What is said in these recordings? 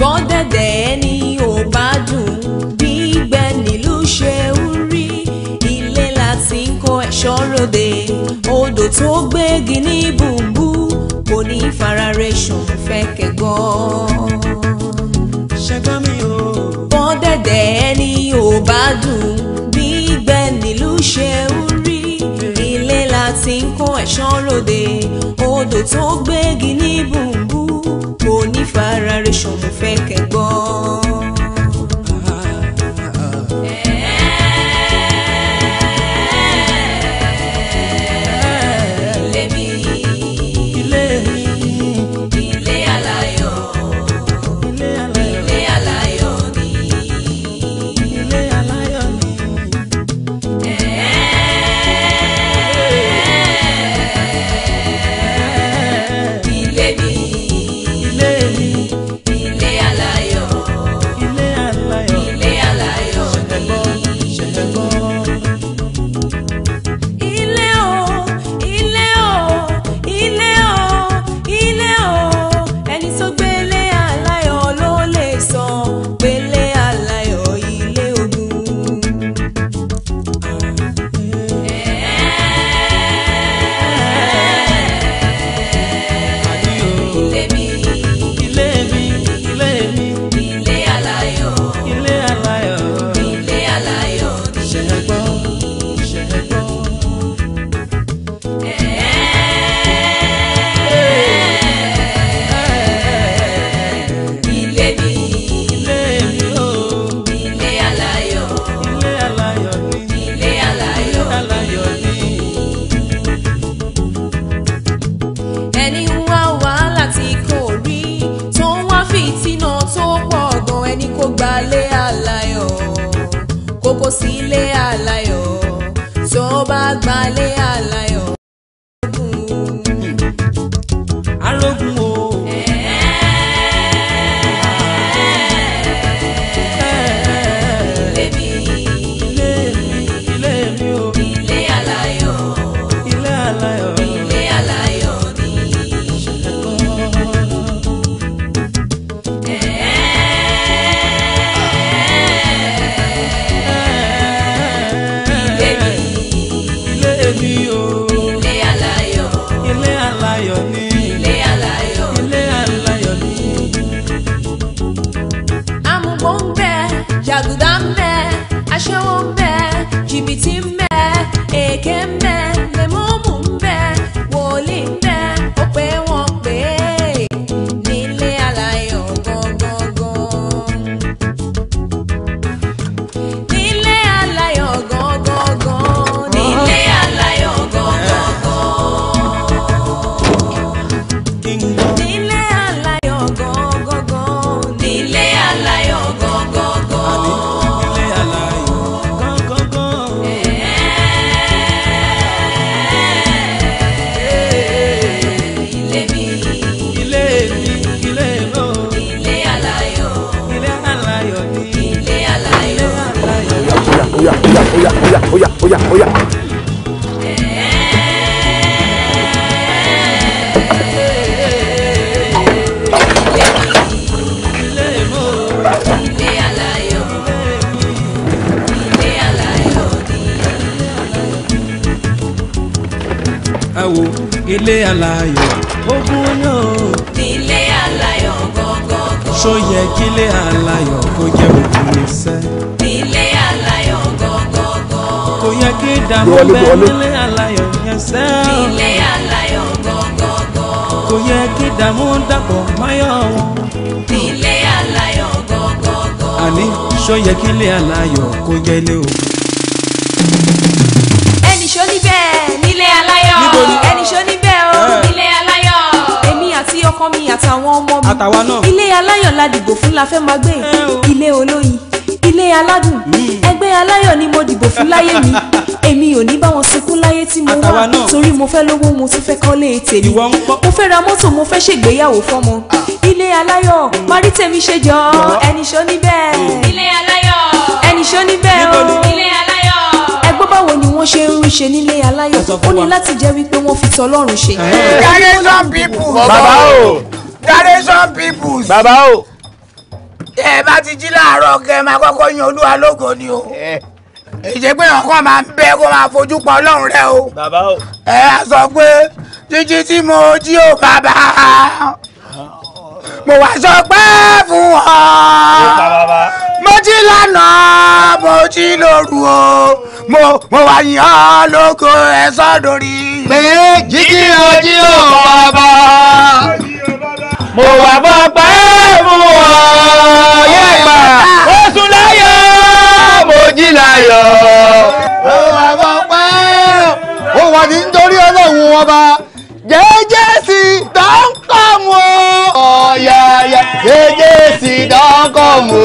bọ́dẹ̀dẹ̀ ẹni ò bá dùn gbígbẹ́ nílùú ṣe ń rí ilé láti ń kó ẹ̀ṣọ́ ròde odò tó gbégi ní bùbú kò ní farare ṣòun fẹ́ kẹ́gbọ́. ṣẹgbọ́n mi ò. bọ́dẹ̀dẹ̀ ẹni ò bá dùn gbígbẹ́ nílùú ṣe ń rí ẹ̀ṣán ròde odò tó gbégi ní bùnbù kò ní fara rẹ̀ ṣòun fẹ́ kẹ́gbọ́n. mi àtàwọn ọmọ mi àtàwa náà ilé aláyọ̀ la dìbò fún la fẹ́ máa gbé ilé olóyin ilé aládùn ẹgbẹ́ aláyọ̀ ni mo dìbò fún láyé mi èmi ò ní bá wọn sunkún láyé tí mo wà torí mo fẹ́ lówó mo tún fẹ́ kọ́lé tèmi mo fẹ́ ra mọ́tò mo fẹ́ ṣègbéyàwó fọ́mọ ah. ilé aláyọ̀ má rí tèmi ṣe jọ ẹnìṣó níbẹ̀ hmm. ilé aláyọ̀ ẹnìṣó níbẹ̀ o ilé aláyọ̀ wọ́n ṣe ń ṣe nílé aláyọ̀ ó ní láti jẹ́ wípé wọ́n fi tọlọ́run ṣe. generation people. bàbá o. generation people. bàbá o. ẹ bá ti jí láàárọ̀ kẹ máa kọ́kọ́ yin olúwa lógo ni o. ìjẹ́ pé ọkàn máa ń bẹ kó máa fojú pa ọlọ́run rẹ o. bàbá o. ẹ á sọ pé jíjí tí mo jí ò bàbá mo wá sọ pé fún ọ mo jí lánàá mo jí lóru o mo mo wá yìn ọ́ lóko ẹ̀sọ́ lórí. pé jíjí ojí ò bàbá mo wá bọ́ pé fún ọ yẹ́pà ó sùn láyọ̀ mo jí láyọ̀ mo wá bọ́ pé ó wà ní nítorí ọlọ́run ọba jẹ́jẹ́. Jẹ́jẹ́ sì dánkọ̀ mú.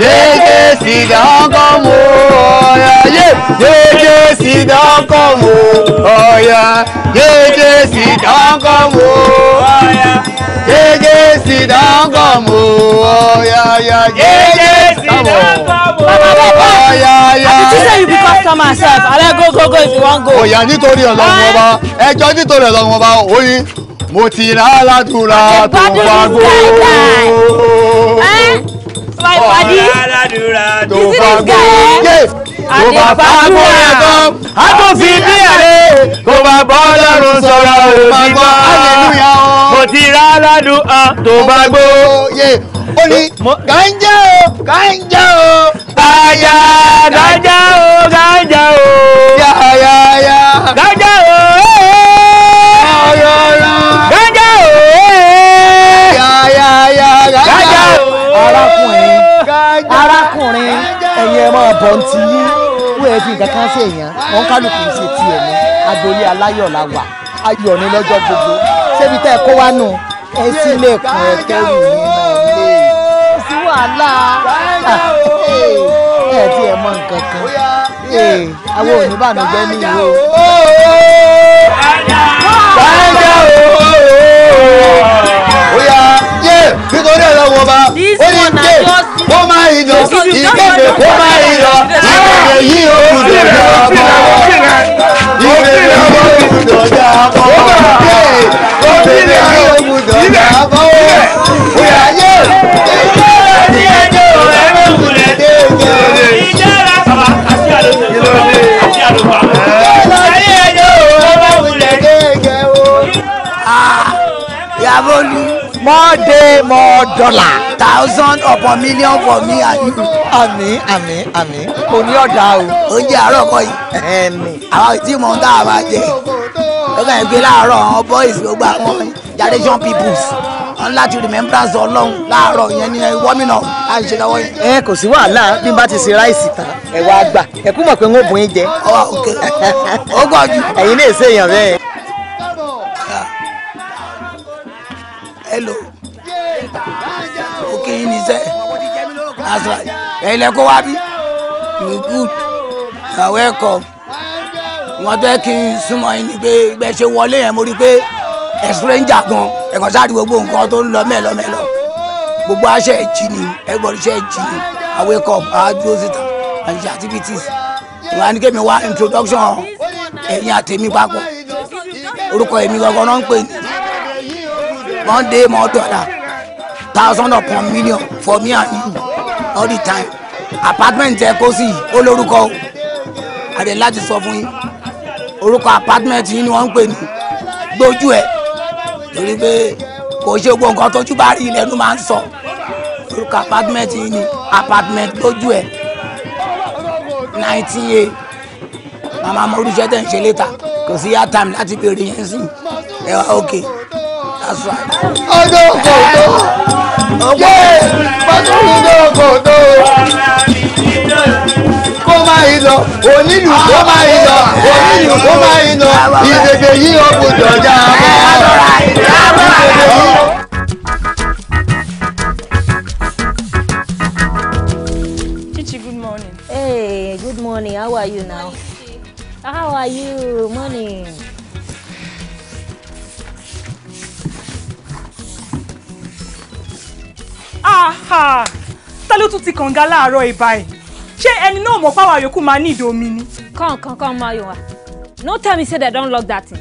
Jẹ́jẹ́ sì dánkọ̀ mú. Ọ̀yà jẹ́jẹ́ sì dánkọ̀ mú. Ọ̀yà jẹ́jẹ́ sì dánkọ̀ mú. Ọ̀yà jẹ́jẹ́ sì dánkọ̀ mú. Ọ̀yà jẹ́jẹ́ sì dánkọ̀ mú. Ọ̀yà yà. Àti tí sẹ́yìn bí kọ́sítọ́mà sẹ́f, alẹ́ gógógó if you wan go. Ọ̀yà nítorí Ọlọ́run ọba, ẹjọ́ nítorí Ọlọ́run ọba, oyin mo ti lálàdúrà tó fagbó. ọ̀rẹ́ aládùúrà tó fagbó. Eh? tó bá fagbó yẹn tán a tó fi bí ẹ̀rẹ́ tó bá bọ́ lọ́rùn sọ̀rọ̀ òbí gbọ́. mo ti lálàdúrà tó fagbó. ó ní gànjá o gànjá o. àyà gànjá o gànjá o. yáyáyá. arákùnrin arákùnrin ẹ̀yin ẹ̀ máa bọ̀ ntí yín wọ́n ẹ̀ fi nǹkan kan ṣe èèyàn wọn kálukú ń ṣe tiẹ̀ ní agboolé aláyọ̀ la wà ayọ̀ ní lọ́jọ́ gbogbo ṣébi tẹ́ ẹ kó wá nù ẹ sílẹ̀kùn ẹ kẹ́rù yín náà lé sí wàhálà ẹ tí ẹ mọ nǹkan kan àwọn oníbànújẹ́ ní ìwé o. báyọ̀ o. bóyá dé nítorí ọlọ́wọ́ ọba ó ní dé kó má ìjọ ìkéde kó má ìjọ ìkéde yìí ó kù dé ní ọmọ ìkéde ọmọ ìkùdọ̀ dé ọmọ ìkéde yìí ó kù dọ̀ ọmọ ìyá yé ìjọ láti ẹjọ́ rẹ̀ ló kù lẹ̀ dé ìjọ rẹ̀ ìjọ láti ọba àti àlùfáà àti àlùfáà. ayé ẹjọ́ rẹ̀ ló kù lẹ̀ dé ìjọ rẹ̀ more day more dollar. thousand upon million for me and you. àmín àmín àmín kò ní ọ̀dà o. oúnjẹ àárọ̀ kọ́ yìí. ẹ̀mí. àwọn ìtí mọ̀ ń tá a máa jẹ. ó kàn ń gbé láàárọ̀ àwọn boys gbogbo àwọn generation peoples wọn láti remembrance ọlọ́run láàárọ̀ yẹn ni wọ́mìnà á ń ṣe lọ́wọ́ yẹn. ẹ kò sí wàhálà bí n bá ti ṣe ráìsì tán ẹ wá gbà ẹ kú mọ̀ pé ń ó bùn ín jẹ. ó gbọ́ ju. ẹ̀yin lè ṣe èèyàn bẹ́ẹ̀. hello òkè yín ní sẹ́ that's right ẹ̀yin lẹ́kọ́ wá bí you good you welcome wọ́n fẹ́ kí n súnmọ́ yín ni pé bẹ́ẹ̀ ṣe wọlé yẹn mo rí i pé ẹ̀sùrẹ́ ń jà gan ẹ̀kọ́ sáré gbogbo nǹkan tó ń lọ mẹ́lọ́mẹ́lọ́ gbogbo aṣẹ ẹ̀jì ni everybody ṣe ẹ̀jì ni i wake up i do síta and the activities wọn á ní kémi wá introduction ẹ̀yin àtẹ̀mí papọ̀ orúkọ èmi gangan náà ń pè ní one day more dollar thousand upon million for me and you all the time apartment ẹ kó sí ó lórúkọ àdè láti sọ fún yín orúkọ apartment yín ni wọ́n ń pè ní gbójú ẹ̀ torí pé kò ṣe gbogbo nǹkan tójú bá rí ilẹ̀ ló máa ń sọ orúkọ apartment yìí ni apartment lójú ẹ̀ nineteen a màmá mo rí iṣẹ́ tẹ̀ ń ṣe létà kò sí yá time láti béèrè yẹn sí ẹ wá okay ọdọ kòtò ọgbẹ pàtàkì ọdọ kòtò kó máa yìí lọ onílù kó máa yìí lọ onílù kó máa yìí lọ ìdèdè yìí ọkùn jọjà àbọ̀ ìdèdè yìí. Chichi, good morning. Hey, good morning. How are you now? How are you? Morning. ta ló tún ti kànga láàárọ̀ ìbá ẹ̀ ṣé ẹni náà mọ̀ páwọn àyòkù máa ní ìdomi ni. kàn kàn kàn máa yọ̀ wá no tell me say they don lock that thing.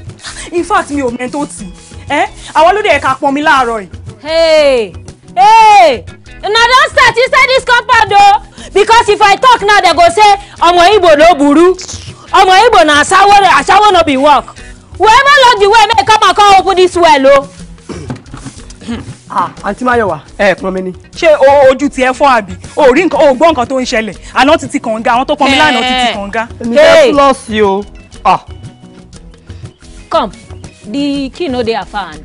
in fact mi ò mẹ́ni tó tì ẹ́ àwọn ló dé ẹ̀ka pọn mi láàárọ̀ yìí. hey hey una don start inside this compound o because if i talk now they go say ọmọ igbo no buru ọmọ igbo na asawo asawo no be work whoever lock the well make come and come open this well o. Oh àǹtí ah. Máyọ̀wá ẹ pọn mi ni. ṣé ojú tiẹ̀ fọ́ àbí o rí nǹkan o gbọ́ nǹkan tó ń ṣẹlẹ̀ àná ti ti kànga àwọn tó pọn mi lánàá ti ti eh. kànga. ní ẹ o. Ah. come the key no dey afa hand.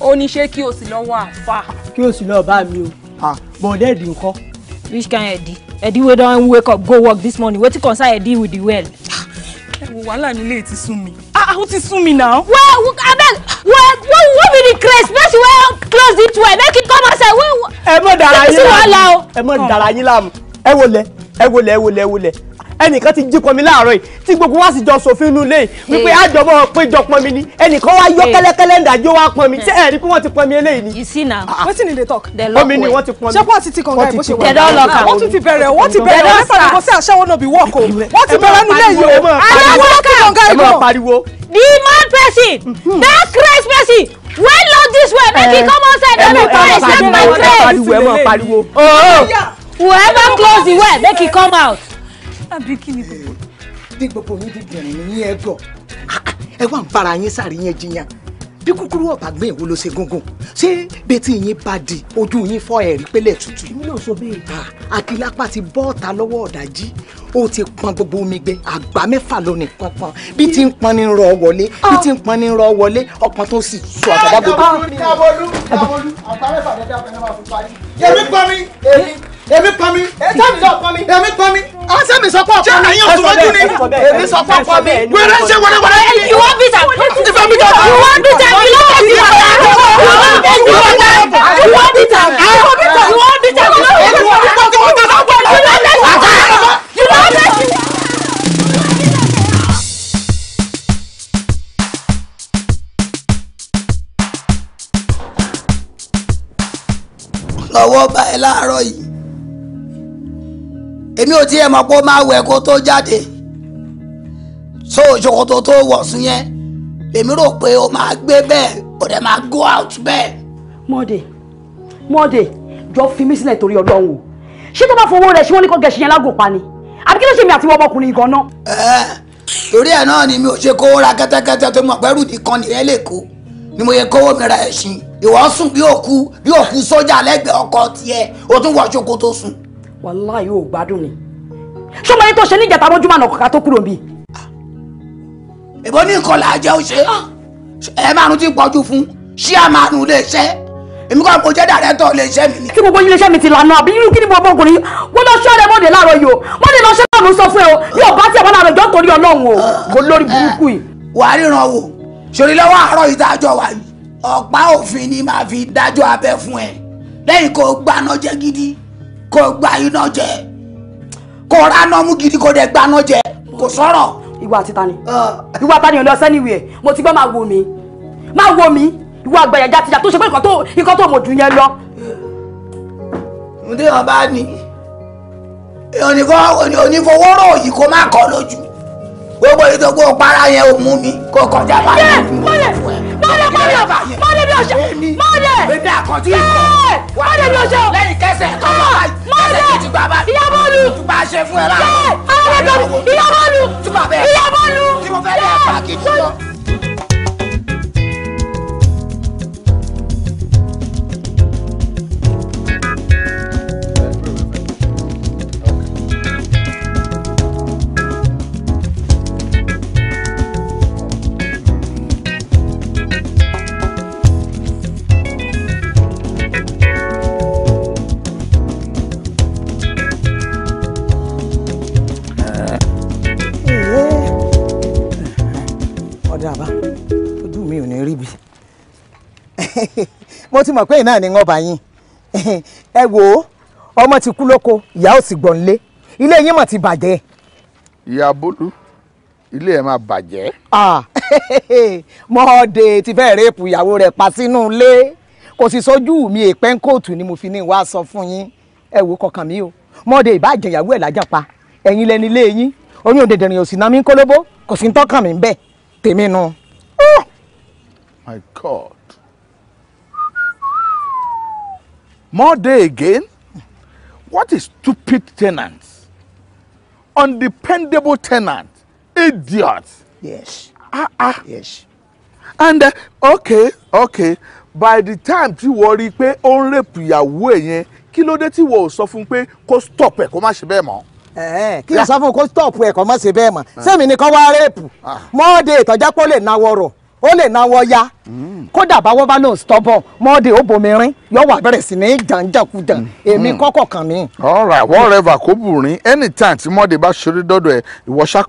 ó ní ṣé kí o sì lọ wá àfa. kí o sì lọ bá mi o ah, bọ̀dẹ́ ẹ̀dì nǹkan. which kind ẹ̀dì ẹ̀dì wey don wake up go work this morning wetin concern ẹ̀dì with the well ẹ wò wàhálà nílé ti sún mi. ah o ah, ti sún mi now. well abeg well well wey be the craze person wey close it well make it come outside wey. ẹ mọ dara yín láàmú ẹ mọ dara yín láàmú ẹ wọlé ẹ wọlé ẹ wọlé ẹ wọlé ẹnìkan ti jí pọnmi láàárọ̀ yìí tí gbogbo wa sì jọ ṣòfin inú ilé yìí wípé àjọmọ péjọ pọnmi ni ẹnìkan wa yọ kẹ́lẹ́kẹ́lẹ́ ǹdàjọ wa pọnmi ṣé ẹ rí pé wọ́n ti pọnmi eléyìí ni. you see now ah, ah. wetin dey talk. omi ni wọ́n ti pọnmi. ṣẹ́pọ̀ ti ti kànga ìbò ṣe wọ́n. tẹ̀dọ́ lọ́kà wọ́n tún ti bẹ̀rẹ̀ wọ́n ti bẹ̀rẹ̀ wọ́n fẹ́ràn kó sí àṣẹ́wọ́n náà bí wọ́ọ̀kọ̀ wọ́n ti bẹ̀rẹ̀ nílé yìí o. aláwọ̀ kà the mad person mm. that crazy person wey love this way make he eh. come outside don dey try accept my trade oh, oh. whoever close the way make he come out àbí kí ni gbogbo. bí gbogbo yín ti dìrín ní yín ẹ gọ ẹ wà ń bára yín sáré yẹn jiyàn bí kúkúrú ọba gbé ìwo ló ṣe gúngún ṣé betí yín bá di ojú yín fọ ẹ̀rí pélé tutù. èmi náà sọ bẹ́ẹ̀. àkìlápá ti bọ́ ọ̀tá lọ́wọ́ ọ̀dájí ó ti pọn gbogbo omi gbẹ àgbá mẹ́fà lónìí pọnpọn bí ti ń pọn ní rọ wọlé bí ti ń pọn ní rọ wọlé ọpọn tó sì sọ àtàdá gbogbo. mẹ́fà dẹ́dẹ́ ọ̀pẹ máa fi parí. yẹmi pọn mi èmi pọn mi. èmi sọ pọn mi. èmi pọn mi. ọ sẹ mi sọ pọ pọn mi. ẹyin òsùnwájú ni. èmi sọ pọ pọn mi. wẹrẹ ṣe wẹrẹ wẹrẹ. you wan bitter. if i bitter. you wan bitter. you no get the water. you no get the water. you wan bitter. you wan bitter. you wan bitter. you no get the water. you no get the water. you no get the water. lọ́wọ́ báyìí láàárọ̀ yìí èmi ò tiẹ̀ mọ̀ pé ó máa wẹ̀ kó tó jáde so ṣòkòtò tó wọ̀ sùn yẹn èmi rò pé ó máa gbé bẹ́ẹ̀ ó dẹ̀ máa go out bẹ́ẹ̀. mọ́dé mọ́dé jọ fi mí sílẹ̀ torí ọlọ́run o ṣé tó bá fowó rẹ̀ ṣé wọ́n ní kó gẹ̀ṣin yẹn lágùn pa ni àbí kí ló ṣe mi àti ọmọkùnrin gan náà. ẹ torí ẹ náà ni mi ò ṣe kówó ra kẹtẹkẹtẹ tó mọ pẹ̀lú nìkan nìyẹn lè kó ni mo yẹ kówó mi ra ẹṣin ìwọ sùn bí òkú bí òkú sójà lẹ́gbẹ̀ẹ́ ọkọ tiẹ̀ o tún wọ ṣòkòtò sùn wàláhì ò gbádùn ni ṣọmọ yìí tó ṣe níjàtà mọ́júmọ́ àná kọ̀ọ̀ká tó kúrò níbí. ìbò ní ìkọlà ajẹ́ ò ṣe ẹ máa nu ti pọ̀jù fún ṣí à máa nu lè ṣẹ́ èmi kọ́ mo jẹ́ dàrẹ́tọ̀ lè ṣẹ́ mi ni. kí gbogbo iléeṣẹ́ mi ti lànà àbí irú kí ni gbogbo ọkùnrin wọ́n lọ ṣọ́ rẹ̀ mọ́dé láàárọ̀ yìí o mọ́dé lọ ṣe lọ́run sọ fún ẹ o yóò bá tiẹ̀ bọ́lá rẹ̀ jọ́ torí ọlọ́run o kò lórí burúkú yìí. wàá ríran wò sori lọ́wọ́ àárọ̀ ìdájọ́ wa yìí ọ̀pá òfin ni màá fi dájọ́ abẹ́ fún ẹ lẹ́yìn kó gbaná jẹ́ gidi kó gba iná jẹ kó ráná mú gidi kó dẹ gbaná jẹ kó sọ̀rọ̀. ìwà àti tani ah. ìwà tani ọ̀lẹ́ ọ̀sẹ́ níwèé mo ti gbọ́ máa wo mi máa wo mi ìwà àgbàyà jàtìjà tó ṣe pé nǹkan tó mọ̀ dùn yẹn lọ. ǹdí wọn bá ní onífowóró yìí kó má kọ lójú gbogbo ìdógún para yẹn ò mú mi kó kọjá báyìí fún ẹ mọ́dé mọ́dé mọ́dé bí ọ̀ṣẹ́ mọ́dé bébí àkàntì ìkọ̀ mọ́dé bí ọ̀ṣẹ́ lẹ́yìn kẹsẹ̀ kọ́ mọ́dé ìyábọ́ọ̀lù tuba ṣe fún ẹ láàárọ̀ ìyábọ́ọ̀lù tuba bẹ́ẹ̀ ìyábọ́ọ̀lù tí mo fẹ́ lẹ́ẹ̀ pàkíjì lọ. mo ti mọ̀ pé ìnáà ni wọ́n bá yín ẹ wò ó ọmọ ti kú lóko ìyá ò sì gbọ̀n lé ilé yín mọ̀ ti bàjẹ́. ìyá bólú ilé ẹ máa bàjẹ́. mọ́ọ̀dẹ ti fẹ́ rẹ́ẹ̀pù ìyàwó rẹ̀ pa sínú ilé kò sì sójú mi èèpẹ́ ń kóòtù ni mo fi ní wàá sọ fún yín ẹ wò kọkàn mi o mọ́ọ̀dẹ ìbàjẹ́ ìyàwó ẹ̀ lájà pa ẹ̀yin lẹni ilé yín oyún òdèdèrìn òsì náà mi ń kólóbó kò sí ń tọ́kàn mi ń bẹ̀ tèmi nu. my god More day again? What a stupid tenant. Undependable tenant. Idiot. Yes. Ah, ah. Yes. And uh, okay, okay. By the time tí worry rí i pé ó ń rèpù ìyàwó ẹ̀ yẹn, kí ló dé sọ fún un pé stop ẹ̀ kó má ṣe bẹ́ẹ̀ mọ́? kí n sọ fún un kó stop ẹ̀ kó má ṣe bẹ́ẹ̀ mọ́. Ah. Sẹ́mi ni kọ́ wá rèpù. Ah. More day ìtọ́jápọ̀ lè náwó rọ̀ ó lè náwó ya mm. kódà báwọ́ bá lòun stọ́bọ̀ mọ́ọ́dẹ obìnrin yóò wà bẹ̀rẹ̀ sí ní jàǹjàkújà mm. èmi mm. kọ́kọ̀ kan mi. ọ̀rà whatever kó bùrín anytime tí mọ́ọ́dẹ bá ṣeré dọ́dọ̀ ẹ̀ ìwọ ṣá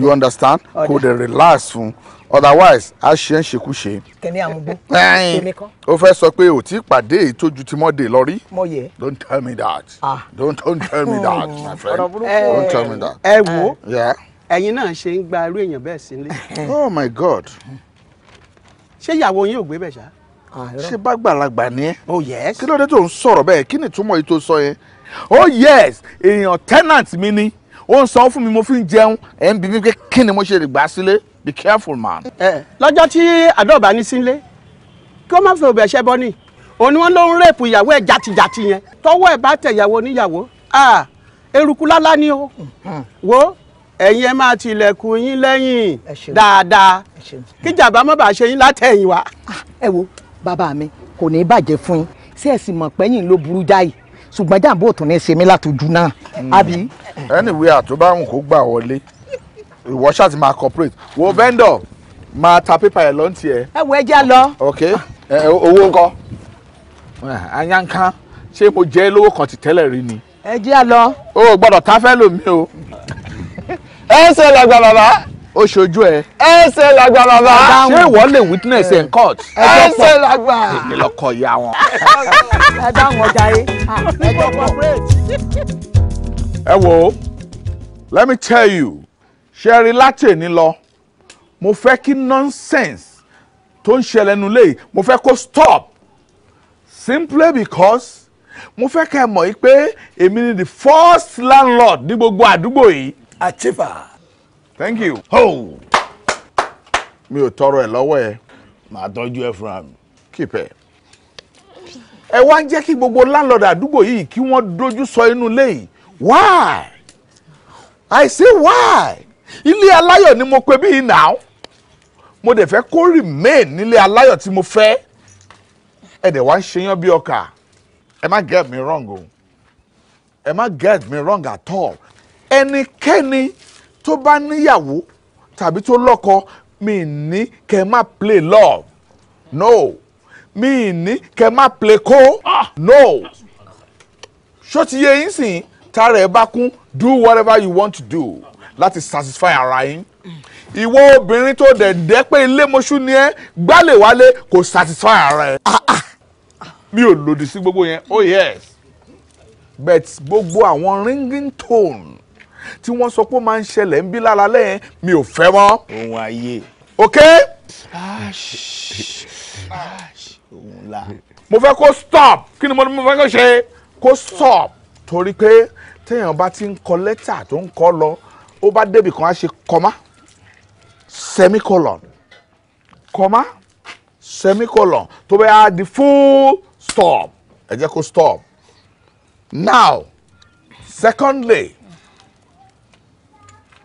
you understand kò dẹ̀ relax fún otherwise a ṣe ń ṣekúṣe. kẹ̀mí àmúgbó kẹ̀mí kan. ó fẹ́ sọ pé ò tí pàdé ìtójú tí mọ́ọ́dẹ lọ rí. mo yẹ. don't tell me that. ah don't don't tell me that my hmm. friend. don't tell me ẹ wo. yeah ẹ̀yin náà ṣe ń gba irú èèyàn bẹ́ẹ̀ sílé. oh my god. ṣé ìyàwó yín ò gbé bẹ̀ ṣá. Ah, ṣé bàgbàlagbà ni ẹ. oh yes. kí ló dé tó ń sọ̀rọ̀ bẹ́ẹ̀ kí ni ìtumọ̀ yìí tó sọ yẹn. oh yes èèyàn tenant mi ni ó ń sanwó fún mi mo fi ń jẹun ẹ̀ ń bí mi pé kí ni mo ṣe lè gbà sílé be careful man. lọ́jọ́ tí àdọ́ọ̀bá ní sílé kí ó má fi òbẹ̀ ṣẹ́ bọ́ ni òun ni wọ́n ló ń rèpù ìyàwó ẹ̀ jàtìjàtì yẹn tọ́wọ́ ẹ̀ bá tẹ̀ ìyàwó oníyàwó ah, eruku lálá ni o hmm. wo ẹ̀yin ẹ máa tilẹ̀kùn yín lẹ́yìn dáadáa kíjàmbá má bàa ṣe yín látẹ̀yìn wá. Ah, ẹ wo bàbá mi kò ní í bàjẹ́ fún yín sí ẹ̀sìn mọ̀ pẹ́yìn ló burú jáì ṣùgbọ́n jàǹbá ò tún ní í ṣe mí látọjú náà. Hmm. àbí. ẹnìwé àtúbáhùn kó gbà wọlé ìwọ ṣáà máa cooperate wo vendor máa ta pépà ẹ̀ lọ́ntì ẹ̀. ẹ wo ẹja lọ. ok owó ńkọ́ ayankan ṣé mo jẹ́ lówó kan ti tẹ́lẹ̀ rí ni. ẹ lọ. o gbọ́dọ̀ ta fẹ́ lómi o ẹsẹ̀ làgbà bàbá. ó ṣojú ẹ. ẹsẹ̀ làgbà bàbá. ṣé ìwọ lè witness in court. ẹsẹ̀ làgbà. èmi lọkọ ìyá wọn. ẹ dáhùn ọjà yìí. Ah, ẹ jọ corporate. ẹ wo let me tell you ṣe rí látẹ̀ni lọ mo fẹ́ kí nonsense tó ń ṣẹlẹ̀ nu lè mo fẹ́ kó stop simply because mo fẹ́ kẹ́ ẹ mọ̀ yìí pé èmi ni the first landlord ní gbogbo àdúgbò yìí. àtìfà thank you. ho mi ò tọrọ ẹ lọ́wọ́ ẹ. màá tọ́jú ẹ fúnra mi. keep ẹ. wá jẹ́ kí gbogbo landlord àdúgbò yìí kí wọ́n dojú sọ inú ilé yìí why i say why ilé aláyọ̀ ni mo pe bíi now mo dẹ̀ fẹ́ kó remain nílé aláyọ̀ tí mo fẹ́ ẹ dẹ̀ wá ń ṣeyán bí ọkà ẹ má get me wrong o ẹ má get me wrong at all ẹnikẹ́ni tó bá níyàwó tàbí tó lọ́kọ mi ní kẹ́ má play love no mi ní kẹ́ má play co, ah! no ṣó ti yé yín sìn tára ẹ bá kún do whatever you want to do láti satisfy ara yín ìwọ obìnrin tó dẹ̀dẹ́ pé ilé mọ́ṣú ni ẹ gbálẹ̀ wálé kò satisfy ara ẹ ah, ah. mi ò lòdì sí gbogbo yẹn oh yes but gbogbo àwọn ringing tone tí wọ́n sọ pé ó máa ń ṣẹlẹ̀ ń bí lára lẹ́yìn mi ò fẹ́ mọ́. ohun ayé. ok. ohun la. mo fẹ́ kó stop kí ni mo fẹ́ kó ṣe kó stop torí pé téèyàn bá ti ń kọ lẹ́tà tó ń kọ lọ ó bá débì kan á ṣe kọ́má semicolon kọ́má semicolon tó bá yà di full stop ẹ jẹ́ kó stop now secondly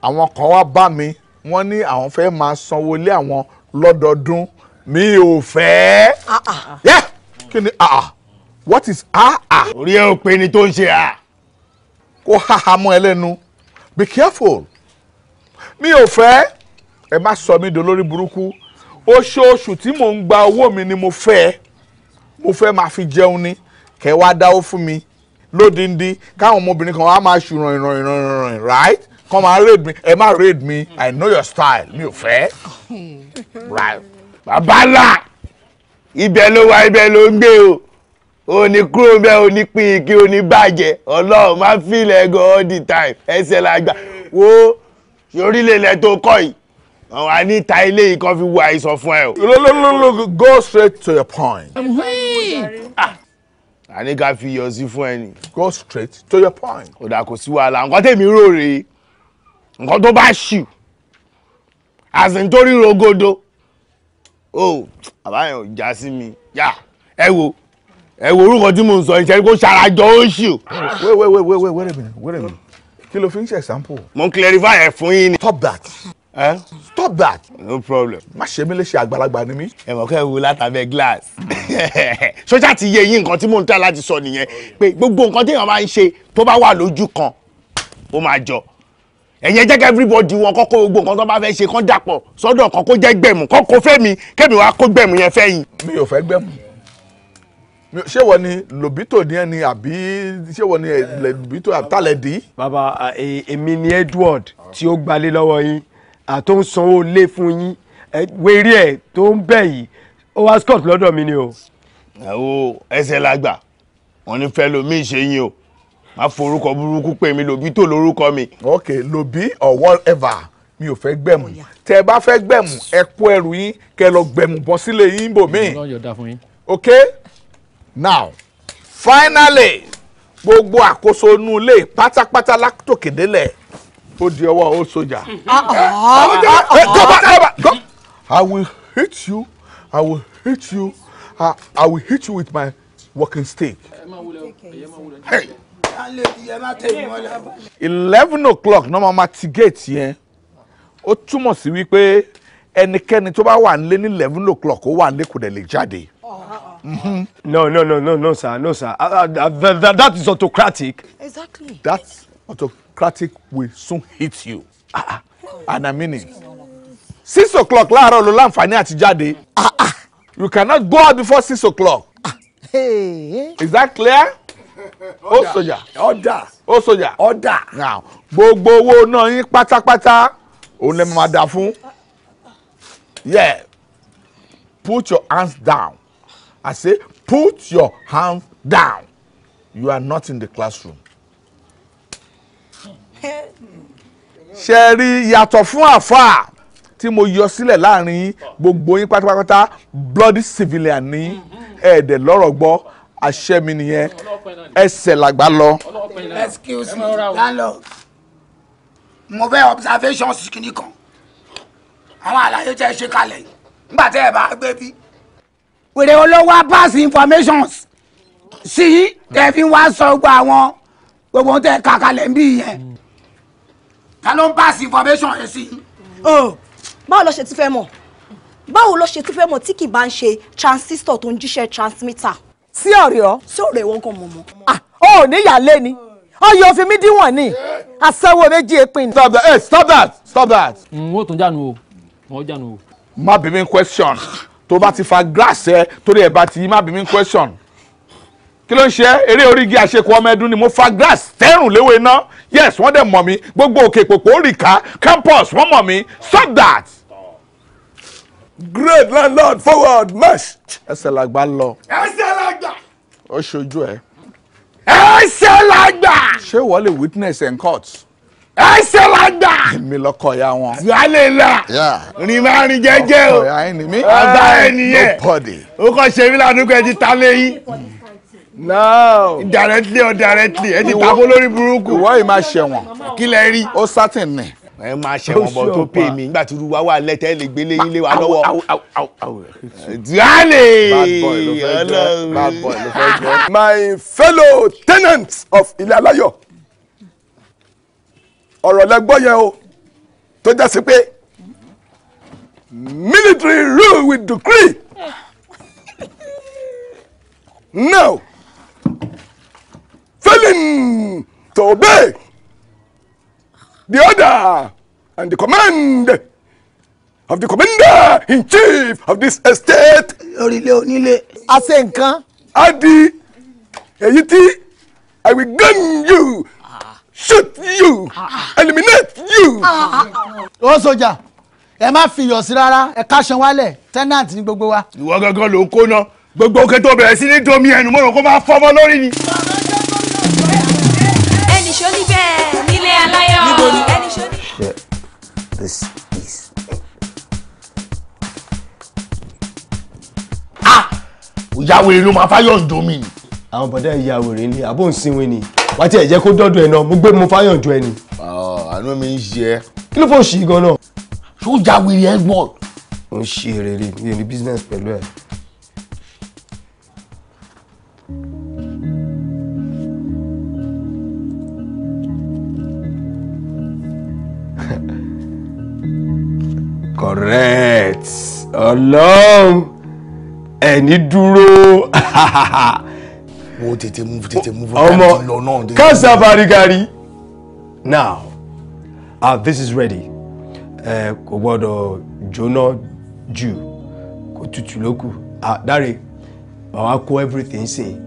àwọn kan wá bá mi wọ́n ní àwọn fẹ́ máa sanwó lé àwọn lọ́dọọdún mi ò fẹ́. Ah, ah. kí ni ah, ah what is ah ah. orí ẹ ò pé ni tó ń ṣe ah. kó háhá mọ́ ẹ be careful mi ò fẹ́ ẹ má sọ mí dolórí burúkú oṣooṣù tí mò ń gba owó mi ni mo fẹ́ mo fẹ́ máa fi jẹun ni kẹ́ wá dáwó fún mi lódindi káwọn ọmọbìnrin kan wá máa ṣùràn ìràn ìràn ìràn right Come máa raid me. ẹ má raid me. i know your style mi ò fẹ́ right babalá ibẹ̀ ló wà ibẹ̀ ló ń gbé o òní kúrò bẹ́ẹ̀ òní pín igi òní bàjẹ́ ọlọ́run máa ń fìlẹ̀ gan all the time ẹsẹ̀ la gbà wo orílẹ̀-èdè tó kọ́ yìí àwọn àní ta ilé yìí kan fi wo àìsàn fún ẹ o. lolololo go straight to your point. àní ah. ká fi iyọ̀ sí fún ẹ ni. go straight to your point. kódà kò sí wàhálà nǹkan tèmi rò rèé nǹkan tó bá ṣù àsìn tó ríro godo o bàbá yẹn ò já sí mi yá ẹ wo ẹ wo orúkọ tí mo ń sọ ìṣẹ́ kó ṣarajọ ó ṣù. wẹ́wẹ́wẹ́wẹ́ wẹ́rẹ̀ mi wẹ́rẹ̀ mi kí ló fi ń ṣe sample. mo ń clarify ẹ̀ fún yín ni. stop that. Eh? stop that. no problem. má ṣe mí léṣe àgbàlagbà ni mí. ẹ̀wọ̀n kẹ́ ẹ̀ wo látàbẹ̀ glass. sọ́jà ti yé yín nǹkan tí mò ń tà láti sọ nìyẹn pé gbogbo nǹkan téèyàn máa ń ṣe tó bá wà lójú kan ó máa jọ ẹ̀yẹn jẹ́ kí everybody wọn kọ́kọ́ gbogbo nǹkan tó bá fẹ́ ṣe kán dàpọ̀ sọ́dọ̀ kan kó jẹ́ gbẹ̀mù kán fẹ́ mi kẹ́mi wàá kó gbẹ̀mù yẹn fẹ́ yín. mi ò fẹ́ gbẹ̀mù ṣé wọ́n ni lòbítò ni ẹ ni àbí ṣé wọ́n ni lòbítò àtàlẹ̀ dì í. bàbá e, èmi ni Edward tí ó gbalé lọ́wọ́ yín àtó ń sanwó lé fún yín wérí ẹ̀ tó ń bẹ̀ yìí ó wá Scott lọ́dọ̀ mi ni o. ẹ wo ẹsẹ̀ làgbà wọn ní fẹ́ lomi ṣe yín o má forúkọ burúkú pè mí lòbí tó lórúkọ mi. ok lòbí or whatever mi ò fẹ́ gbẹ̀mù tẹ́ ẹ bá fẹ́ gbẹ̀mù ẹ kó ẹrù yín kẹ́ lọ gbẹ̀mù bọ́ sílé yín bò mí. ok now finally gbogbo àkóso inú ilé pátápátá látòkè délẹ̀ ó di ọwọ́ ó sójà. I will hit you I will hit you I, I will hit you with my walking stick. Hey eleven o'clock náà máa ti gate yẹn ó túmọ̀ sí wípé ẹnikẹ́ni tó bá wà nílé ní eleven o'clock ó wà nílé kò dẹ̀ lè jáde. Mhm. no no no no no sir no sir uh, uh, that, that, that is autocratic. exactly. that autocratic will soon hit you uh, uh, and I mean it six o'clock láàárọ̀ ló láǹfààní àti jáde you cannot go out before six o'clock. is that clear ó sọjà ọ̀dà ó sọjà ọ̀dà gbogbo owó náà yín pátápátá òun lè máa dà fún yeah put your hands down I say put your hands down you are not in the classroom. ṣe rí yàtọ̀ fún àfáà tí mo yọ sílẹ̀ láàrin gbogbo yín pátápátá bloody civilian ní ẹ̀ẹ́dẹ̀ lọ́rọ̀ gbọ́ àṣẹ mi nìyẹn ẹsẹ̀ làgbà lọ. excuse me landlord mo fẹ́ observation kìíní kan àwọn àlàyé tẹ́ ẹ ṣe kalẹ̀ nígbà tẹ́ ẹ bá gbé bí. wèrè olówó pass informations sí tẹ́ fi wá sọ gbogbo àwọn gbogbo tẹ́ kà kalẹ̀ ń bí yẹn ta ló ń pass information yẹn sí. báwo ló ṣe ti fẹ́ mọ̀ báwo ló ṣe ti fẹ́ mọ̀ tí kì bá ń ṣe transistor tó ń jíṣẹ́ transmitter sí ọ̀rẹ́ ọ. sí ọ̀rẹ́ wọn kàn mọ̀ mọ́. ọ ò ní ìyàlẹ́ ni ọyọ òfin mi díwọ̀n ni àsanwó méjì èpin. stop that hey stop that stop that. Mm, n ó tún jánu o n ó jánu o. má bí mi question tó bá ti fa grass ẹ torí ẹ bá ti yí má bí mi question kí ló ń ṣe eré orí igi àṣekù ọmọ ẹdun ni mo fa grass tẹ́rùn léwé iná yes wọ́n dẹ̀ mọ̀ mí gbogbo òkè ìpòpò òrìká campus wọ́n mọ̀ mí stop that. great landlord forward march. ẹsẹ̀ làgbà lọ. ẹsẹ̀ ó ṣojú ẹ. ẹsẹ̀ la gbà. ṣé ìwọ lè witness in court. ẹsẹ̀ la gbà. èmi lọkọ ya wọn. zuwale la rìn máa rìn jẹ́jẹ́ o ọba Nobody. o kò ṣe mí ládùúgbò ẹ ti ta lẹ́yìn no directly or directly ẹ ti ta kó lórí burúkú. ìwọ yìí máa ṣẹ̀wọ̀n. kí lẹ rí. ó sátìn ni ẹ máa ṣe wọn bọ tó pè mí nígbà tí ruwa wà lẹtẹ lè gbélé yín wa lọ́wọ́. diale my fellow tenants of ilé aláyọ̀ ọ̀rọ̀ lẹ́gbọ́ yẹn o tó já sí pé military rule with decree now failing to obey the order and the command of the commander in chief of this estate. orílẹ̀ onílé. a ṣe nǹkan. a di i will gun you shoot you eliminate you. ó sọjà ẹ má fi iyọ̀ sí rárá ẹ káṣan wálẹ̀ tenant ní gbogbo wa. ìwọ gangan ló ń kóná gbogbo òkè tó bẹ̀rẹ̀ sí ní domi ẹnu mọ́nà kó máa fọ́mọ́ lórí ni níbo this is. ah ìyàwó èrè ló máa fáyọ̀ ǹjọ́ mi ni. àwọn bọ̀dá ìyàwó èrè ni àbò ń sinwin ni wàá tiẹ̀ jẹ́ kó dọ́dọ̀ ẹ̀ náà mo gbé mo fáyọ̀ ǹjọ́ ẹ ni. Ah, àánú mi ń ṣe ẹ. kí ló fò ṣì gan náà. ṣó jáwèrè ẹ gbọ́n. mo ń ṣe business pẹ̀lú ẹ. correct ọlọ́run ẹni dúró. wo tètè move tètè move fún lọ náà. ọmọ kásá farigari now ah this is ready kò gbọ́dọ̀ jóná jù kò tutù lókù ah dáre àwa kó everything sìn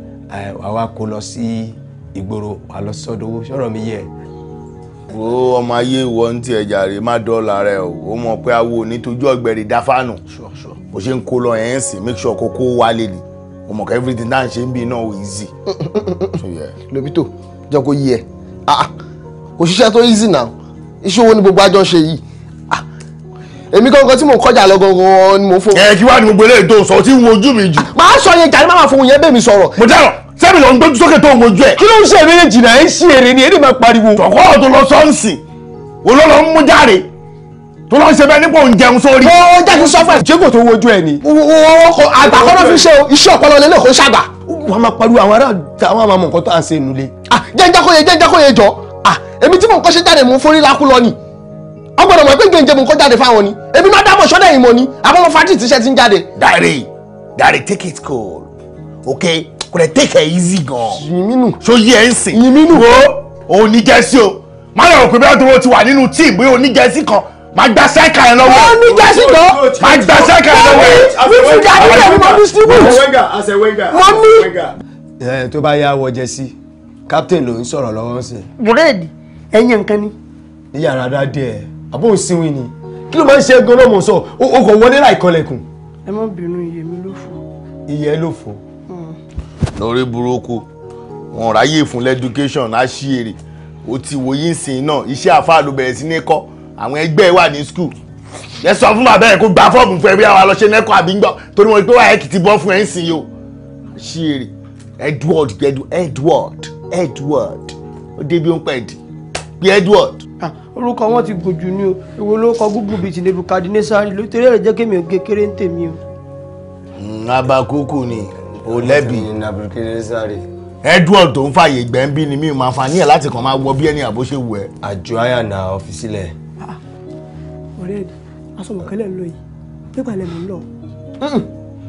àwa kó lọ sí ìgboro àlọ́sọ́dọ̀wọ́ sọ̀rọ̀ mi yẹ. Yeah wo ọmọ ayé ìwọ ń tiẹ̀ jàre má dọ́ọ̀là rẹ o ó mọ̀ pé awo nítorí ọ̀gbẹ̀rì dáfánù bó ṣe ń kó lọ ẹ̀ ń sìn make sure kókó wà lélẹ̀ o mọ̀ kẹ́ everything náà ṣe ń bí náà easy. lobito jẹ́ kó yí ẹ ah, ah. òṣìṣẹ́ tó easy now iṣẹ́ owó ni gbogbo àjọ ṣe yìí ah. èmi gangan tí mo kọjá lọ gangan ni mo fò. ẹ kí wàá ní gbogbo eléyìí tó sọ tí ń wojú mi jù. màá sọ yẹn jàre má máa fohùn yẹn bẹ́ẹ̀ mi sọ̀rọ̀. mo dẹ́rọ̀ tẹ́mi lọ ń gbójú sókè tó ń wojú ẹ̀. kí ló ń ṣe méjèèjì náà ẹ̀ ń ṣe èrè ni èdè máa pariwo. tọkọ tó lọ sọ́ọ̀sì wo ló lọ ń mú járe tó lọ ń ṣe bẹ́ẹ̀ nípò ń jẹun sórí. ó jẹ́ kí sọ́fà jégò tó wojú ẹ̀ ni. àgbà kọ́nà fi ṣe iṣẹ́ ọpọlọ lélẹ̀ kó ṣàgbà. wọ́n máa pariwo àwọn ará àwọn àmọ́ nǹkan tó à ń ṣe nulẹ̀. jẹ́njákòye jẹ́njákòye jọ èmi tí mò ń kọ́ṣẹ́ jáde mò ń forí lákú lọ ni ọgbọ́dọ̀ mọ̀ pé gbèǹjẹ mò ń kọ́ jáde fáwọn ni èmi máa dábọ̀ sọ́dẹ̀ ìmọ̀ ni àbọ̀mọ̀ fàájì tíṣẹ́ ti ń jáde. Dare Dare take it cool okay kò lè take it easy gan. yìnyínú. so yí ẹ ń sìn. yìnyínú. wo òun ní jẹ́sí o má lọ pé bí wọ́n ti wọ́n ti wà nínú tíì bóyá oníjẹ́sí kan má gba sẹ́ẹ̀kà yẹn lọ́wọ́. ó ní jẹ́sí gan. má gba sẹ́ẹ̀kà yẹn lọ́wọ́. mi fi gàdí rẹ̀ mo distribute. mo ní. ẹ tó bá yá wọ jẹ́sí captain ló ń sọ̀rọ̀ lọ́wọ́ ń sìn. bùrẹ́dì ẹ̀yìn nǹkan ni. ní yàrá dáadé ẹ àbó òsínwìn ni kí ló máa ń ṣe gan-an mọ̀ sọ o kò wọlé láì kọlẹ̀kùn. ẹ má bínú iye mi ló fò. iye ló fò lórí burúkú wọn ráyè fún lẹ́dúkéṣọ̀n á èrè ó ti wo yín sìn náà iṣẹ́ àfáà ló sí ní kọ́ àwọn ẹgbẹ́ wà ní skul yẹ sọ fún bàbá ẹ kó gba fọ́ọ̀mù fún ẹbí àwa lọ ṣe nẹ́kọ̀ àbí ń gbọ́ torí wọn pé wà ẹ́kì ti bọ́ fún ẹ̀ ń sìn yìí o ṣí èrè Edward Edward Edward ó débi ó ń pẹ̀dì bí Edward orúkọ wọn ti gùn jù o èwo ló kọ gúgú bíi ti nebuchadnezzar ló torí ẹ̀rẹ̀ jẹ́ kémi ò gé kéré ń tèmi o. Hmm, abakuku ni ò lẹ́bi. edward tó ń fààyè gbẹ̀ǹbí ni mi máa fani ẹ̀ láti kàn máa wọ bí ẹni àbó ṣe wù ẹ́. àjọ àyà na ọ́fíìsì lẹ̀. Ah, ọ̀rẹ́ asọ̀mọ̀kẹ́lẹ̀ ń lọ yìí nígbà lẹ́nu ń lọ.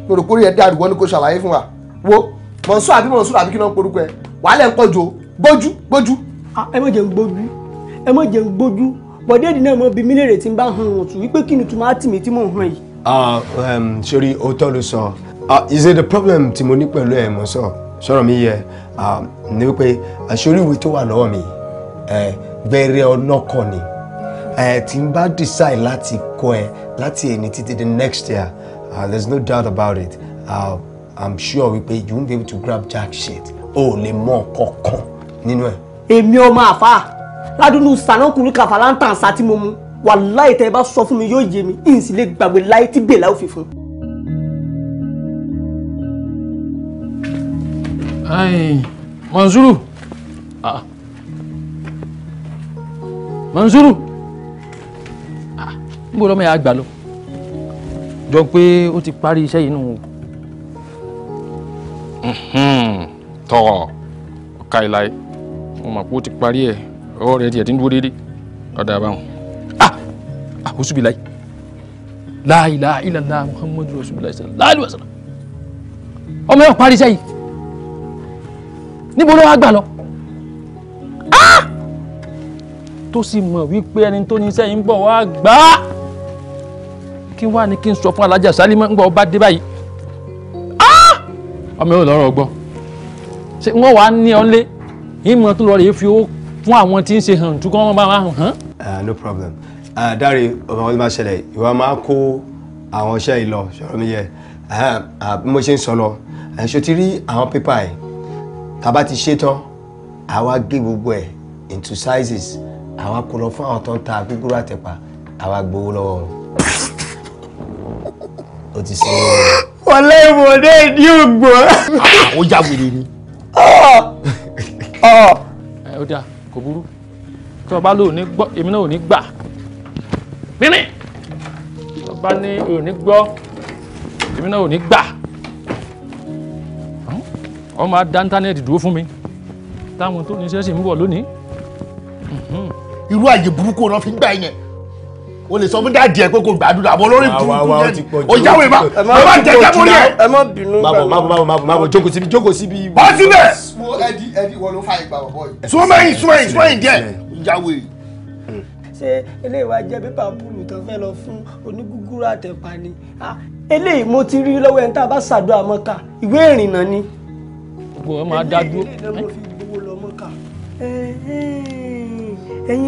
mo rò kórìí ẹ dá àdúgbò ní kò ṣàlàyé fún wa wo mọ̀nsọ́ àbí mọ̀nsọ́ àbí kí náà ń porúkọ ah, ẹ wàhálẹ̀ ń pọ̀jọ gbójú gbójú. ẹ má jẹun gbójú ẹ má jẹun gbójú bọ̀dẹ́ẹ̀dì náà mọ bí mílíọ̀nù tí ń bá hàn wọ̀n tù wípé kí ni tùmọ̀ á tì mí tí mò ń hàn yìí. sori o tọ́ ló sọ Ah, is it the problem tí mo ní pẹ̀lú ẹ̀ mo sọ sọ̀rọ̀ mi yẹ ni wípé àṣírí ìwé tó wà lọ́wọ́ mi bẹ̀rẹ̀ ọlọ́kọ̀ ni tí n bá decide láti kọ́ ẹ láti ẹni títí the next year uh, there is no doubt about it uh, I'm sure wípé you won't be able to grab jack shit o ò lè mọ kankan nínú ẹ. èmi ọmọ àfa ládùúgbò sànákùnrin kàfà láǹtà ṣá tí mo mu wàláì tẹ ẹ bá sọ fún mi yóò yé mi ìǹsì gbàgbé láì tí bèèlà òfin fún Manzuru ah. Manzuru ah. n gbọ́dọ̀ mọ̀ ẹ́ àgbà lọ jọ pé ó ti parí iṣẹ́ yìí nù o. tọrọ ọ̀ka ìlàyé mo mọ̀ pé ó ti parí ẹ̀ ọwọ́ rẹ̀ tiẹ̀ ti ń dúró déédéé ọ̀dà àbáwọn. àkóso ah! ah, bìláì láìláìlàlá muhammadu rasulillah sallallahu alaihi wasallam ọmọ yẹn parí iṣẹ́ yìí níbo ló wá gbà lọ. Ah! tó sì mọ̀ wípé ẹni tó ní iṣẹ́ yìí ń bọ̀ wá gbà á kí wàá ní kí n sọ fún alájà sálímọ́ ń gbọ́ ọba dé báyìí ah! ọmọ yóò lọ́rọ̀ gbọ́ ṣé wọ́n wàá ní ọ lé ìmọ̀ tó lọ rèé fi owó fún àwọn tí ń ṣe hàn tún kọ́ wọ́n bá wà hàn. Ah, no problem Dari dáre ọmọ ọdún máa ṣẹlẹ̀ ìwà máa kó àwọn iṣẹ́ yìí lọ ṣọ̀rọ̀ mi yẹ bí mo ṣe ń sọ lọ ṣòtí rí àwọn pépà yìí tá a bá ti ṣe tán àwa gé gbogbo ẹ̀ into sizes àwa kó lọ fún àwọn tó ń ta gúgúrú àtẹ̀pà àwa gbowó lọ́wọ́ wọn. o ti sọ wọn. wọlé ìwọlé ìdí ògbó. àwọn jáwèrè ni. Ah, ah, ah. ẹ ó dáa kò burú tí ọba lò ní gbọ́ èmi náà ò ní gbà mírìn ọba ní ò ní gbọ́ èmi náà ò ní gbà ọmọ adá íńtánẹ́ẹ̀tì dúró fún mi táwọn tó níṣẹ́ sì ń wọ̀ lónìí. Mhm. irú àyè burúkú ọ̀nà fi ń gbà yẹn o lè sọ fún dáàdì ẹ pé kò gbàdúrà àbọ̀ lórí burúkú yẹn o jáwé ma o má jẹ jábọ̀ rí ẹ. ẹ má bínú bàbá má bọ̀ má jókòó síbi jókòó síbi. bọ́ síbẹ̀. ẹdi ẹdi wọ ló fa ìgbà bọ̀ yìí. súnmẹ́yìn súnmẹ́yìn súnmẹ́yìn díẹ̀ jáwé. ṣé eléyìí wá jẹ pépà búlù tó fẹ́ lọ fún onígúgúrú àtẹ̀pá ni ah, eléyìí mo ti rí lọ́wọ́ ẹni tá a bá ṣàdúrà mọ́ka ìwé ìrìnnà ni gbogbo wọn máa dá dúró.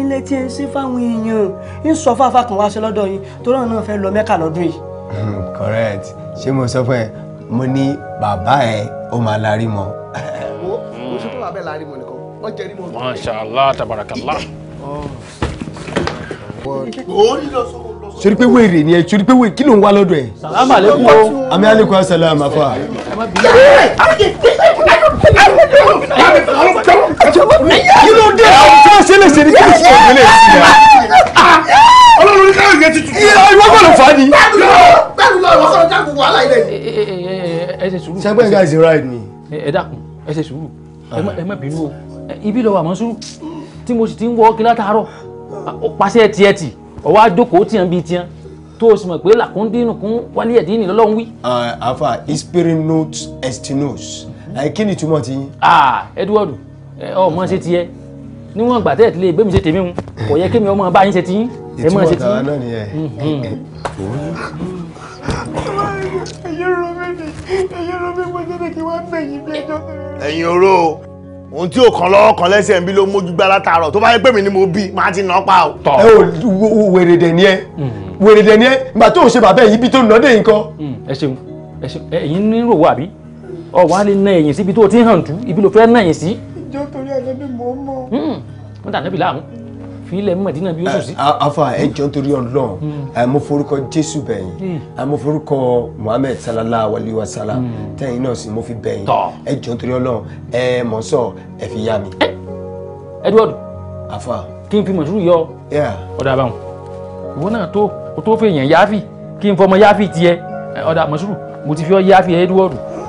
létí ẹ ṣe fáwọn èèyàn ń sọ fáfá kan wá sí lọ́dọ̀ yín torí ọ̀nà náà fẹ́ lọ mẹ́kà lọ́dún yìí. correct ṣé mo sọ fún ẹ mo ní bàbá ẹ ó máa larí mọ. mo ṣe fún bàbá ẹ larí mọ nìkan wọn jẹ mọ. mashallah tabarakallah. sori pe wèrè ni ẹ sori pe wèrè kí ló ń wá lọ́dọ̀ ẹ. salamaleykum o. ami aleykum asalaam afa kí ló dé àwọn tí wọ́n ṣe lè ṣe ní kí ló ṣe ògbélé sí i. ọlọ́run ní káyọ̀ yẹn ti tutù. ìwọ gbọ́dọ̀ fà á ni. bẹ́ẹ̀ni lọ ìwọ kọ́ra dákun wàhálà ilẹ̀ yìí. ẹ ṣe sùúrù. sẹ́gbẹ́ ìgbà ìṣe ride ni. ẹ dákun ẹ ṣe sùúrù ẹ má bínú o ibi lọ wà mọ́ sùúrù tí mo sì ti ń wọ kí látàárọ̀ pàṣẹ tiẹ̀ tì ọwọ́ àjókòó tiẹ̀ bíi tiẹ̀ tó o sì mọ̀ pé làkúndínù kún wálé ẹ̀dínì lọ́lọ́run wí. àfà ispirinut estinos kí ni ìtumọ̀ ti yín. Edward ọmọ ṣe tiẹ̀ níwọ̀n ìgbà tẹ́ẹ̀ tí lè gbé mi ṣe tèmi mu kò yẹ kémi ọmọ bá yín ṣe ti yín ẹ mọ̀ ṣe ti yín. ìtumọ̀ tàwa náà nìyẹn. ẹ̀yin oró mi ni ẹ̀yin oró mi pẹ́ sẹ́dẹ̀ kí wọ́n bẹ̀yìn bí ẹjọ́. ẹ̀yin oró ohun tí ò kàn lọ́wọ́ kan lẹ́sẹ̀ ń bí ló mójú gbá látàárọ̀ tó bá yẹ pé mi ni mo bí màá ti nà án pa o. ẹ ò wèrè dẹ̀ ni ẹ hmm. wèrè dẹ̀ ni ẹ nígbà tó ń ṣe bàbá yìí bí tó ń nà dé nǹkan. Hmm, ẹ ṣeun ẹ ṣeun ẹ̀yin ní ròwọ́ àbí ọ̀wá lè na ẹ̀yìn síbi tó ti hàn tú ibi ló fẹ́ na ẹ̀yìn sí. ìjọ torí ànábì mò ń mọ. Hmm, wọ́n dà nábì láàmú fi ilẹ̀ mọ̀dínà bí ó sùn sí. afa ẹjọ torí Ọlọ́run hmm. mo forúkọ Jésù bẹ̀yìn hmm. mo forúkọ Muhammed sallallahu alayhi wa sallam tẹ̀yìn náà sì mo fi bẹ̀yìn ẹjọ torí Ọlọ́run ẹ mọ̀ sọ ẹ fi yá mi. Edward afa kí n fi mọ̀túrù yọ ọ̀dà àbáwọn ìwọ náà tó o tó fèèyàn yááfì kí n fọmọ yááfì tiẹ ọ̀dà mọ̀túrù mo ti fi ọ yááfì Edward.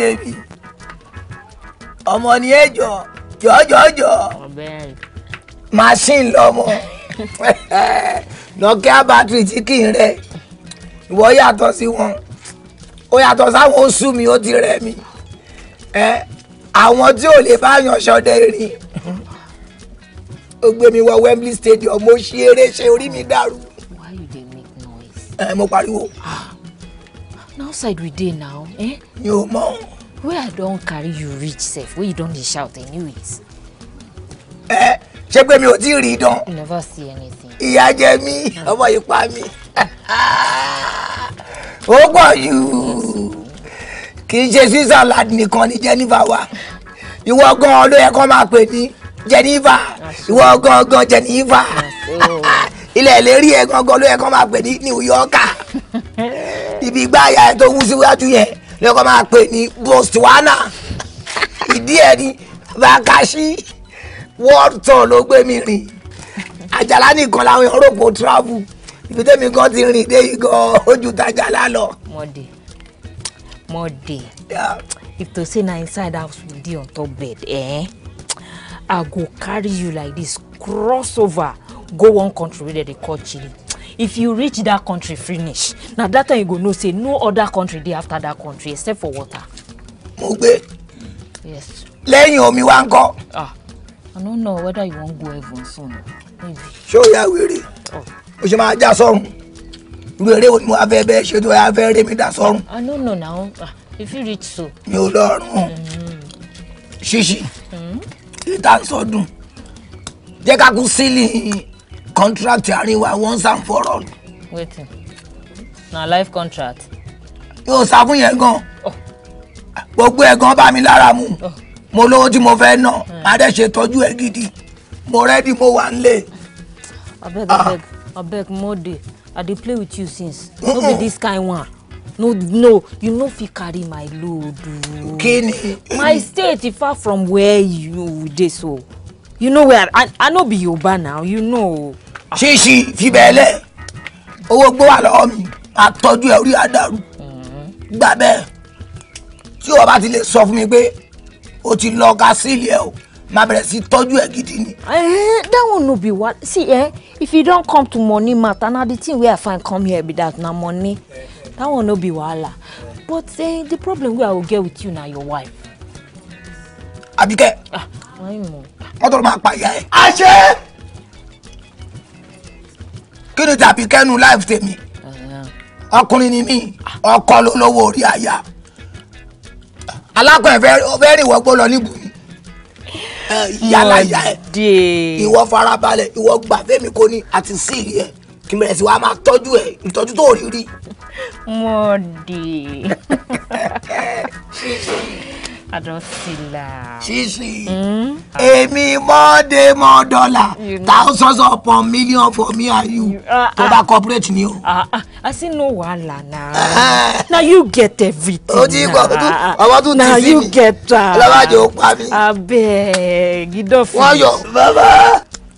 baby ọmọ ni ẹ jọ jọjọjọ machine lọmọ Nokia battery tí kì í rẹ ìwọ yàtọ̀ sí wọn ó yàtọ̀ sáwọn oṣù mi ó ti rẹ mi ẹ àwọn tí ò lè bá yan ṣọdẹ rìn ó gbé mi wọ Wembley Stadium mo ṣe eré ṣe orí mi dàrú ẹ mo pariwo. Ah na outside we dey now eh. you mọ. where i don carry you reach sef wey you don dey shout i knew it. ẹ ṣé pé mi ò tí ì rí dán. you never see anything. ìyá jẹ mí ọmọ yìí pa mí ó pọ̀ jù kì í ṣe switzerland nìkan ni Jennifer wà ìwọ gan ló yẹ kó máa pè ní Jennifer ìwọ gangan Jennifer ilẹ̀ ìlérí ẹ̀ gangan ló yẹ kó máa pè ní New Yorker. ibi gbáyà ẹ tó wú síwájú yẹn lọ́kọ́ máa pè ní Botswana ìdí ẹ̀ ní Bakashi world tour ló gbé mi rìn àjàlá nìkan làwọn èèyàn rò pé travel ibi tẹ́mi kan ti rìn dé igan ojú tajàlá lọ. mọ̀dé mọ̀dé if to say na inside house we dey on top bed eh? i go carry you like this cross over go one country wey dem dey call Chile if you reach that country finish na that time you go know say no other country dey after that country except for water. mo gbé lẹ́yìn omi wa ń kọ́. Ah, i no know whether you wan go heaven soon maybe. ṣé o ya wèrè oh. o ṣe máa já sọ́run wèrè o ní mo fẹ́ bẹ́ẹ̀ ṣe tó yà fẹ́ rẹ́ mi dá sọ́run. i no know now ah, if you reach so. mi ò lọ́rùn mm-hmm. ṣíṣí ìta mm-hmm. sọdún jẹ́ ká kú sílì contract àárín once and for all. wetin na life contract. yóò sá fún yẹn gan oh. gbogbo ẹ̀ gan bá mi lára mu oh. mo lówó tí mo fẹ́ ná hmm. má dẹ̀ ṣe tọ́jú ẹ gidi mo rẹ́dí mo wà nílé. abeg abeg ah. abeg mo i dey play with you since no be this kind one no no you no fit carry my load o. Oh. kí ni. my state far from where you dey so you know where i i no be yoruba now you know. ṣíṣí fìbẹ́lẹ̀ owó gbé wà lọ́wọ́ mi àtọ́jú ẹ̀ orí àdàrú gbà bẹ́ẹ̀ tí o bá ti lè sọ fún mi pé o ti lọ ga sílì ẹ o máa bẹ̀rẹ̀ sí tọ́jú ẹ gidi ni. that one no be what see eh, if you don come to money matter na the thing wey i find come here be that na money that one no be wahala but eh, the problem wey i go get with you na your wife. Abike. ah why mo wọ́n tó máa pa ìyá ẹ̀. àṣẹ kí ni tàbí kẹ́nu láìfù tèmi ọkùnrin ni mí ọkọ ló lówó orí àyà alákọ̀ ẹ̀ fẹ́ rìn wọ́pọ̀ lọ níbù mi yàrá ìyá ẹ̀ ìwọ farabalẹ̀ ìwọ gbà fẹ́mi kò ní àti síìlì ẹ̀ kí mẹ̀rẹ̀ sí wa máa tọ́jú ẹ̀ ìtọ́jú tó rí rí. mọ̀ọ́dì. Adọ́sílà. Sisi. Hmm? Èmi mọ́dé mọ́ dọ́là thousands upon million for me and you. Uh, Tó bá uh, corporate ni o. Uh, I say no wahala na. Eh. Na you get everything. O ti kọ ọwọ́ Na you get am. Ọlọ́wájú ó pa mi. Abeg, Idọ́fin. Wọ́n yọ bàbá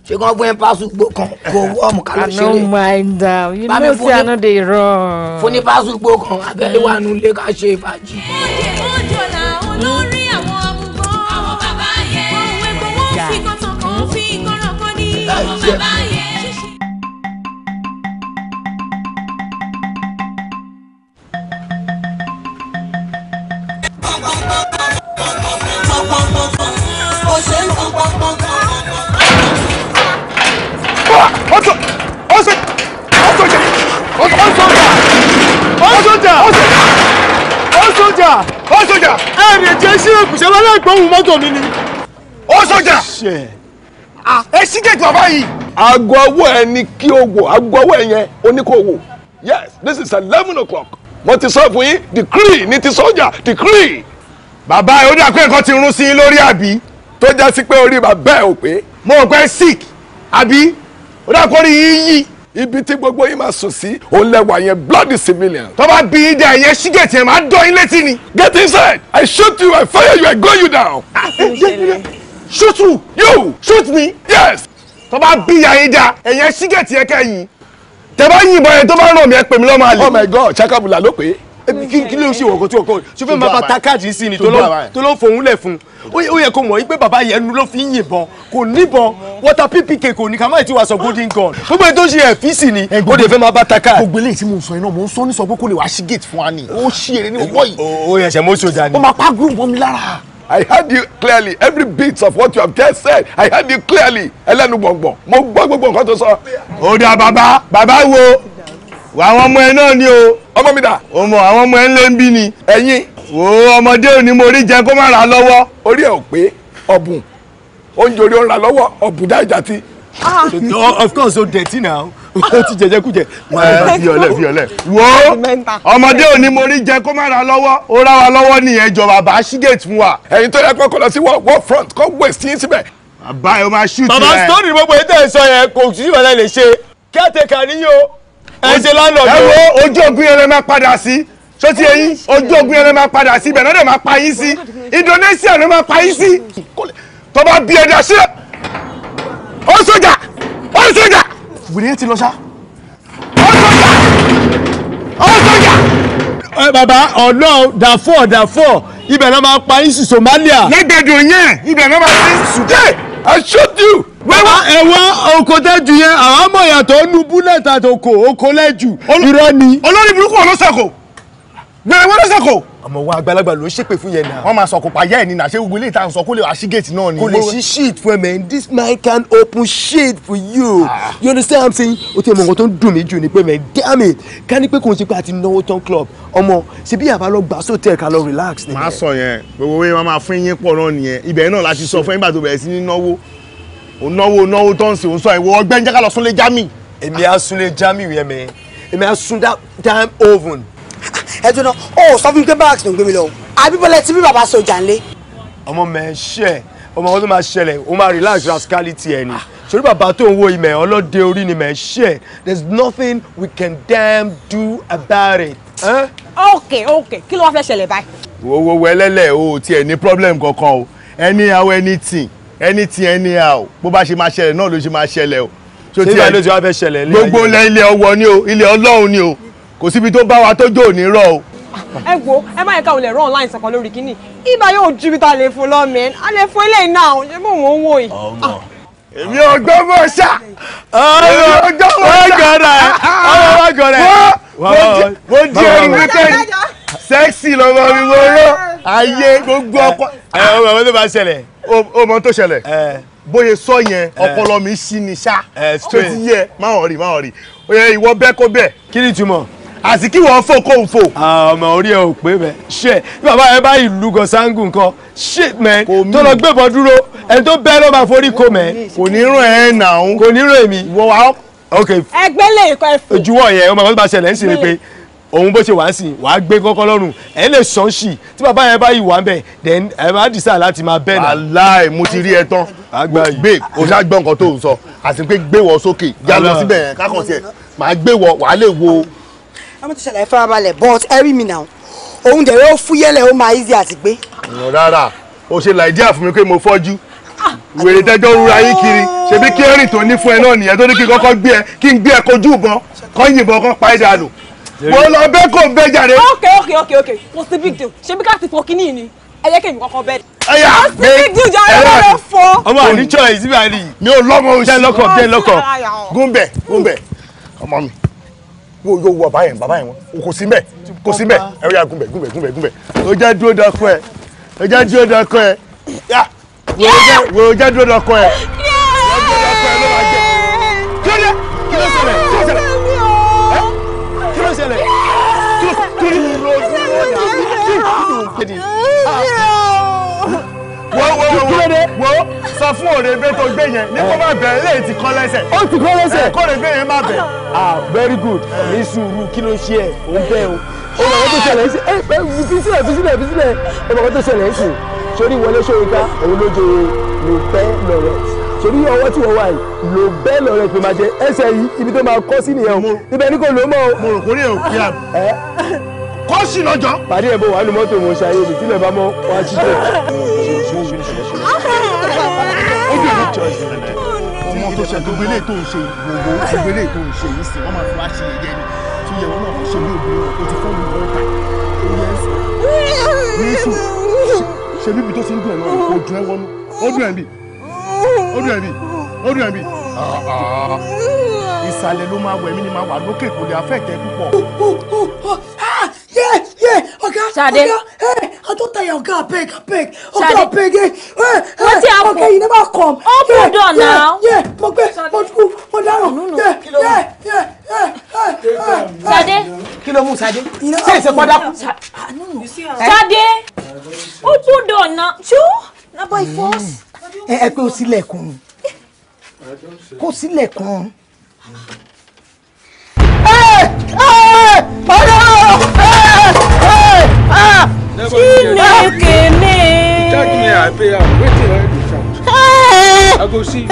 ṣe kàn gbé pásùgbò kan kò wọ́ọ̀mù ká ló ṣe lè. I no mind am you know say I no dey run. fúnni pásùgbò kan abẹ́lé wà ká ṣe fàájì olórí àwọn amúgbọ́n. àwọn bàbá yẹ. ohun egbò wọn fi kọ̀tàn kan fi kọ̀ràn kan ní. àwọn bàbá yẹ. 어서 어서 어서 어서 어서 어서 sójà. ó sójà. ẹ rẹ̀ jẹ́ sí èkùsẹ́ lọ́lẹ́ ìgbóhùn mọ́tò mi ni. ó sójà. ẹ sí gẹ̀ẹ́tì bàbá yìí. aago ọwọ́ ẹ ní kí o wò aago ọwọ́ ẹ yẹn oníkòwò yes this is eleven o'clock mo ti sọ fún yín decree ní ti sójà decree. bàbá ẹ ó dà pé nǹkan ti rún sí i lórí àbí tó já sí pé orí bàbá ẹ ò pé mo rò pé sick àbí ó dà pé orí yín yí ibi tí gbogbo yín máa sùn sí òun lẹ́wà yẹn bloody civilian. tó bá bí yín dé ẹ̀yẹ sí gẹ̀ẹ́tì ẹ̀ máa dán yín létí ni. get inside i shoot you i fire you i go you down. Ah, shoot you. you. shoot me. yes. tó bá bí yà yín dá ẹ̀yẹ sí gẹ̀ẹ́tì ẹ̀ kẹ́yìn. tẹ bá yìnbọn yẹn tó bá ràn mí ẹ pè mí lọ́mọ àlè. oh my god chakabula ló pè é kí ló ṣe ìwọ̀kọ̀ tí o kọ́ ṣe fẹ́ sí ni tó ló fòun lẹ̀ fún ó yẹ kó mọ̀ wípé bàbá yẹnu ló fi ń yìnbọn kò níbọn water ppk kò ní ká má ti wá sọ golden gun gbogbo ètò ṣe ẹ̀fíìsì e ni ó dẹ̀ fẹ́ máa bá ta gbogbo eléyìí tí mo sọ iná mo ń sọ ní sọ pé kó lè wá sí gate fún wa ó ṣí eré ní ọwọ́ yìí. ó yẹ ṣe mo ṣojà ni. ó máa pàgùn mọ́ mi lára. I heard you clearly every bit of what you have just said I heard you clearly ẹlẹ́nu gbọ̀ngbọ̀n mo gbọ́ gbogbo nǹkan tó sọ. ó dà bàbá bàbá wo wà àwọn ọmọ ẹ náà ni o. ọmọ mi dà. ọmọ àwọn ọmọ ẹ ń lé ń bí ni. ẹ̀yin. wo ọmọdé ò ní mo rí jẹ kó má ra lọ́wọ́. orí ẹ̀ ò pé ọ̀bùn oúnjẹ orí ó ń ra lọ́wọ́ ọ̀bùn dá ìjà ti. Ah. of course o dẹ̀tí náà o ti jẹjẹ kújẹ. Eh. fi ọlẹ fi ọlẹ. wo ọmọdé ò ní mo rí jẹ kó má ra lọ́wọ́ ó rá wa lọ́wọ́ nìyẹn jọ bàbá ṣígẹ̀tì fún wa. ẹ̀yin tó yẹ kó kọ lọ sí wall front kó wẹ̀sì yín síbẹ̀. bàbá ẹ o máa ṣú tirẹ̀. bàbá sọ́ọ̀nì gbogbo ètò ẹ̀sọ́ yẹn kò sí ìwọlẹ̀ lè ṣe kí á tẹ̀ka níyó ẹ ṣe lọ́dọ̀ tó. ẹ wo ojú ogun yẹn lè máa padà sí tó ti eyín ojú ogun yẹn lè máa padà sí ibẹ̀ náà lè máa pa yín sí Indonesia lè máa pa yín sí tó bá bí ẹ̀dá sílẹ̀ ó sójà ó sójà. wìrì ti lọ sá. ó sójà ó sójà. ẹ bàbá ọ̀nà dàfọ̀ dàfọ̀ ibẹ̀ náà máa pa yín sí Somalia. lẹ́gbẹ̀dùn yẹn ibẹ̀ náà máa pa yín sí Sudan. I shot you. Bàbá ah, ẹ̀wọ́ oko tẹ́jú yẹn àwọn ọmọ ìyàtọ̀ nu búlẹ̀tì àtòkò oko lẹ́jù. Irọ́ ni. Olórí burúkú ọ̀lọ́sàkò. Gbèrè wọ́n lọ́sàkò ọmọ wa àgbàlagbà ló ṣépè fún yẹn náà. wọ́n máa sọ̀kò pàyà ẹ̀ ní nàṣẹ́ gbogbo ilé ìta sọ kó lè wá sí gate náà ni. kò lè ṣí shit fún ẹ mẹ́ this man can open shit for you. Ah. you understand what i'm saying. o ti mọ nǹkan tó ń dùn mí jù ni pé mẹ damn it ká ní pé kò ń ṣe pé àti náwó tán club ọmọ ṣe bí àbá lọ gbà sóòtẹ́ ká lọ relax. máa sọ yẹn gbogbo ewé máa fún yín pọ̀ náà nìyẹn ibẹ̀ náà la ti sọ fún yín gbà tó bẹ̀rẹ̀ sí ní náwó náwó náwó tó ń sè ń sọ ìwọ ọgbẹ́ ń jẹ́ ká lọ súnlé jámì. èmi á súnlé jámì yẹn mẹ́ èmi á that time oven ẹ jóná ó sọ fún mi pé barracks ló ń gbé mi lọ àbíbọ̀lẹ̀ tí bí bàbá ṣe ọjà ńlẹ̀. ọmọ mẹ́ṣẹ́ ọmọ wọn tó máa ṣẹlẹ̀ ó máa relax rascality ẹ̀ ni sori bàbá tó ń wo ìmẹ̀ ọlọ́dẹ orí ni mẹ̀ ṣe there's nothing we can damn do about it. ok ok kí ló wá fẹ́ ṣẹlẹ̀ báyìí. wo wo wo ẹlẹ́lẹ̀ o tiẹ̀ ní problem kankan o anyhow anything anything anyhow bó bá ṣe máa ṣẹlẹ̀ náà ló ṣe máa ṣẹlẹ̀ o. ṣé ìgbà ló ti wá fẹ́ ṣẹlẹ̀ ilé ayé gbogbo ilé ọwọ́ ni o ilé ọlọ́run ni o kò síbi tó bá wa tó jò ní rọ o. ẹ wo ẹ má yẹ káwọn lè rán online sọkan lórí kínní ibà yóò ju ibi tá a lè fún lọ́mìn a lè fún eléyìí náà ṣé mò ń wọ́n wò yìí. ọmọ èmi ò gbọ́ mọ̀ ṣá èmi ò gbọ́ mọ̀ ṣá ọmọ wa gọ̀rẹ́ mo jẹ́ invited sexy lọ́mọ mi mo rán ayé gbogbo ọkọ. ẹ ọmọ ẹ wọ́n tó bá ṣẹlẹ̀. o mọ tó ṣẹlẹ̀ bóyá sọ yẹn ọpọlọ mi ṣí ni ṣá tó ti yẹ máa hàn rí máa hàn rí ìwọ bẹ́ẹ̀ kó bẹ́ẹ̀. kí ni ìtumọ̀ àti kí wọ́n fò kó n fò. Ah, ọmọ orí ẹ ò pé mẹ ṣe bí bàbá rẹ bá ìlú gọ̀sángùn kan ṣe mẹ tó lọ gbébọn dúró ẹni tó bẹ́ẹ̀ ló máa forí kó mẹ. kò ní rún ẹ nàún. kò ní rún èmi. wọ́n wá ok. ẹgbẹ́ lè kọ́ ẹ fò. ojúwọ̀ yẹn ọmọ kan tó bá ṣẹlẹ̀ ń sì ni pé òun bó ṣe wá sí wàá gbé kọ́kọ́ lọ́rùn ẹ lè sàn sí tí bàbá yẹn bá yìí wà ń bẹ̀ then ẹ bá dìsà láti máa bẹ́ẹ̀ náà. aláì mo ti rí ẹ tán gbé o ṣáà gbọ́ nǹkan tó ń sọ àti pé gbé wọ sókè yálọ síbẹ̀ yẹn kákọ̀ọ́sì ẹ̀ máa gbé wọ wàá lè wo ọmọ ti ṣàlàyé farabalẹ̀ but ẹ rí mi náà òun dẹ̀rẹ́ ó fúyẹ́lẹ̀ ó máa easy àti gbé. rárá o ṣe làìdíà fún mi pé mo fọ́jú wèrè tẹjọ́ rúra yín kiri ṣebí kí ẹ̀rìn tó ní fún ẹ náà nìyẹn tó ní kí n kọ́kọ́ gbé ẹ kí n gbé ẹ kojú ìbọn kọ́ yìnbọn kan pa ẹ̀ dànù mo lọ bẹ́ẹ̀ kò ń bẹ́ jàre. ok ok ok ok kò sí big deal ṣebí ká ti fọ kíní ni ẹ jẹ́ kí èmi kọ́kọ́ bẹ́ẹ̀. ẹyà mi ẹyà mi ọmọ àníjọ ìsibí àlè mi ò lọ́mọ oṣù jẹ́ lọ́kọ̀ jẹ́ lọ́kọ̀ gúnbẹ̀ gúnbẹ̀ ọmọ mi wo yóò wo bàbá yẹn bàbá yẹn wọn kò sí mbẹ kò sí mbẹ ẹ yà gúnbẹ gúnbẹ gúnbẹ gúnbẹ o jẹ dúró dọkọ ẹ o jẹ dúró dọkọ ẹ yà wo jẹ dúró dọkọ ẹ. máa fún òrèbé tó gbé yẹn ní kó má bẹ̀rẹ̀ lè ti kán lẹ́sẹ̀. ó ti kán lẹ́sẹ̀. kó òrèbé yẹn má bẹ̀. ah very good ní sùúrù kí ló ṣe ẹ ò ń bẹ o. ó bàbá tó ṣẹlẹ̀ sí ẹ eh, ẹ eh, fi sílẹ̀ fi sílẹ̀ fi sílẹ̀ ó bàbá tó ṣẹlẹ̀ sí sórí Wọlé Ṣóyínká òun ló jẹ ló bẹ́ lọ́rẹ́ sórí ọwọ́ tí wọ́n wà yìí ló bẹ́ lọ́rẹ́ pé máa jẹ ẹsẹ̀ yìí ibi tó máa kọ́ sí nìyẹn o ibẹ̀ ni kò ló mọ́ o. mo rò kórè òkè choice ní ẹ̀ ọmọ tó ṣe gbogbo tó ń ṣe gbogbo gbogbo tó ń ṣe yìí sí wọn máa fi wá ṣe yẹyẹ ni tí yẹwò náà ṣe ní obìnrin o ti fọ́ọ̀mù bọ́ọ̀tà oyè ń sọ yéésù ṣe níbi tó ṣe ń dùn ẹ̀ náà kò dùn ẹ̀ wọnú ó dùn ẹ̀ bì ó dùn ẹ̀ bì ó dùn ẹ̀ bì ìsàlẹ̀ ló máa wẹ̀ mí ni máa wà lókè kò lè afẹ́ ìtẹ́ púpọ̀. Ah, ọ̀gá I don tire oga abeg abeg oga abeg eh eh eh oga you never come. open oh, yeah, door yeah, now. yeah mo gbẹ mo dúró mo dárò yeah yeah yeah yeah. Sade. kí ló mú Sade. ṣé ìṣe kọ́ dákú. Sade open door now two na by mm. force. ẹ ẹ pé o sílẹ̀kùn kó sílẹ̀kùn. ẹ ẹ ọ̀rọ̀ ẹ. Chineke me. Tag me, I pay out. Wait till I do shout. I go see.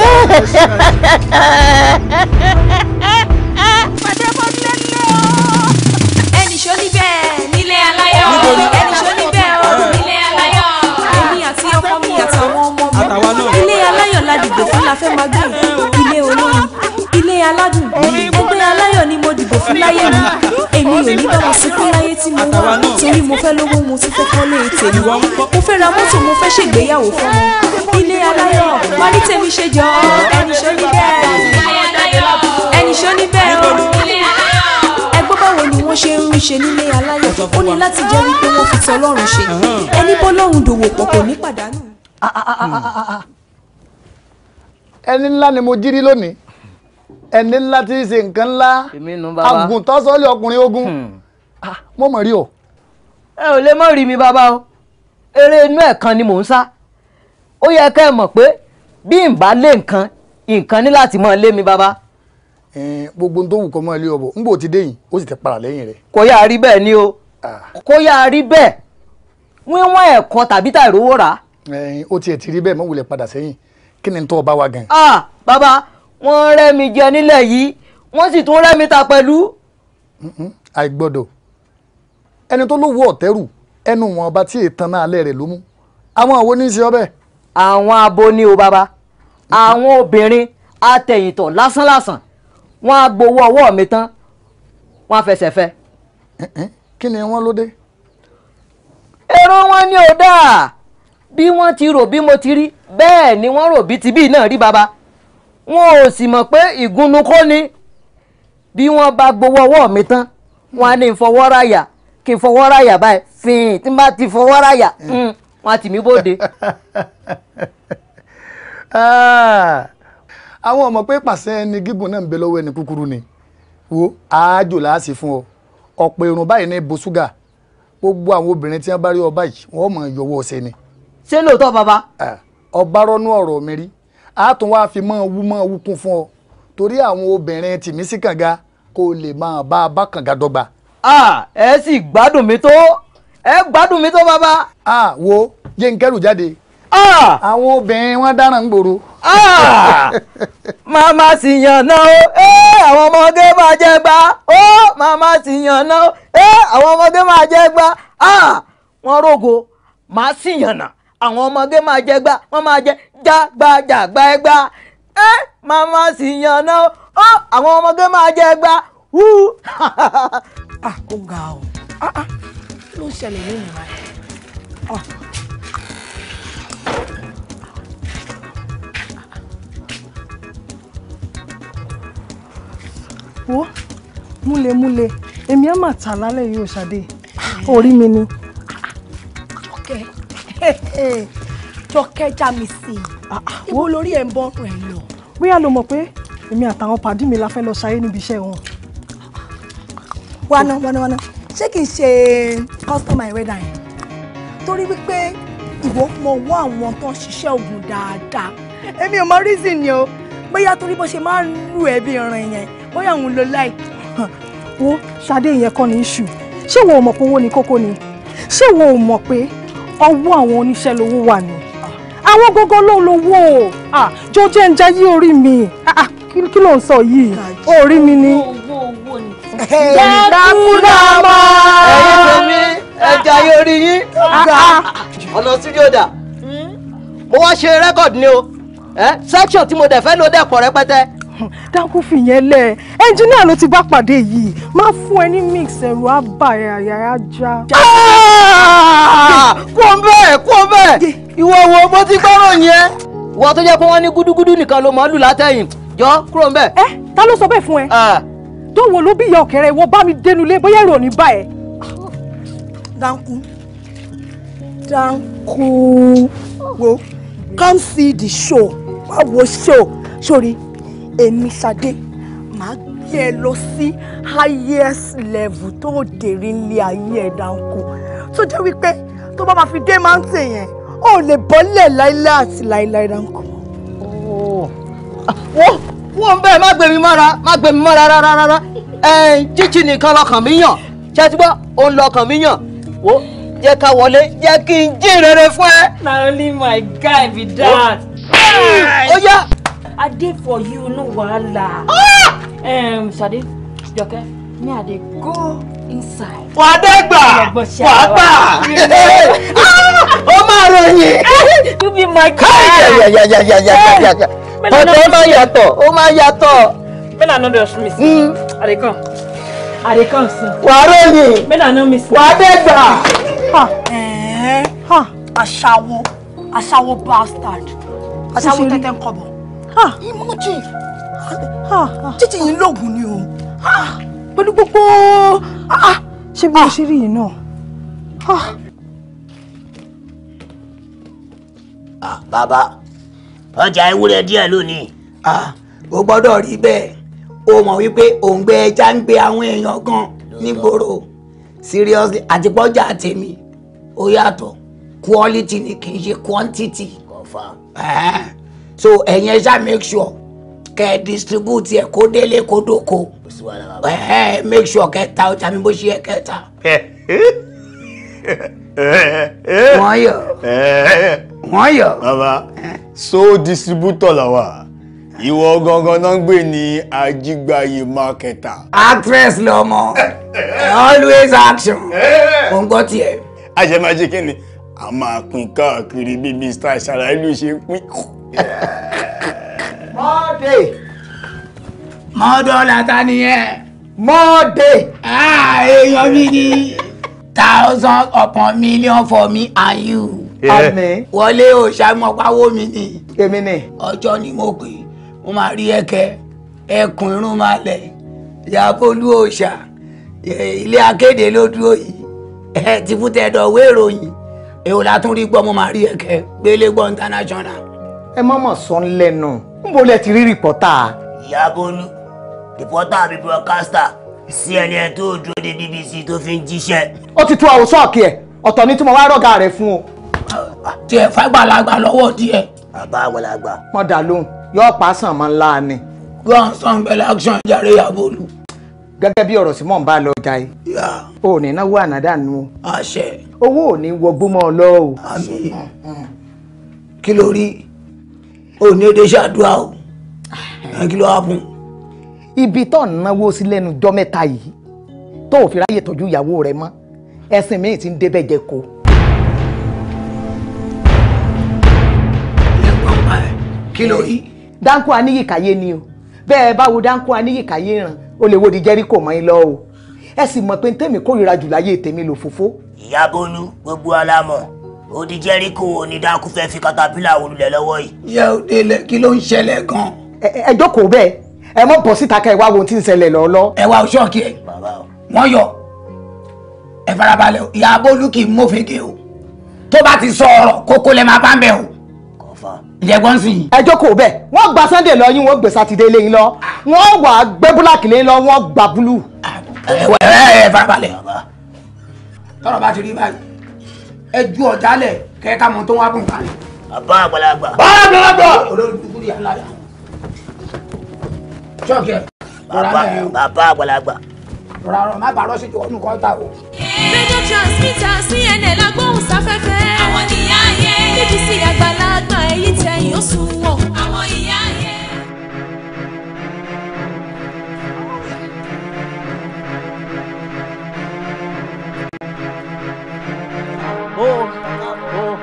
Ilé aláyọ̀ Ilé olóyin, ilé aládùn, ẹgbẹ́ aláyọ̀ ni mo dìbò fún láyé mi èmi ò ní bá wọn sunkún láyé tí mo wà nítorí mo fẹ́ lówó mo tún fẹ́ kọ́lé tèmi mo fẹ́ ra mọ́tò mo fẹ́ ṣègbéyàwó fún mi ilé aláyọ̀ wá ní tèmi ṣe jọ ẹni ṣó ní bẹ́ẹ̀ ẹni ṣó ní bẹ́ẹ̀ o ẹgbọ́n báwo ni wọ́n ṣe ń rí ṣe nílé aláyọ̀ ó ní láti jẹ́ wípé wọ́n fi tọlọ́run ṣe uh-huh. ẹni bọ́lọ́run dòwò pọ̀ kò ní pàdánù. Hmm. ẹni ńlá ni mo jírí lónìí ẹni ńlá tí í ṣe nǹkan ńlá àgùntọ́sọ́lé ọkùnrin ogun hmm. ah, mo mọ̀ rí o. ẹ ò lè mọ̀ rí mi bàbá o eré inú ẹ̀kan ni mò ń sá ó yẹ kẹ́ ẹ mọ̀ pé bí n bá lé nǹkan nǹkan ní láti mọ̀ lé mi bàbá. gbogbo tó wù kọ́ mọ́ ilé ọ̀bọ̀ ń bò ti dé yìí ó sì ti para lẹ́yìn rẹ̀. kò yáa rí bẹ́ẹ̀ ni o ah. kò yáa rí bẹ́ẹ̀ wíwọ́n ẹ̀kọ́ tàbí tàìrówó rà. ó tiẹ̀ ti rí bẹ́ẹ̀ mọ̀ wulẹ̀ padà sẹ́yìn kí ni tó o bá wa gan. Ah, bàbá wọ́n rẹ́ mi jẹ nílẹ̀ yìí wọ́n sì tún rẹ́ mi ta pẹ̀lú. àìgbọ́dọ̀ ẹni tó lówó ọ̀tẹ́rù ẹnu wọn ọba tí ètàn náà alẹ́ rẹ̀ ló mú àwọn àwo ní í ṣe ọbẹ̀. àwọn abo ni o bàbá àwọn obìnrin atẹ̀yìntọ̀ lásánlàsàn wọ́n á gbowó ọwọ́ mi tán wọ́n á fẹsẹ̀ fẹ́. kí ni wọ́n ló dé. èrò wọn ni ò dáa bí wọ́n ti rò bí mo ti rí bẹ́ẹ̀ ni wọ́n rò bí tibí náà rí bàbá wọn ò sì mọ̀ pé ìgúnnu kò ní bí wọ́n bá gbowó ọwọ́ mi tán wọn á ní fọwọ́ ráyà kí n fọwọ́ ráyà báyìí fìn tí n bá ti fọwọ́ ráyà eh. hmm, wọn á tì mí bóde. Ah, àwọn ọmọ pé pàṣẹ ẹni gígùn náà ń bẹ lọ́wọ́ ẹni kúkúrú ni wo àájò láàṣì fún ọ ọ̀pọ̀ èrò báyìí ní ibo ṣúgà gbogbo àwọn obìnrin tí wọ́n bá rí ọ báyìí wọ́n mọ̀ yọwọ́ ọ̀sẹ̀ ni. ṣé lóòótọ́ bàbá. Ah, ọba ọ̀rọ̀ mi rí a tún wá fi mọ́ wú mọ́ wú kún fún ọ torí àwọn obìnrin tìmí sí kànga kó lè máa bá a bá kànga dọ́gba. a ẹ sì gbádùn mi tó ẹ gbádùn mi tó bàbá. a wo yé n kẹrù jáde. àwọn obìnrin wọn dáràn gbòòrò. màmá sì yànnà o àwọn ọmọge máa jẹ gbá ó màmá sì yànnà o àwọn ọmọge máa jẹ gbá wọn rògo màá sì yànnà. àwọn ọmọge máa jẹ gbá wọ́n máa jẹ jágbájàgbá ẹgbá ẹ màmá sì yànnà ó àwọn ọmọge máa jẹ gbá wú. a ah, kò ga o ah, ah. kí ló ń ṣẹlẹ̀ nínú wa wo múlemúle èmi á mà tà lálẹ́ yìí ò ṣàdé orí mi ni jọkẹ́ já mi sí i ibo ah, ah, lórí ẹ̀ ń bọ́ rẹ̀ lọ. bóyá lo mọ̀ pé èmi àtàwọn pàdí mi la fẹ́ lọ ṣayé níbi iṣẹ́ wọn. wọnà wọnà wọnà ṣé kìí ṣe customer ìrẹ́dà yẹn torí wípé ìwọ mọ wọ àwọn tó ń ṣiṣẹ́ òògùn dáadáa èmi ò mọ reason ni o bóyá torí bó ṣe máa ń lù ẹ́ bí irin yẹn bóyá òun ló láì. wo ṣadé yẹn kọ́ ni iṣu ṣé wo ò mọ̀ pé owó ni kókó ni ṣé wo mọ̀ pé ọwọ́ àwọn oníṣẹ́ lówó wà ní àwọn gógó ló lówó jọ jẹ́ ń jayé orí mi kí ló ń sọ yìí orí mi ni. dákúrò ọmọ ẹ̀yin tèmi ah, ah. ẹ jayé orí yín ah, ọ̀nà sídìí ọ̀dà hmm? mo wá ṣe rẹ́kọ̀dì ni o section tí mo dẹ̀ fẹ́ ló dẹ̀ pọ̀ rẹpẹtẹ. dákú fi yẹn lẹ̀ ẹnjìníà ló ti bá pàdé yìí má fún ẹ ní mix ẹ̀rù àbàyà yàrá já. Ah! bẹ́ẹ̀ kú ọ bẹ́ẹ̀ ìwọ wo mo ti gbọ́rọ̀ yẹn. ìwọ tó jẹ́ pé wọ́n ní gúdúgúdú nìkan ló mọ̀ lù látẹ̀yìn jọ kúrò ń bẹ̀. ẹ ta ló sọ bẹ́ẹ̀ fún ẹ. Ah. tó wo ló bí ìyá ọ̀kẹ́rẹ́ ìwọ bá mi dénú lé bóyá èrò ní bá ẹ. dánkù dánkù wo come see the show wá wo show sórí èmi Ṣadé màá gbé ẹ lọ sí highest level tó dèrè ilé ayé ẹ dáńkò tó jẹ́ wípé tó bá máa fi dé mountain yẹn ó lè bọ́lẹ̀ láíláí àti láíláí dáńkò. wọ́n wọ́n bẹ́ẹ̀ má gbé mọ́ra má gbé mọ́ra rárá rárá nìkan lọkàn mi yàn ṣàtúbọ̀ òun lọkàn mi yàn wò jẹ́ ká wọlé jẹ́ kí n jí rere fún ẹ. na only my guy be that. ó yá. I did for you, no wahala. Ah! Um, Sadi, Jọkẹ́, me I dey go inside. Wà á dẹ́gbà! Wà á gbà! Ah! Ó máa ròyìn! You be my kind! Ọ̀tọ̀ ó máa yàtọ̀, ó máa yàtọ̀. Mẹ́lá no dey miss me. Hmm. I dey come. I dey come soon. Wà á ròyìn! Mẹ́lá no miss me. Huh? á dẹ́gbà! Ẹ̀ẹ́ aṣáwo bastard Asawo, tẹ́tẹ́ ń kọ̀bọ̀ imagine títí yìí lóògùn ni o pẹ̀lú gbogbo ṣé bí mo ah. ṣe rí yìí náà. Ah, bàbá ọjà ewúrẹ́ díẹ̀ lónìí. Ah, o gbọ́dọ̀ rí bẹ́ẹ̀ o mọ̀ wípé òǹgbẹ ẹja ń gbé àwọn èèyàn gan nígboro seriously àtipọ́jà tèmi ó yàtọ̀ quality ni kì í ṣe quantity so ẹ̀yin ẹ ṣá make sure kẹ́ ẹ distribute ẹ̀ kó délé kó dòko ẹ̀ ẹ̀ make sure kẹ́ ẹ ta ọjà mi bó ṣe yẹ kẹ́ ẹ ta. wọ́n yọ wọ́n yọ. baba so distributor la wa ìwọ gangan náà ń gbé ní ajígbáyé marketer. actress lọmọ always action. mo ń gbọ́ tiẹ̀. a ṣe máa ṣe kí ni a máa pín káàkiri bí Mr. Ṣàlàyé ló ṣe pín. mọ́ọ̀dé mọ́ọ̀dọ́ làtà nìyẹn. mọ́ọ̀dé. èèyàn mi ni thousand upon million for me and you. wọlé o ṣàmọ́páwó mi ni. èmi ni. ọjọ́ ni mo pè mo máa rí ẹ̀kẹ́ ẹkùn irun máa lẹ̀ yàbólú òòṣà ilé akéde ló dúró yìí ẹ ti fún tẹ̀dọ̀ wé ìròyìn èwo la tún rí gbọ́ mo máa rí ẹ̀kẹ́ gbélé gbọ́ international. ẹ má mọ̀ sọ ń lẹ́nu níbo lẹ ti rí rìpọ́tà. ìyá bólú rìpọ́tà àbí broadcaster sí ẹni ẹ tó BBC tó fi ń jíṣẹ́. ó ti tú àwòsọ ọ̀kì ẹ̀ ọ̀tọ̀ ni tí mo wá rẹ̀ fún o. tiẹ̀ fàgbàlagbà lọ́wọ́ bàbá àgbàlagbà. mọ̀dà lóhùn yóò pa sàn mọ́ ńlá ni. gbọ́n gẹ́gẹ́ bí ọ̀rọ̀ sí ń bá lọ jai. o ní náwó ànádànù. àṣẹ. owó ní o. Hmm, hmm. kí ló rí o ní èdè ṣàdúrà o hmm. kí ló ibi tó ń náwó sí lẹ́nu jọ́ mẹ́ta yìí tó ò fi ráyè tọ́jú ìyàwó rẹ mọ́ ti ko. kí ló rí. ni o bẹ́ẹ̀ báwo ràn ó lè wo di Jẹ́ríkò mọ́ yín lọ o ẹ sì mọ̀ pé tèmi kórìíra jù láyé tèmi lò fòfó. ìyá Bólú gbogbo alámọ̀ ó di Jẹ́ríkò ní dákú fẹ́ fi katapila olùlẹ̀ lọ́wọ́ yìí. ìyá òde lẹ kí ló ń ṣẹlẹ̀ gan. ẹ jókòó bẹ́ẹ̀ ẹ mọ bọ síta ká ẹ wá wo tí ń ṣẹlẹ̀ lọlọ. ẹ wá oṣù ọkẹ wọn yọ ẹ farabalẹ̀ ìyá Bólú kì í mófin de o tó bá ti sọ ọ̀rọ̀ kókó lẹ máa bá ń bẹ o ìyẹ́gbọ́n sì yìí. ẹ jókòó bẹ́ẹ̀ wọ́n gba sunday lọ yín wọ́n gbé sátidé lé yín lọ wọ́n wà gbé búláàkì lé yín lọ wọ́n gbà búlù. ẹ ẹ ẹ farabalẹ̀ tọrọ bá ti rí báyìí ẹ ju ọjà lẹ kẹ ká mọ tó wá bùn kalẹ̀. bàbá àgbàlagbà. bàbá àgbàlagbà. olórí dúkúrú yà láyà. ṣọ́ọ̀kì ẹ̀ rọra ẹ̀ o. bàbá àgbàlagbà. rọra rọ má bàa rọ sí ju ọdún kan ta o. rédíò transmitter cnn agbóhùnsáfẹ́fẹ́. àwọn ní níbi sí àgbàlagbà èyí tẹ̀yìn ó sùn wọ̀. àwọn ìyá ayé. Oh, oh.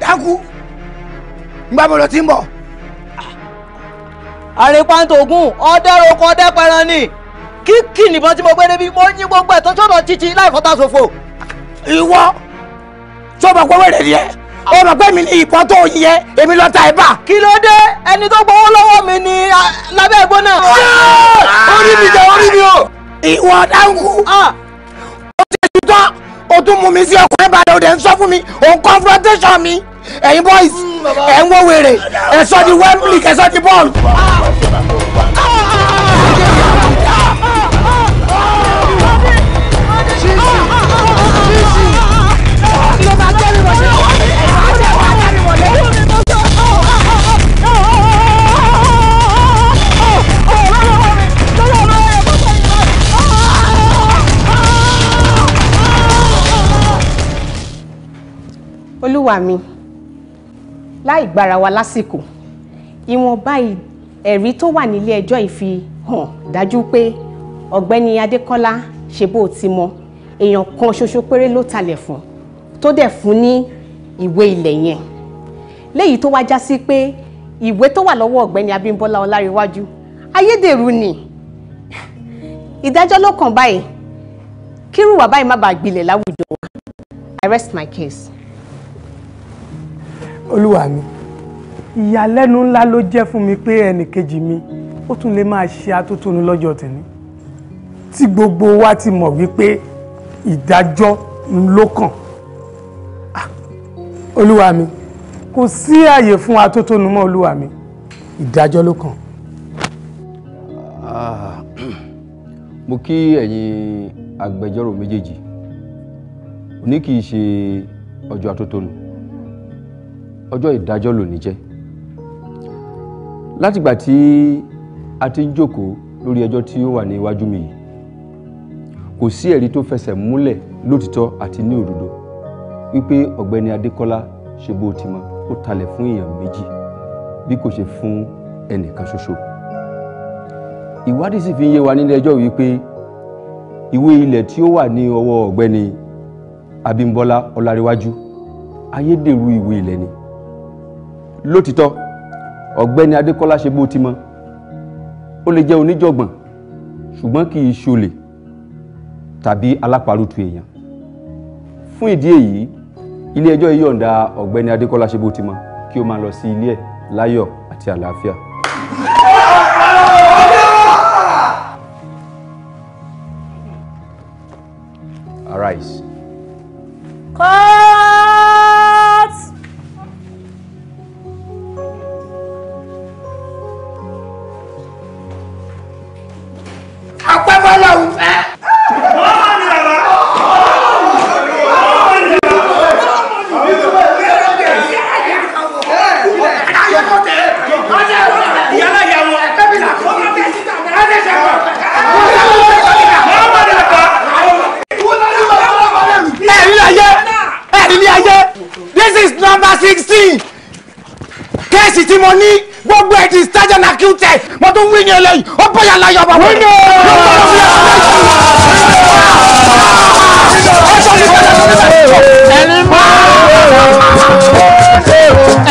Dákú, ngbà mo lọ tí ń bọ̀. Àrèpàǹtògùn, ọ̀dẹ́rò kan dẹ́pẹ̀rẹ̀ ni kíkì nìbọn tí mo gbé débi mo yín gbogbo ẹ̀ tó sọ̀rọ̀ títí láì fọ́tà ìwọ tó mọ̀ pé wẹ̀rẹ̀ ni ẹ ó mọ̀ pé mi ní ìbọn tó yẹ èmi lọ́ta ẹ̀ bà. kí ló dé ẹni tó gbowó lọ́wọ́ mi ni lábẹ́ ẹ̀gbọ́n náà. orí mi jẹ orí mi o. ìwọ dáńgù ó ah! ti ṣe tán o tún mú mi sí ọkùnrin balẹ̀ o dẹ̀ ń sọ fún mi òun confrontation mi ẹ̀yin boys hmm, ẹ̀ ń wọ́ wèrè ẹ̀ sọ di Wembley kẹ̀ sọ di ball. olúwa mi láì gbára wa lásìkò ìwọ̀nba ẹ̀rí tó wà nílé ẹjọ́ ìfi hàn dájú pé ọ̀gbẹ́ni adékọ́lá ṣe bó ti mọ èèyàn kan ṣoṣo péré ló talẹ̀ fún tó dẹ̀ fún ní ìwé ilẹ̀ yẹn léyìí tó wá já sí pé ìwé tó wà lọ́wọ́ ọ̀gbẹ́ni abímbọ́lá ọlárẹ̀wájú ayédèrú ni ìdájọ́ ló kàn báyìí kírùwà báyìí má bàa gbilẹ̀ láwùjọ wa I rest my case olúwa mi ìyàlẹ́nu ńlá ló jẹ́ fún mi pé ẹnìkejì mi ó tún lè máa ṣe atótónu lọ́jọ́ tèmi tí gbogbo wa ti mọ̀ wípé ìdájọ́ ń ló kàn ah, olúwa mi kò sí àyè fún atótónu mọ́ olúwa mi ìdájọ́ ló ah, mo kí ẹ̀yin agbẹjọ́rò méjèèjì òní kì í ṣe ọjọ́ atótónu ọjọ́ ìdájọ́ lòní jẹ́ látìgbà tí a ti ń jókòó lórí ẹjọ́ tí ó wà ní iwájú mi yìí kò sí ẹ̀rí tó fẹsẹ̀ múlẹ̀ lótìtọ́ àti ní òdodo wípé ọ̀gbẹ́ni Adékọ́lá ṣe bó ti mọ ó talẹ̀ fún èèyàn méjì bí kò ṣe fún ẹnìkan ṣoṣo ìwádìí sì fi ń yé wa nílé ẹjọ́ wípé ìwé ilẹ̀ tí ó wà ní ọwọ́ ọ̀gbẹ́ni Abímbọ́lá Ọláríwájú ayédèrú ìwé ilẹ̀ ni lótìtọ́ ọ̀gbẹ́ni adékọ́lá ṣe bó ti mọ ó lè jẹ́ oníjọ̀gbọ̀n ṣùgbọ́n kì í ṣolè tàbí alápàrútu èèyàn fún ìdí èyí ilé ẹjọ́ yìí yọ̀ǹda ọ̀gbẹ́ni adékọ́lá ṣe bó ti mọ kí ó máa lọ sí ilé ẹ̀ láyọ̀ àti àlàáfíà. Arise. wà pẹ̀lú. ẹni máa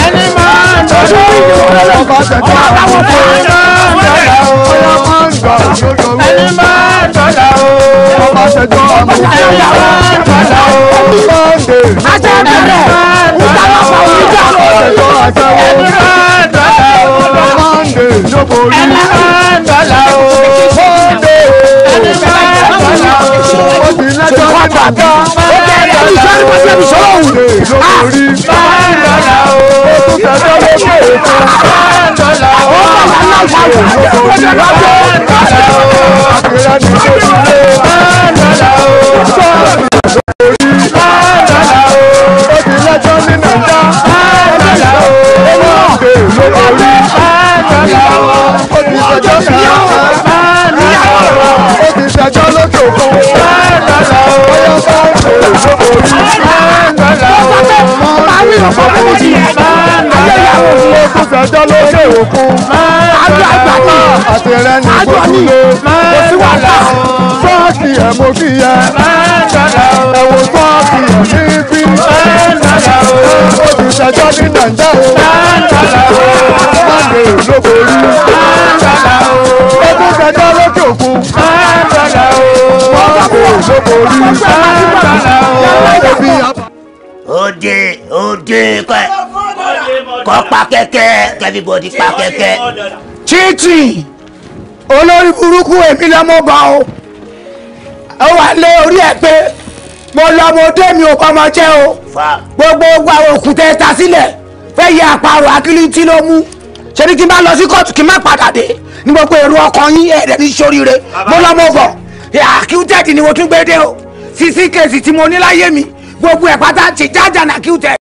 ẹni máa tọ́jú ọba táwọn tó ń dọ́là ọlọ́mọ ń gbà ẹni máa tọ́là ọba tẹ̀jọ́ ọmọ ìjọba. perception. báńdọ̀là o tọ́jọ́ ló gbé sọ́kùnrin sí ayẹyàwó sí okùn sẹ́jọ́ ló ṣe òkun àjọ àgbà ní àtẹ̀rẹ́ ní gbogbo kò sí wàhálà sọ́ọ̀kì ẹ̀ mo kí yẹ ẹ̀wò sọ́ọ̀kì ẹ̀ ní bí okùn sẹ́jọ́ ní nàìjà o máde lóborí okùn sẹ́jọ́ lókè òkun máde lóborí òbí yàtọ̀. ó dé dé kọ́ kọ́ pa kẹ́kẹ́ everybody pa kẹ́kẹ́. chichi olórí burúkú èmi lọ́mọ bá o ó wà lé orí ẹ pé mo lọ́mọdé mi ò bọ́mọ jẹ́ o gbogbo ogun àwọn òkúta ta sílẹ̀ fẹ́ yẹ àparò akílítí ló mú ṣe ni kí n bá lọ sí kóòtù kí n má padà dé ní gbogbo èrò ọkàn yín ẹ̀rẹ̀ ní sóríire mo lọ́mọ bọ̀ àkíútẹ́ẹ̀dì ni mo tún gbé dé o sisi kèsì tí mo ní láyé mi gbogbo ẹ̀ pátá ti jájà nàkíútẹ́ẹ̀dì.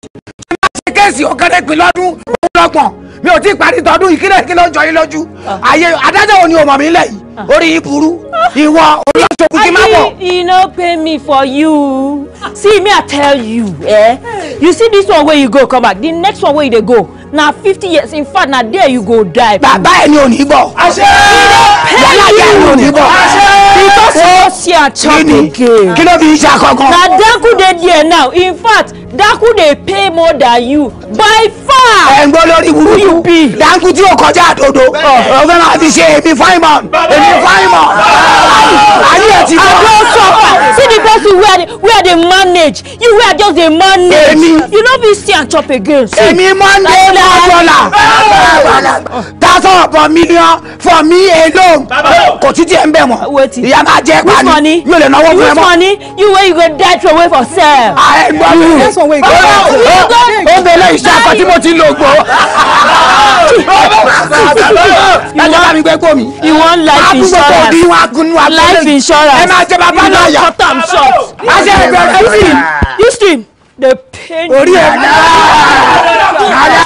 kílẹ̀ kílẹ̀ ọjọ́ yín lójú ah. ayé adájọ́ òní ọmọ mi lẹ̀ ah. orí yìí burú ah. ìwọ orí kí má bọ̀. he no pay me for you see me i tell you eh you see this one wey you go come back the next one wey you dey go na fifty years in fact na there you go die. bàbá ẹni ò ní bọ̀ yàrá yà ẹni ò ní bọ̀ because o ṣe àchọ́ kékeré kí ló fi ń ṣe àkọ́kọ́. na dankude there now in fact Danku dey pay more than you by far. ẹ ń gbọ́ lórí burúkú Danku tí o kọjá àdodo ọ fẹ́ máa fi ṣe èmi fine man èmi fine man ayé ẹ ti bọ́. I don suffer see the person wey I dey wey I dey manage you wey I just dey manage you no fit see and chop again. èmi Monday mọ́jọ́lá that's all million for me alone. kò títí ẹ̀ ń bẹ̀ mọ́ ìyá máa jẹ́ pa ni mi ò lè náwó fún ẹ mọ́. use money you wey you go die throw away for sale. ààrẹ gbọ́ mi ó bẹ lẹ́yìn iṣẹ́ akọ tí mo ti lò gbọ́. ẹ jẹ́ bá mi gbé gbó mi. you wan life insurance life insurance ẹ máa jẹ bàbá náà yá. you wan cut am short. a ṣe ìbẹ̀rẹ̀ sí. you stream dey pain. orí ẹ̀ náà.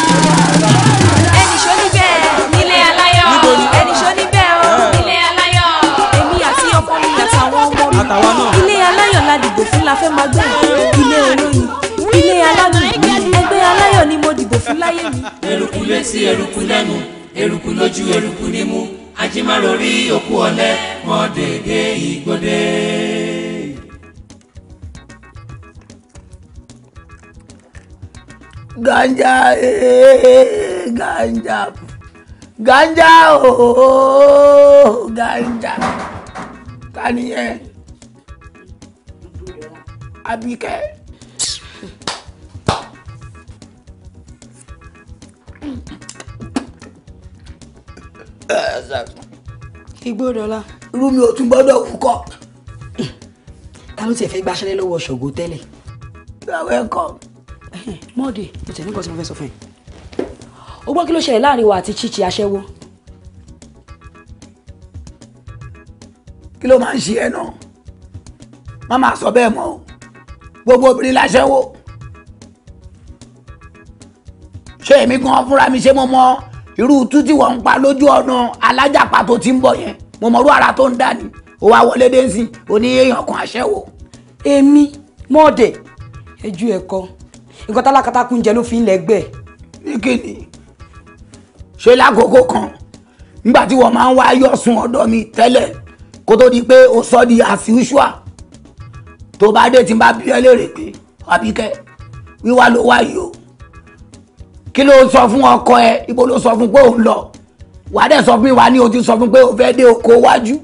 láyé mi. eruku létí eruku lẹ́nu eruku lójú eruku nímú ajimaro rí òkú ọ̀lẹ mọ́ dédé ìgbódé. ganja ee eh, ganja ganja ooo oh, ganja ta ni yẹn igbódọ̀lá. irú mi ò tún gbọ́dọ̀ kú kọ́. ta ló ti fẹ́ gbaṣẹ́lẹ̀ lọ́wọ́ ṣògo tẹ́lẹ̀. báwo kọ́. mọ́ọ̀dì mo tẹ̀lé nǹkan tí mo fẹ́ sọ fún ẹ. o gbọ́ kí ló ṣẹlẹ̀ láàrin wa àti chichi aṣẹ́wó. kí ló máa ń ṣe ẹ náà má máa sọ bẹ́ẹ̀ mọ́ o gbogbo obìnrin láṣẹ́wó ṣé èmi gan fúnra mi ṣé mo mọ irú tú tí wọ́n ń pa lójú ọ̀nà alájàpá tó ti ń bọ̀ yẹn mo mọ̀rú ara tó ń dà ní ó wá wọlé dé sí oní èèyàn kan àṣẹwò. èmi mọ́ọ̀dẹ̀ ẹjú ẹ̀kọ́ nǹkan tálákàtà kún jẹ ló fi ń lẹ́gbẹ̀ẹ́. ní kíni ṣe lákòókò kan nígbà tí wọ́n máa ń wá yọ̀sùn ọ̀dọ̀ mi tẹ́lẹ̀ kó tó di pé o sọ di as usual tó bá dé tí n bá bí ẹ léèrè pé àbíkẹ́ wíwá ló wá o kí ló sọ fún ọkọ ẹ ibo ló sọ fún pé òun lọ wàá dẹ̀ sọ fún mi wàá ní o ti sọ fún pé o fẹ́ dé oko wájú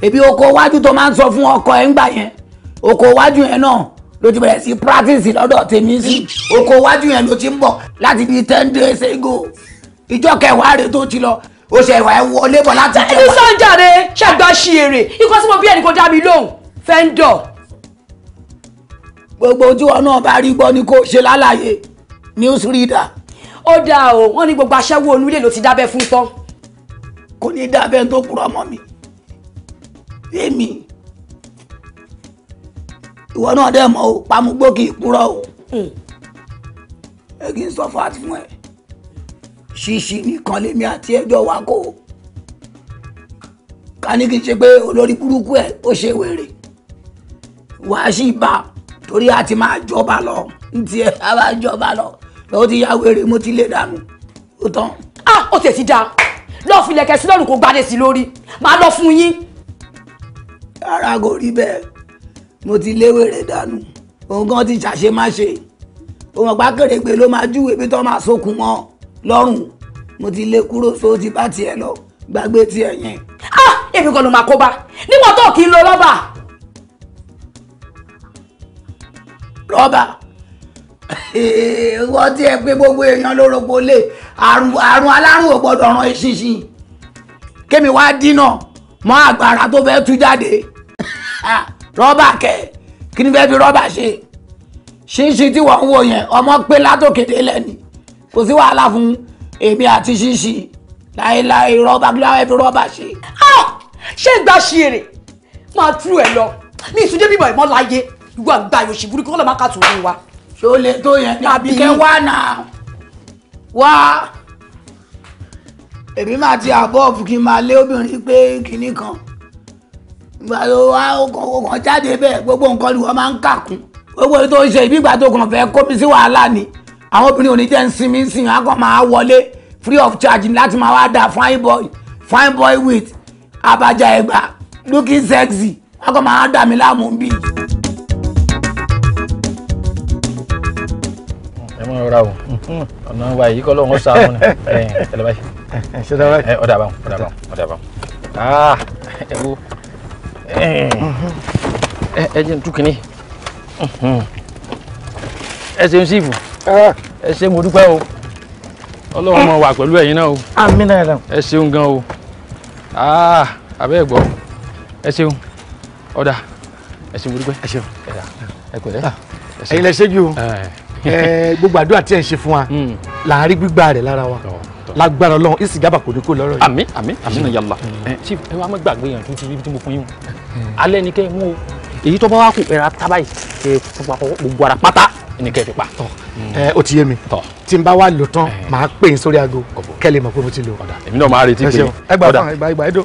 ebi oko wájú tó máa ń sọ fún ọkọ ẹ ńgbà yẹn oko wájú yẹn náà ló ti bẹ̀rẹ̀ sí practice lọ́dọ̀ tèmi sí oko wájú yẹn ló ti ń bọ̀ láti bíi ten days ago ìjọ kẹwàá rẹ tó ti lọ ó ṣe ìwà ẹ wọlé bọ̀ láti kẹwàá. ẹni sọ́njà rẹ ṣàgbà ṣì èrè ikọ́ sí mo bí ẹnì kan dá mi lóhùn fẹ́ńdọ̀. gbogbo tí wọn náà bá rí gbọ́ ni kò ṣe lálàyé newsreader. ó dáa o wọ́n ní gbogbo aṣẹ́wó onú ilé ló ti dábẹ́ fún tán. kò ní dábẹ́ tó kúrò ọmọ mi èmi ìwọ náà dẹ̀ mọ̀ o pamugbó kì í kúrò o hmm. ẹ kì í sọ fàtí fún ẹ ṣíṣí nìkan lèmi àti ẹjọ́ wa kó o ká ní kí n ṣe pé olórí burúkú ẹ ó ṣe wèrè wàá sì bá torí a ti máa jọba lọ ntí ẹ a máa jọba lọ ó ti yá wèrè mo ti lé dànù ó tán. ah ó tẹ̀ ti da lọ́ọ́ fi lẹ̀kẹ̀ sí lọ́rùn kó gbádé sí lórí máa lọ fún yín. rárá kò rí bẹ́ẹ̀ mo ti lé wèrè dànù òun gan ti ṣàṣe má ṣe òun ọ̀pá kèrègbè ló máa júwèé bí tó máa sókun wọn lọ́rùn mo ti lé kúrò só ti bá tiẹ̀ lọ gbàgbé tiẹ̀ yẹn. ah èmi kan ló máa kó bá níwọ̀n tó kì í lo rọ́bà. rọ́bà wọ́n ti ẹ pé gbogbo èèyàn ló rogbo lé àrùn alárùn ò gbọ́dọ̀ ran eṣinṣin kémi wá dínà mọ́ àgbàrá tó fẹ́ tú jáde rọ́bà kẹ̀ kí ni fẹ́ fi rọ́bà ṣe ṣinṣin tí wọ́n ń wò yẹn ọmọ pé látòkété lẹ́ni kò sí wàhálà fún èmi àti ṣinṣin láéláé rọ́bà kí láwọn fi rọ́bà ṣe. ṣé ìgbà ṣe èrè máa tú ẹ lọ ní ìtúndébìmọ̀ ìmọ̀láyé ìwà àgbà yòṣìbúrú kí wọ́n lọ́ọ́ má kà tó ní wa ṣé o lè tó yẹn ní Àbíkẹ́ wá náà wá èmi máa ti àbọ̀ọ̀fù kí n máa lé obìnrin pé kinní kan ìgbà tó wá ọkàn jáde bẹ́ẹ̀ gbogbo nǹkan ni wọ́n máa ń kàkún gbogbo èyí tó ń ṣe ìbí ìgbà tó kàn fẹ́ kómi sí wàhálà ni àwọn obìnrin ò ní jẹ́ ń sinmi ń sìn akọ máa wọlé free of charge láti máa wá da fine boy fine boy with abaja ẹgbà looking sexy akọ máa dà mí láàmú bíi. ẹ mọ ra o ọ̀nà wa yìí kọ́ lọ́wọ́ sáà wọn ẹ tẹlẹ báyìí. ṣé dáa báyìí. ọ̀dà àbáwọn ọ̀dà àbáwọn ọ̀dà àbáwọn. aa ẹ wo ẹ ẹ jẹ́ ntukini ẹ ṣe ń sífù ẹ ṣe mo dúpẹ́ o ọlọ́run máa wà pẹ̀lú ẹ̀yin náà o. àmín náà yàrá. ẹ ṣeun gan o aa abẹ́ ẹ̀ gbọ́ ẹ ṣeun ọ̀dà ẹ ṣe mo dúpẹ́ ẹ ṣeun ẹ pẹ̀lẹ́ ẹ̀yin lẹ ṣe jù o gbogbo àdúrà tí ẹ ń ṣe fún wa hmm. là ń rí gbígbà rẹ̀ lára wa lágbára Ọlọ́run ìsìgábà kò ní kó lọ́rọ̀ yìí. àmín àmín àmín náà yàlla hmm. chief ẹ wá má gbàgbé yẹn tó ti rí bí mo fún yín hmm. alẹ́ ni kẹ́ ẹ mú o èyí tó bá wá kù ẹ̀rọ apá báyìí kẹ́ ẹ fún papọ̀ gbogbo ara pátá ni kẹ́ ẹ fi pa. ẹ o ti yé mi tí n bá wá lò tán eh. màá pè é sórí aago kẹ́ lè mọ̀ pé mo ti lò. èmi náà máa retí pé ọ̀dà ẹ gbà fún ẹ gbà ẹ dùn.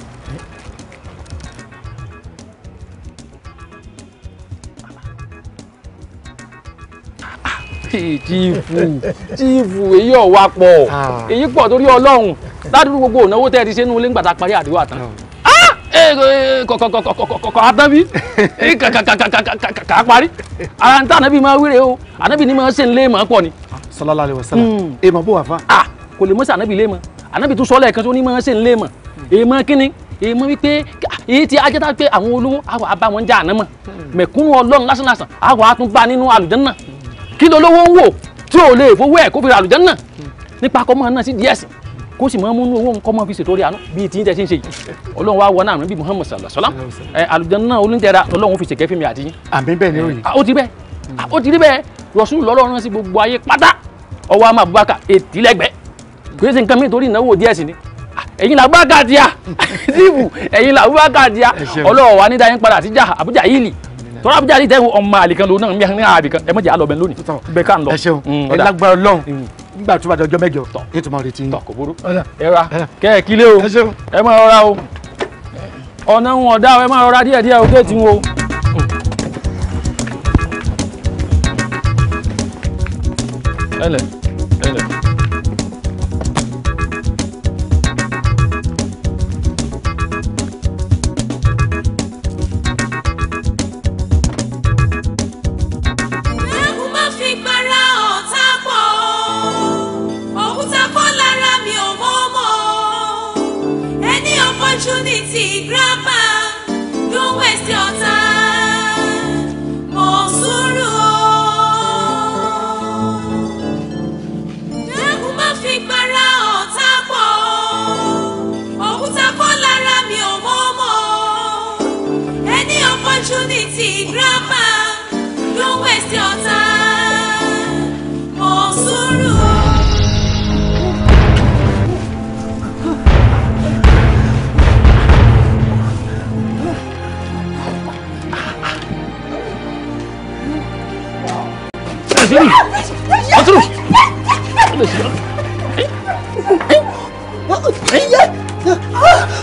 tíìfù tíìfù èyí ọ̀wá pọ̀ ah. èyí pọ̀ torí ọlọ́run ládùúgbò gbogbo ònáwó tẹ́ ẹ ti ṣe nínú ilé ńgbà tá a parí àdúrà tán ah. ah! eh, eh, kọ̀kọ̀kọ̀kọ̀kọ̀ àtàbí eh, kà á parí ara ń tà ànábì máa wíre o ànábì ní máa ṣe ń lé màá pọ̀ ni. sallallahu alaihi wasallam èèmọ̀ hmm. bó wà fa. kò lè mọ́sí ànábì lé mọ́ ànábì tún sọ́lẹ̀ kan tó ní máa ṣe ń lé mọ́ èèmọ̀ kínni èèmọ̀ wípé èyí ti, ajá tá pé àwọn olówó àwọn abáwọn jẹ́ àná mọ̀ hmm. mẹ̀kúnnù ọlọ́run lásán lásán àwọn àtúnbá nínú àlùjànnà náà kí ló lówó ń wò tí ò lè fowó ẹ̀ kó fi ra àlùjánnà nípa kọ́ máa ná sí díẹ̀ sí kó sì máa múnú owó nǹkan máa fi ṣètò orí àánú bíi tí ń tẹ́ ṣe ń ṣe yìí ọlọ́run wá wọnà àrùn bíi Muhammad sallallahu alaihi wasallam ẹ àlùjánnà olùtẹ̀ra ọlọ́run fi ṣèkẹ́ fún mi àti yín. àmì bẹ́ẹ̀ ni ó yìí. ó ti bẹ́ẹ̀ ó ti rí bẹ́ẹ̀ rọ̀ṣùn lọ́lọ́run sí gbogbo ayé pátá ọwọ́ àmà Abubakar ètí lẹ́gbẹ̀ẹ́ kò sí nǹkan mi torí ìnáwó díẹ̀ sí ni ẹ̀yin làbúbákà díà síbù ẹ̀yin làbúbákà díà ọlọ́run wà ní dáyín padà sí jà Àbújá yìí tọ́lá abuja yìí tẹ́wọ́ ọmọ àlìkan lòun náà ń bí ní àbí kan ẹ mọ̀ jẹ́ àlọ́ bẹ́ẹ̀ lónìí bẹ́ẹ̀ ká ń lọ. ẹ ṣeun mm, ẹ lágbára Ọlọ́run mm. nígbà tó bá dọjọ́ mẹ́jọ ní tòmọ́ retí yín. kò burú ẹ ra kẹ ẹ kílé o ẹ máa rọra o ọ̀nà ń ọ̀dá ẹ máa rọra díẹ̀ o kéètì ń wo. Mm. ẹ lẹ́ẹ̀.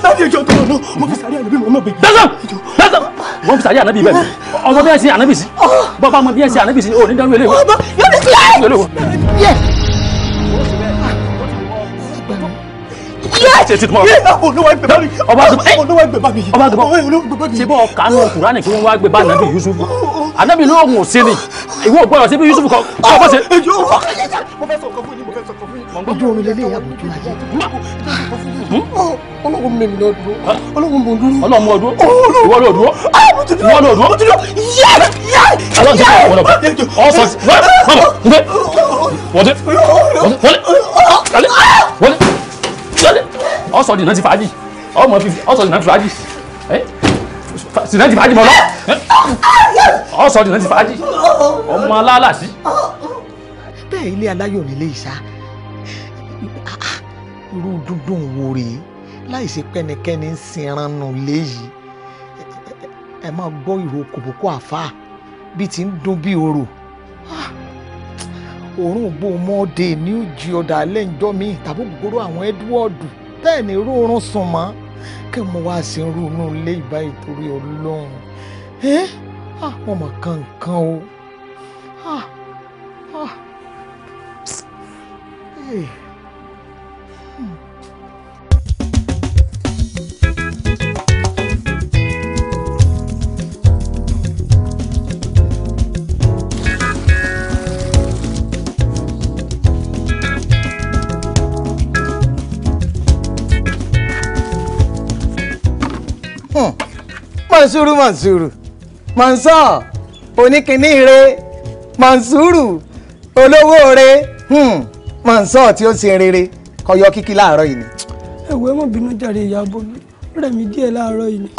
láti ẹjọ́ tó lọ mo fi sáré ànábì mọ́ bẹ́ẹ̀. dáadáa dáadáa mo fi sáré ànábì bẹ́ẹ̀ mi ọmọ bí ẹ ṣe ànábì sí bàbá ọmọ bí ẹ ṣe ànábì sí òní dánwó eléwọ. ọmọ yóò ní sílẹ̀. ṣe ti tuma. olówó ẹgbẹ́ bá mi. ọba àdùbọ̀ olówó ẹgbẹ́ bá mi. ọba àdùbọ̀ ṣe bọ́ kánú kùránì kí wọ́n wá gbé bá anabi yusuf. anabi ló ń wò sí ni ìwọ gbọ́dọ̀ síbi yusuf kọ́ kọ́ bọ́ sí. mo fẹ́ sọ nǹkan fún yín ojú oorun lélẹ̀ ìyàwó ojú ayé ọlọ́run mi mi lọ́dún ọlọ́run mi dúró ọlọ́run mi ọdún ìwọ ló dúró ìwọ ló dúró ọlọ́run ti bá wọn lọ ọ̀sán mọ̀mọ́ nbẹ wọlé wọlé wọlé wọlé wọlé ọ̀sán dìnnà ti fàájì ọmọ fífi ọ̀sán dìnnà ti fàájì dìnnà ti fàájì mọ̀ lọ ọ̀sán dìnnà ti fàájì ọmọ alálàsí. bẹ́ẹ̀ ilé aláyọ̀ nílé ìsá irú dúndùn wo rèé láì ṣe pẹ́nikẹ́ni ń sinran nù léyìí ẹ máa gbọ́ ìró kòbókò àfáà bíi ti ń dún bíi orò ah! òórùn bò mọ́ọ́dé ní òjì ọ̀dà alẹ́ ńjọ́ mi tàbí gbogbo àwọn Edward tẹ́ẹ̀ ní rórun sùn mọ́ kí mo wá sí irú inú ilé ìbá ìtorí Ọlọ́run ẹ́ wọ́n ah! mọ̀ kankan o. Ah, ah. Hey. Mansuru, mansuru, mọ̀nsọ́ oníkìíní re mọ̀nsúrù olówó re mọ̀nsọ́ hmm, tí ó ṣe rere kọyọ kíkí láàárọ̀ yìí ni. ẹ̀wọ́ ẹ má bínú jàre ìyá bọ́lú rẹ̀ mí díẹ̀ láàárọ̀ yìí ni.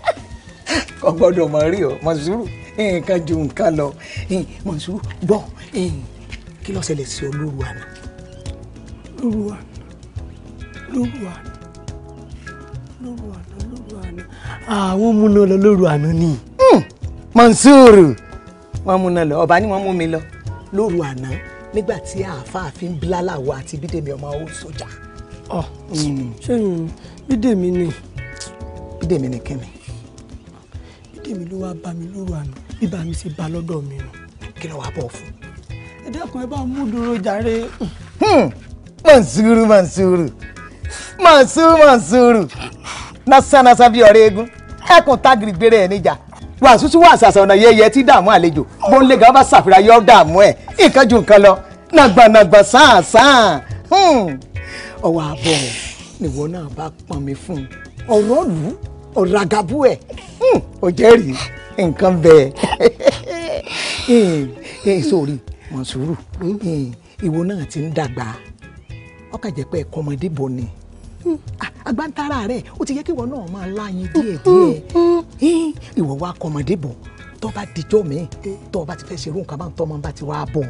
kò gbọ́dọ̀ mọ̀ rí o mọ̀nsúrù nǹkan ju nǹkan lọ mọ̀nsúrù gbọ́ kí ló ṣẹlẹ̀ sí olóru àná. olúwa olúwa àwọn múná lọ lóru àná ni. Hmm, Mansoor wọn múná lọ ọba ni wọn mú mi lọ lóru àná nígbà tí àáfàá fi ń bíláláwo àti bídèmí ọmọ owó sójà. ṣẹ́yìn bídèmí ni. bídèmí ni kí ni. bídèmí ló wáá bá mi lóru àná bíbá mi ṣe bá lọ́dọ̀ mi nù kí ló wàá bọ̀ fún. ẹ dẹ́kun ẹ bá mú dúró jàre. Hmm, Mansoor Mansoor Mansoor Mansoor násánásá bíi ọ̀rẹ́ eégún ẹkùn tágìrì gbére ẹ̀ níjà wàásù tí wàásù àṣà ọ̀nà yẹyẹ tí dààmú àlejò bó ń lé gan bá ṣàfihàn yọ dààmú ẹ̀ nǹkan ju nǹkan lọ nàgbànàgbà sàn sàn hmm. ọwọ́ àbọ̀ nìwọ náà bá pọn mi fún ọ̀rọ̀ lù ọ̀ràgàbù ẹ̀ ò hmm. jẹ́rìí nǹkan bẹ́ẹ̀ hmm. eh, sórí mọ̀sùrù ìwọ náà ti ń dàgbà ọkà jẹ́ pé ẹ̀kọ́ ọmọdé bọ̀ ni. Hmm. Ah, agbántara rẹ ó ti yẹ kí ìwọ náà máa láyìn hmm, díẹ̀díẹ̀ hmm, ìwọ wa kọmọdé bọ̀ bá dijọ́ mi tó o bá ti fẹ́ ṣerú nǹkan bá ń tọ́ ọmọ bá ti wá bọ̀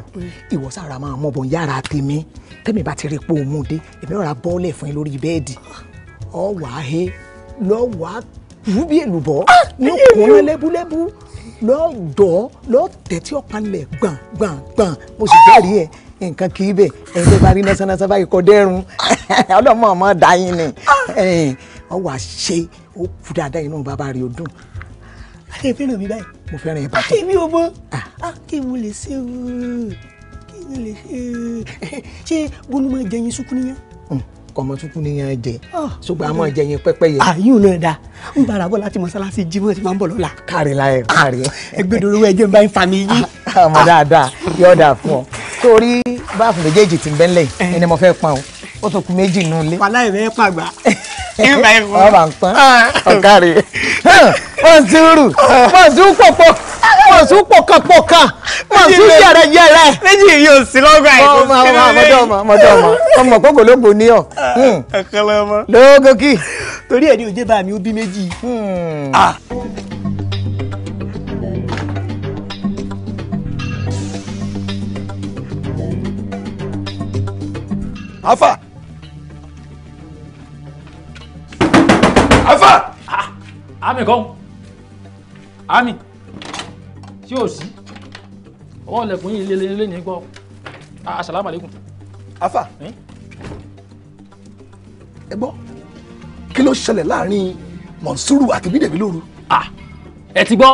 ìwọ sára máa mọ̀ bọ̀ ń yára tèmi tẹ́mi bá ti rí pé o mú un dé èmi rọra bọ́ọ̀lẹ̀ fún yín lórí bẹ́ẹ̀dì ọ wà á he lọ wà á wú bí èlùbọ́ ní ah, òkùnrin lẹ́búlẹ́bú lọ́ọ́ dọ̀ lọ́ọ́ tẹ̀ tí ọ̀pá lẹ̀ gbàngbàngbàn mo sì jẹ́rìí ẹ̀ nǹkan kì í bẹ̀ ẹ̀yin tó bá rí násánásá báyìí kọ́ dẹ́rùn ọlọ́mọ ọmọ dá yín ni ọ wà ó kú dáadáa inú bàbá rẹ̀ ó dùn. adé fẹ́ràn mi báyìí mo fẹ́ràn ẹ bàtà. àti mi ò mọ kí mo lè ṣe kí mo lè ṣe o ṣé máa jẹ yín níyàn kọmọ tuntun nìyẹn jẹ ah, ṣùgbọ́n a máa jẹ yẹn pẹ́pẹ́yẹ. àyùn náà da n bára bọ́ láti mọ́sálásí jímọ̀ tí máa ń bọ̀ lọ́la. kárí la yẹ kárí. Ah, ẹgbẹ́ ìdòwò ẹjẹ́ bá ń fa mi yí. àmọ́ ah, dáadáa yọ̀ọ̀dà fún ọ torí báàfù méjèèjì ti ń bẹ́ńlẹ̀ eh. ẹni mo fẹ́ pọn o ó tó kù méjì nù lé. wàhálà ìbẹ́ pàgbà ìbá ìwọ. ọba ń pọn ah. ọ̀gá rẹ̀ wọ́n ti rù wọ́n ti pọ̀pọ̀ wọ́n ti pọ̀kàpọ̀kà wọ́n ti yẹrẹ yẹrẹ. méjì yìí ò sí lọ́gbà ẹ̀ kò sí lọ́gbà ẹ̀. ọmọ ọmọ ọmọdé ọmọ ọmọ kókò lóògbò ní ọ. ọkọlẹ ọmọ. lóògókì. torí ẹ̀ ní òjé bá mi ó bí méjì. Hmm. Ah. afa afa. Ah, ami kan ami tí o sí ọwọ́ ilẹ̀kùn yìí lélẹ́lẹ́lẹ́ ní gbọ́ asalaamu ah, aleykum. afa ẹ gbọ́ kí ló ṣẹlẹ̀ láàrin mọ̀nsúrù àti bídèbí lóru. Ah, ẹ ti gbọ́.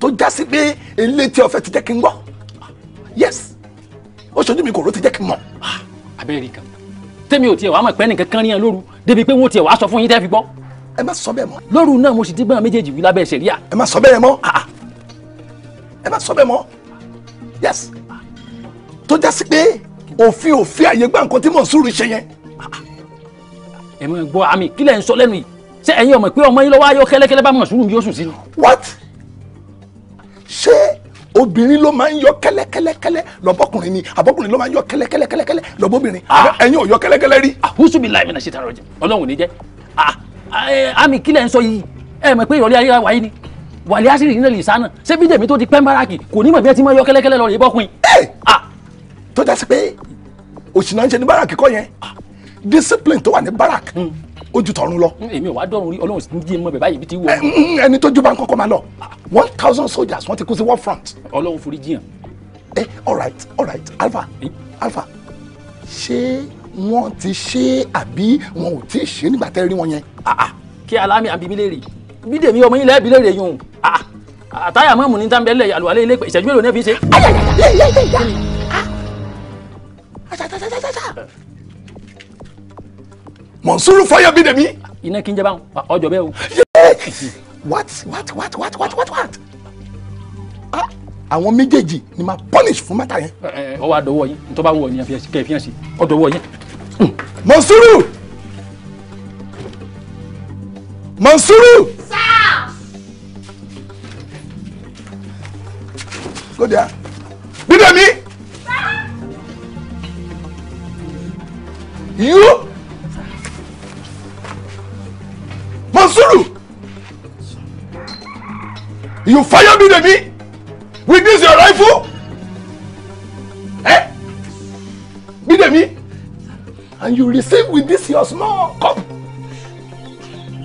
tó já sí pé elétí ọ̀fẹ́ ti jẹ́ kí n gbọ́ yes ó ṣojú mi kò ró ti jẹ́ kí n mọ̀. abẹ́rẹ́ kan tèmi ò tiẹ̀ wàá mọ̀ pé ẹnì kankan ríyan lóru débi pé wọn ò tiẹ̀ wàá sọ fún yín tẹ́ fi gbọ́. ẹ má sọ bẹ́ẹ̀ mọ́. lóru náà mo sì ti gbọ́n méjèèjì wí lábẹ́ ìṣẹ̀ríà. ẹ má sọ bẹ́ẹ̀ mọ́ ah, ah. ẹ má sọ bẹ́ẹ̀ mọ́ yes tó já sí pé òfin òfin àyè gbà nǹkan tí mò ń sùúrù ṣe yẹn. Ah, ẹ mọ̀ gbọ́ àmì kí lẹ̀ ń sọ lẹ́nu yìí ṣé ẹ̀yin ọmọ pé ọmọ yín lọ́wọ́ ayọ́ kẹ́lẹ́kẹ́lẹ́ bá mọ̀ sùúrù yóò sùn sí. what ṣé obìnrin ló máa ń yọ kẹ́lẹ́kẹ́lẹ́kẹ́lẹ́ lọ́bọ̀kùnrin ni àbọ̀kùnrin ló máa ń yọ kẹ́lẹ́kẹ́lẹ́kẹ́lẹ́ lọ́bọ̀bìnrin ah. ẹ̀yin ò yọ kẹ́lẹ́kẹ́lẹ́ rí. àhúsùbí láìmí náà ṣe tààrọ̀ jẹ ọlọ́run ní jẹ́ àmì ah, eh, kílẹ̀ ń sọ yìí ẹ mọ̀ pé ìrọ̀lẹ́ ayé wa yìí ni wàlẹ́ àṣírí nílẹ̀ lè sánà ṣé bí dèmi tó di pẹ́ńbáràkì kò ní mọ̀ bí ẹ ti máa yọ kẹ́lẹ́kẹ́lẹ́ eh! ah. discipline tó wà ní ó ju tọ̀run lọ. èmi ò wá dọ̀run ọlọ́run sì ń mọ́ bẹ̀ báyìí bí ti wọ. ẹni tó ju bá ń kọ́kọ́ máa lọ one thousand soldiers wọ́n ti kú sí war front. ọlọ́run forí jiyàn. ẹ eh, all right all right alpha eh? alpha ṣé wọ́n ti ṣe àbí wọn ò tí ṣe nígbà tẹ́ rí wọn yẹn. Ah, ah. kí alámi àbímílẹ̀ rè bídèmí ọmọ yín lẹ́ẹ̀bílẹ̀ rè yùn ah, àtàyà mọ́mù ní tàbílẹ̀ àlùwalẹ̀ ilé ìṣẹ́jú mélòó náà fi mọ̀nsúrù fọyọ̀ bí dèmí. iná kí n jẹ báwọn ọjọ́ bẹ́ẹ̀ o. what what what what what what what ah, àwọn méjèèjì ni máa punish fún mẹ́ta yẹn. ẹ ẹ ọ wá dọ́wọ́ yín nítorí bá wọ ọ ní kẹ ẹ fi hàn sí ọ dọ́wọ́ yín. mọ̀nsúrù mọ̀nsúrù. sáà. kódà bídọ̀ sáà. yóò. Monsuru! You fire me me? With this your rifle? Eh? Me me? And you receive with this your small cup?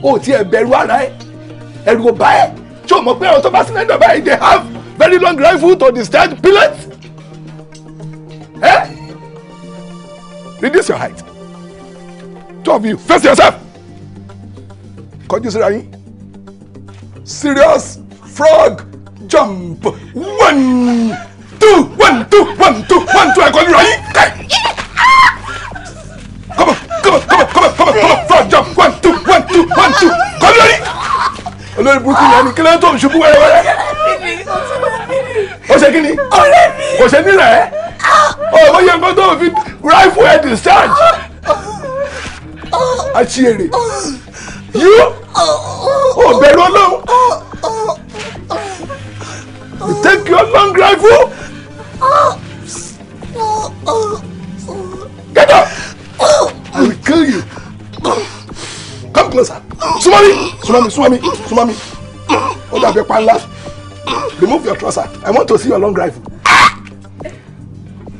Oh, dear, ẹ bẹ̀rù ara ẹ, ẹ̀rù ò bá ẹ, ṣé o mọ̀ pé àwọn tó they have very long rifle to discharge pellets? Eh? Reduce your height. Two of you, face yourself! kọjú síra yín serious frog jump one two one two one two one two ẹ kọjú síra yín káì. come on come on come on come on come on come on frog jump one two one two one two kọjú síra yín. olórí burúkú náà ni kílẹ̀ tó ń ṣubú wẹ́rẹ́wẹ́rẹ́. o ṣe kí ni kò ṣe nílẹ̀ ẹ́ ọ̀ bóyá nǹkan tó fi rifle head discharge. a ṣe èrè. You? Oh, bẹ̀rù ọlọ́run. You take your long drive, rifle. Get up! I will kill you. Come closer. Súnmọ́ mi, súnmọ́ mi, súnmọ́ mi, súnmọ́ mi. Ó dàbí ẹ̀pá ńlá. Remove your trouser. I want to see your long drive.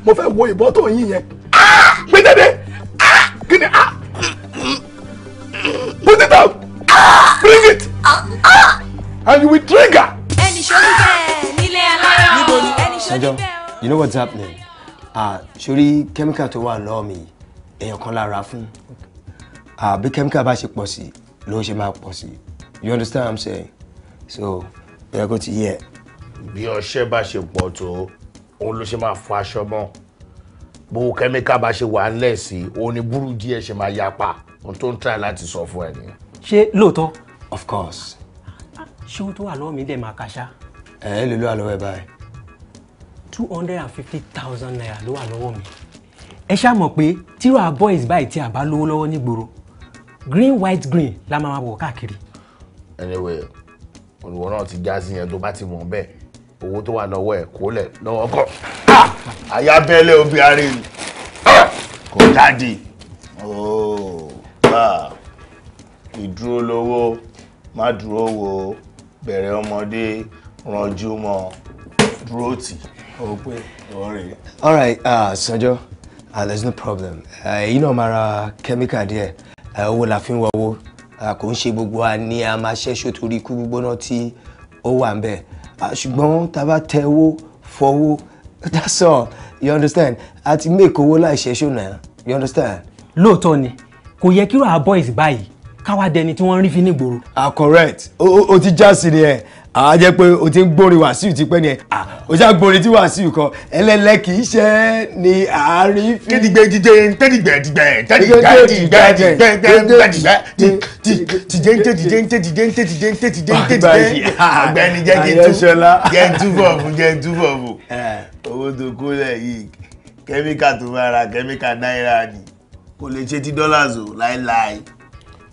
Mo fẹ́ wo ìbọn tó ń yín yẹn. Gbé dédé. Kí ni? Ah! Put it out. Bring it. And we trigger. Ẹni You know what's happening? Ṣorí kẹ́míkà tó wà lọ́ọ̀ mi, èèyàn kan lára fún. Bí kẹ́míkà bá ṣe pọ̀ sí, ló ṣe máa pọ̀ sí. You understand what I'm saying? So, we kò ti to hear. ọṣẹ bá ṣe pọ̀ tó, òun ló ṣe máa fọ aṣọ mọ́. Bó kẹ́míkà bá ṣe wà ńlẹ̀ sí, òun ni yapa ohun tó ń try láti sọ fún ẹ nìyẹn. ṣé lóòótọ́. of course. ṣé o tó wà lọ́wọ́ mi dẹ̀ máa kaṣá. ẹ ẹ lè lo àlọ́ ẹ báyìí. two hundred and fifty thousand naira ló wà lọ́wọ́ mi. ẹ ṣáà mọ̀ pé tíra boys báyìí tí a bá lówó lọ́wọ́ nígboro green white green la máa wọ̀ káàkiri. anyway olùwọ́n náà ti já sí yẹn tó bá ti mọ̀ bẹ́ẹ̀ owó tó wà lọ́wọ́ ẹ̀ kó lẹ̀ lọ́wọ́ kọ́ àyà bẹ́ẹ̀lẹ̀ obìnrin kò jáde. Oh. Ah, ìdúró lówó má dúró wò bẹ̀rẹ̀ ọmọdé ranjú mọ́ dúró tì ó pé all right uh, ah, sanjo uh, ah, there's no problem èyí náà máa ra kẹ́míkà díẹ̀ owó la fi ń wọwó kò ń ṣe gbogbo wa ni a máa ṣẹ́ṣọ́ torí ikú gbígbóná tí ó wà ń bẹ̀ ṣùgbọ́n tá a bá tẹ owó fọwọ́ that's all you understand àti make owó láì ṣẹ́ṣọ́ náà you understand. lóòótọ́ ni kò yẹ kí ròhà boys báyìí káwá dẹni tí wọ́n rí fi nígboro. ah correct o ti já sí ni ẹ àá jẹ́ pé o ti ń gbórin wàsíù ti pẹ́ ni ẹ o ṣáà gbórin tí wàsíù kọ ẹlẹ́lẹ́ kì í ṣe ni àárín fi. tẹ́dìgbẹ́ jíjẹ́ tẹ́dìgbẹ́ dìgbẹ́ tẹ́dìgbẹ́ dìgbẹ́ dìgbẹ́ tẹ́dìgbẹ́ tìjẹ́ tẹ́dìjẹ́ tẹ́dìjẹ́ tẹ́dìjẹ́ tẹ́dìjẹ́ tẹ́dìjẹ́ ọ̀gbẹ́ni jẹ́ túbọ̀ fún jẹ́ túbọ̀ fún owó tó kó lẹ̀ yìí kẹ́míkà tó máa ra kẹ́míkà náírà ni kò lè ṣe ti dollars o láéláé.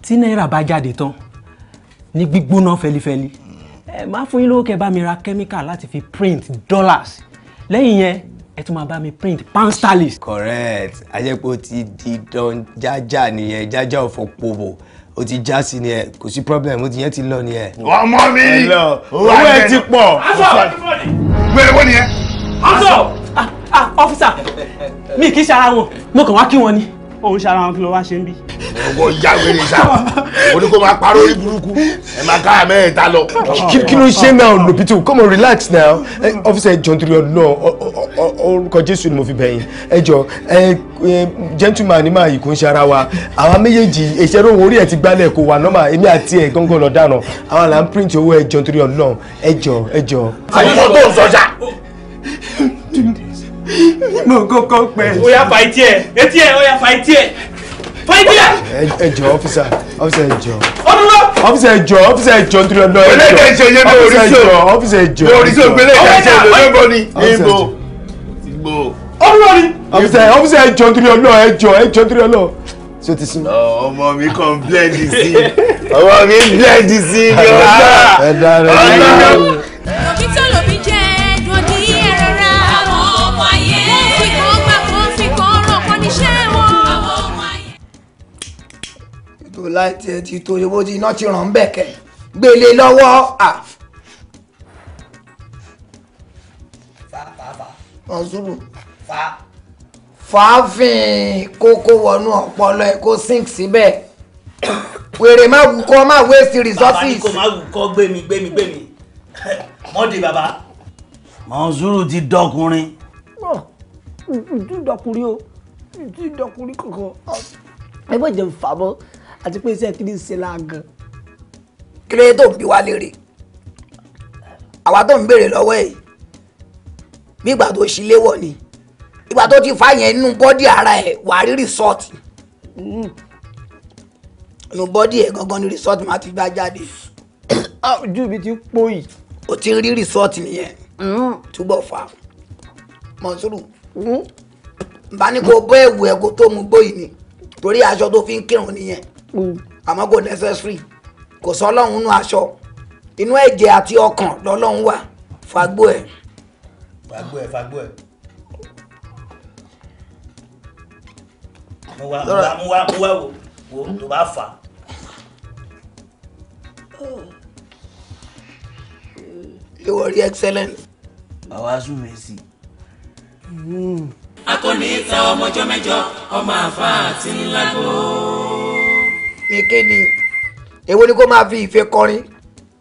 tí náírà bá jáde tán ní gbígbóná fẹlifẹli ẹ máa fún yín lówó kẹ́ bá mi ra kẹ́míkà láti fi print dollars lẹ́yìn yẹn ẹ tún máa bá mi print pound sterling. correct ajẹ́pọ̀ ti di dán jájá nìyẹn jájá òfò pòbò o ti já sí nìyẹn kò sí problem o ti yẹn ti lọ nìyẹn. ọmọ mi owó ẹ ti pọ̀. aṣọ wẹ́rẹ́ wọ́n nìyẹn. aṣọ ah, ọfíìsà ah, mi kì í ṣe ara wọn mo kàn wá kí wọn ni òun ṣe ara wọn kí ló wá ṣe ń bí. ọgọ ìyá wẹrẹ sá o ní kó máa parọ́ orí burúkú ẹ máa ká mẹ́ẹ̀ẹ́ta lọ. kí ló ń ṣe náà lòpítù come on relax now ọfíìsì ẹjọ nítorí ọdún náà orúkọ jésù ni mo fi bẹ̀yìn ẹjọ gentleman ni máa yìí kò ń ṣe ara wa àwa méjèèjì ìṣẹ́rọ òun orí ẹ̀ ti gbálẹ̀ kò wà nọ́mà èmi àti ẹ̀ gángan lọ dànù àwọn là ń print owó ẹjọ nítorí ọdún náà ẹjọ ẹjọ. àyùsọ tó ń sọjà mo kọ́kọ́ pẹ́. ó yá fàyè tiẹ̀ etí ẹ̀ ó yá fàyè tiẹ̀ fàyè tiẹ̀. ẹ jọ ọfíìsà ọfíìsà ẹ jọ. ọdúnlọ. ọfíìsà ẹ jọ ọfíìsà ẹ jọ nítorí ọdún ọdún. gbẹlẹ kẹ ṣe yé mi oríṣi o ọfíìsà ẹ jọ oríṣi o gbẹlẹ kẹ ṣe lóyún bọ ni. ìgbò ìgbò. ọdúnlọ ni. ọfíìsà ọfíìsà ẹ jọ nítorí ọdún ẹ jọ ẹ jọ nítorí ọdún tí o ti sún. ọmọ mi kàn blẹ́ndì sí i ọmọ mi blẹ́ndì sí i ni ọ̀la ọ̀la. láti ẹ ti tó owó tí iná ti ràn bẹ́ẹ̀ kẹ́ gbélé lọ́wọ́ à. ọ̀ṣùbù. fàáfin kókó wọnú ọpọlọ ẹ kó sink síbẹ̀ wèrè má wù má waste resources. bàbá ní kò má wù kọ́ gbé mi mọ́dé bàbá. Mọ̀nsúrù ti dọkùnrin. ìtú dọkùnrin o ìtú kankan ah. ẹ bọ́ jẹun fà mọ́ àti pé iṣẹ́ kí ni ṣe láàgàn. kílódé tó ń bi wá léèrè àwa tó ń béèrè lọ́wọ́ ẹ̀ bí ìgbà tó ṣí léwọ̀ ni ìgbà tó ti fà yẹn nínú bọ́dì ara ẹ̀ wà á rí rìsọ́ọ̀tì nínú hmm. bọ́dì ẹ̀ gangan ni rìsọ́ọ̀tì máa ti gbá jáde. Ah, ojú mi ti pọ̀ yìí. o ti rí rìsọ́ọ̀tì nìyẹn hmm. túbọ̀ fà á mọ̀nsúrù hmm. bá ní kó bọ́ ẹ̀wù ẹ̀ kó tó mu gbóyìí ni torí aṣọ tó fi ń kírun nìyẹn àmọ́ kò necessary kò sọ ọlọ́run nú aṣọ inú ẹ̀jẹ̀ àti ọkàn lọ́lọ́run wà fagbó ẹ̀. fagbó ẹ̀ fagbó ẹ̀. mo wá mo wá mo wá mo wá wò wò tó bá fà. ìwọ rí excellent. bàbá sùn mí sí i. akọni ta ọmọjọ mẹ́jọ ọmọ àfa àti ńlá gbòó ìfẹ́ kéde èwo ni kó máa fi ìfẹ́ kọrin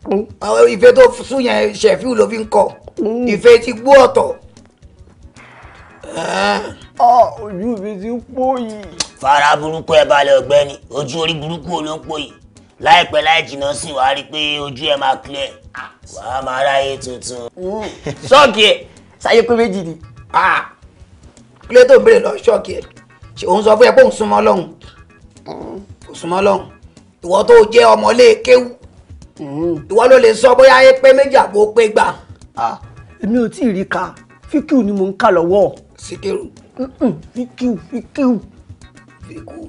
hmm. ìfẹ́ tó sùn yẹn ṣẹ̀fíù ló fi ń kọ hmm. ìfẹ́ ti gbó ọ̀tọ̀. ojú mi ti ń pò yìí. fara burúkú ẹ balẹ̀ ọ̀gbẹ́ni ojú orí burúkú ló ń pò yìí láìpẹ́ láì jìnnà sí wàá rí i pé ojú ẹ máa clear wàá máa ráyè tuntun. Hmm. ṣọ́ọ̀kì ẹ̀ sáyé pé méjì ni. kílẹ̀ tó ń béèrè lọ ṣọ́ọ̀kì ẹ̀ òun sọ fún ẹ pé òun súnmọ́ lọ́hùn kò súnmọ́ lọ́hùn ìwọ tó jẹ́ ọmọ lè kéwú hmm. ìwọ ló lè sọ bóyá ẹ pé méjì àbò pé gbà. èmi ò tí ì rí ka fíkìú ni mò ń kà lọ́wọ́. síkírù. fíkìú fíkìú. fíkìú.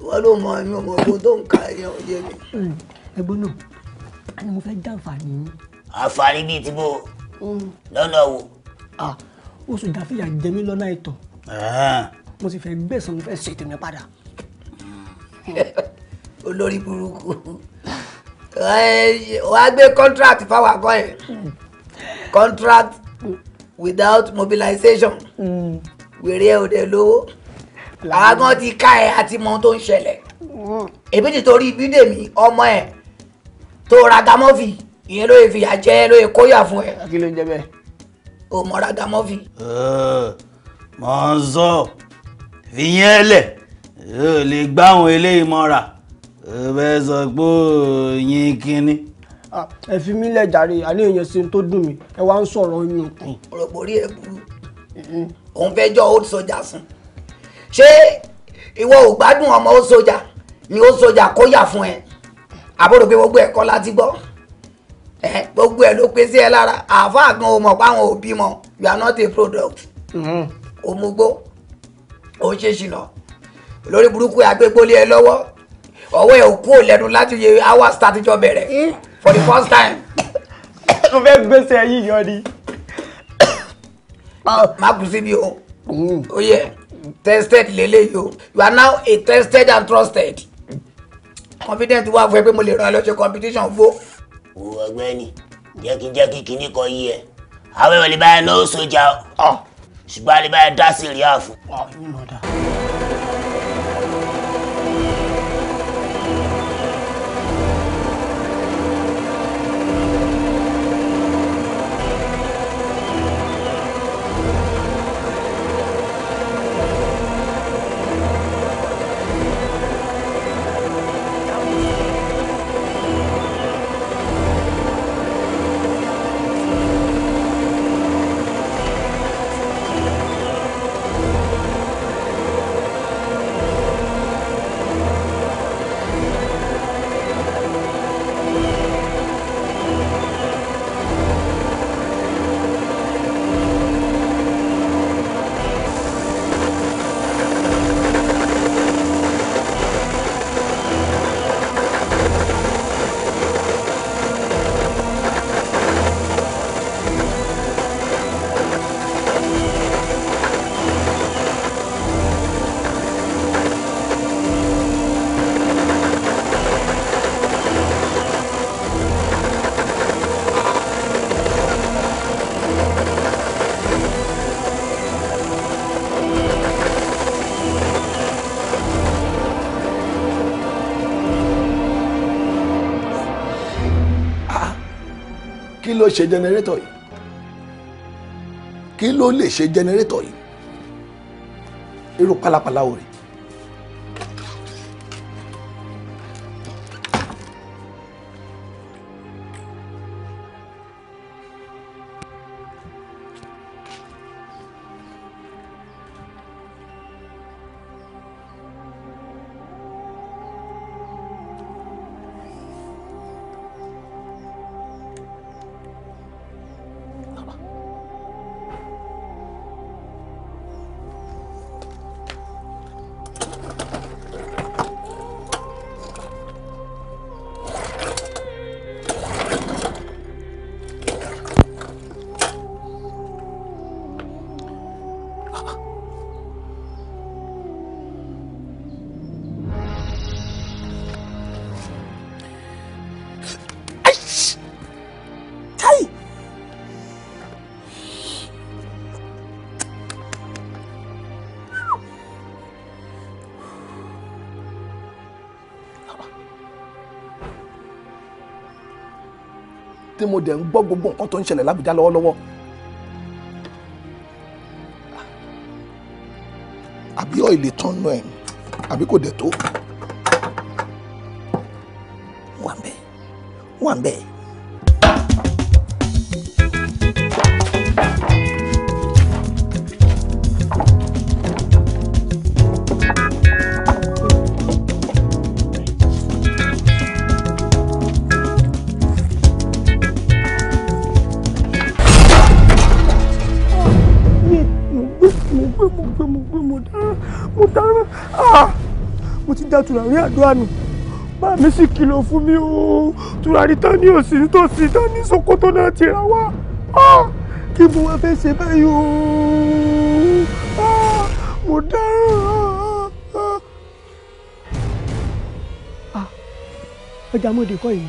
ìwọ ló mọ èmi ò mọ ohun tó ń ka ẹyẹ ọjẹ mi. Mm. ẹ̀gbọ́n náà ni mo fẹ́ jàǹfààní. àǹfààní bíi ti bó mm. lọ́nà wo. oṣù dàfíà jẹ mí lọ́nà ìtọ̀ mo sì fẹ́ gbẹ̀sán mo fẹ́ ṣètò mi padà. olórí burúkú eh, wàá gbé contract fáwọn àgọ́ yẹn contract without mobilization wèrè ẹ̀ ò dẹ̀ lówó àwa gan ti ká ẹ àti mọ ohun tó ń ṣẹlẹ̀ èmi nítorí bídèmí ọmọ ẹ tó ra gamọ́fì ìyẹn ló yẹ fìyà jẹ ló yẹ kóyà fún ẹ. kí ló ń jẹ bẹ́ẹ̀. o mọ ra gamọ́fì. ń eh, sọ fìyẹn lẹ̀ ò lè gbá àwọn eléyìí mọ́ra ò fẹ́ sọ pé ò yin kínní. ẹ fi mí lẹ̀ jàre àníyàn sí tó dùn mí ẹ wá ń sọ̀rọ̀ yín òkun. ọ̀rọ̀pọ̀ orí ẹ̀ burú òun fẹ́ jọ old soldier sùn ṣé ìwọ ò gbádùn ọmọ old soldier ni old soldier kó yà fún ẹ àbúrò pé gbogbo ẹ̀kọ́ láti gbọ́ gbogbo ẹ̀ ló pé sí ẹ lára àáfàá gan o mọ̀ páwọn òbí mọ̀ you are not a product òmùgbó mm-hmm. ó ṣe ṣìnà lórí burúkú agbégbólé ẹ lọ́wọ́ ọwọ́ ẹ̀ òkú òlẹ́nu láti yẹ hours tàtijọ́ bẹ̀rẹ̀ eh? for the first time. mo fẹ́ gbèsè yìí yọ ni. má kù sí o mm. ó yẹ tested lélẹ́yìí o you are now a tested and trusted confident wà fún ẹ pé mo lè ràn ẹ competition fo. wo ọ̀gbẹ́ni jẹ́kíjẹ́kí kìíní kan yí ẹ àwọn èèyàn lè bá náà sójà ọ ah. ṣùgbọ́n a dá sí ìrìn àfọ. ló ṣe jẹnẹrétọ̀ yìí kí ló lè ṣe jẹnẹrétọ̀ yìí irú pálapàla ò rí mo dẹ̀ ń gbọ́ gbogbo nǹkan tó ń ṣẹlẹ̀ lábújá lọ́wọ́lọ́wọ́ àbí ọ̀ìlì tán nù ẹ̀ àbí kò dẹ̀ tó wà ń bẹ̀ wà ń bẹ̀ já tùràrí àdúrà nù bá mi sì kìlọ̀ fún mi o tùràrí tán ní òsì nítòsí tán ní Sokoto náà ti ra wá kí mo wá fẹ́ ṣe báyìí o mo dáràn ọjà mọ́dé kọ́ yìí.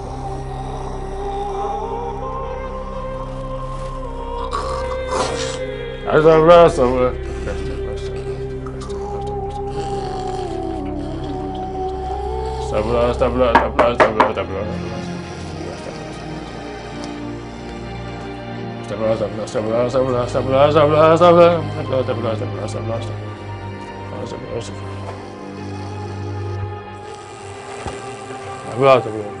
There's a rest somewhere. Stop! stabilize, Stop! stabilize, Stop! Stabilize, Stop! stabilize, Stop! stabilize, Stop! stabilize, Stop! stabilize, Stop! stabilize, Stop! stabilize,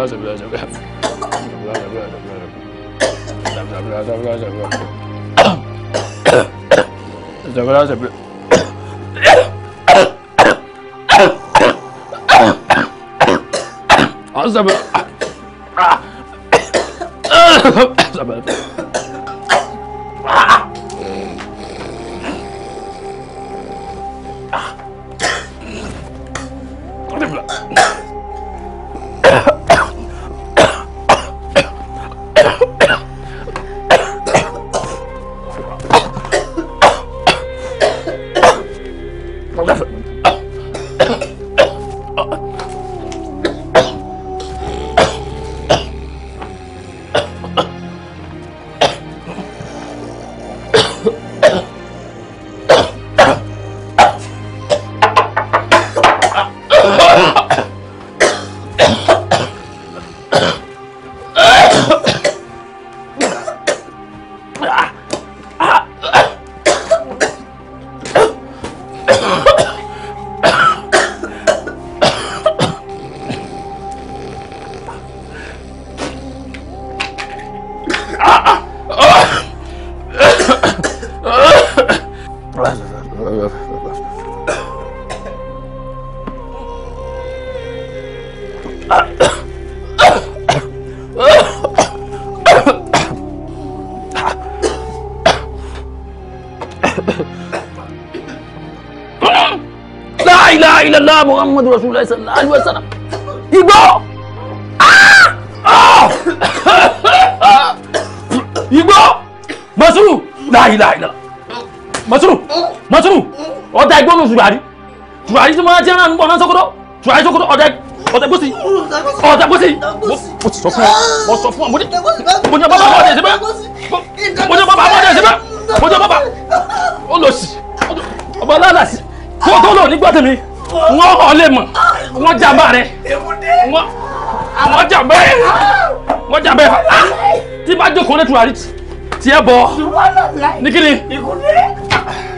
Azabla. ilaha illallah muhammadu rasulullah sallallahu alaihi wasallam igbó ah! ah! igbó masuru la ilaha illallah masuru masuru ọ̀dà igbó ló tùràrí tùràrí tí wọ́n ti rán nípa ọ̀nà sọ́kọ́tọ̀ tùràrí sọ́kọ́tọ̀ ọ̀dà ọ̀dà igbó sí ọ̀dà igbó sí mo ti sọ fún ọ mo sọ fún ọ mo ní mo ní bàbá bọ́ọ̀dẹ̀ síbẹ̀ mo ní bàbá bọ́ọ̀dẹ̀ síbẹ̀ mo ní bàbá ó lọ sí ọba lálàsì tó tó lò nígbà tèmi wọ́n hàn lè mọ̀ wọ́n jàmbá rẹ̀ wọ́n jàmbá rẹ̀ wọ́n jàmbá rẹ̀ ah! tí bá jókòó lẹ́tù àrí tiẹ̀ bọ̀ ní kíni ìwọ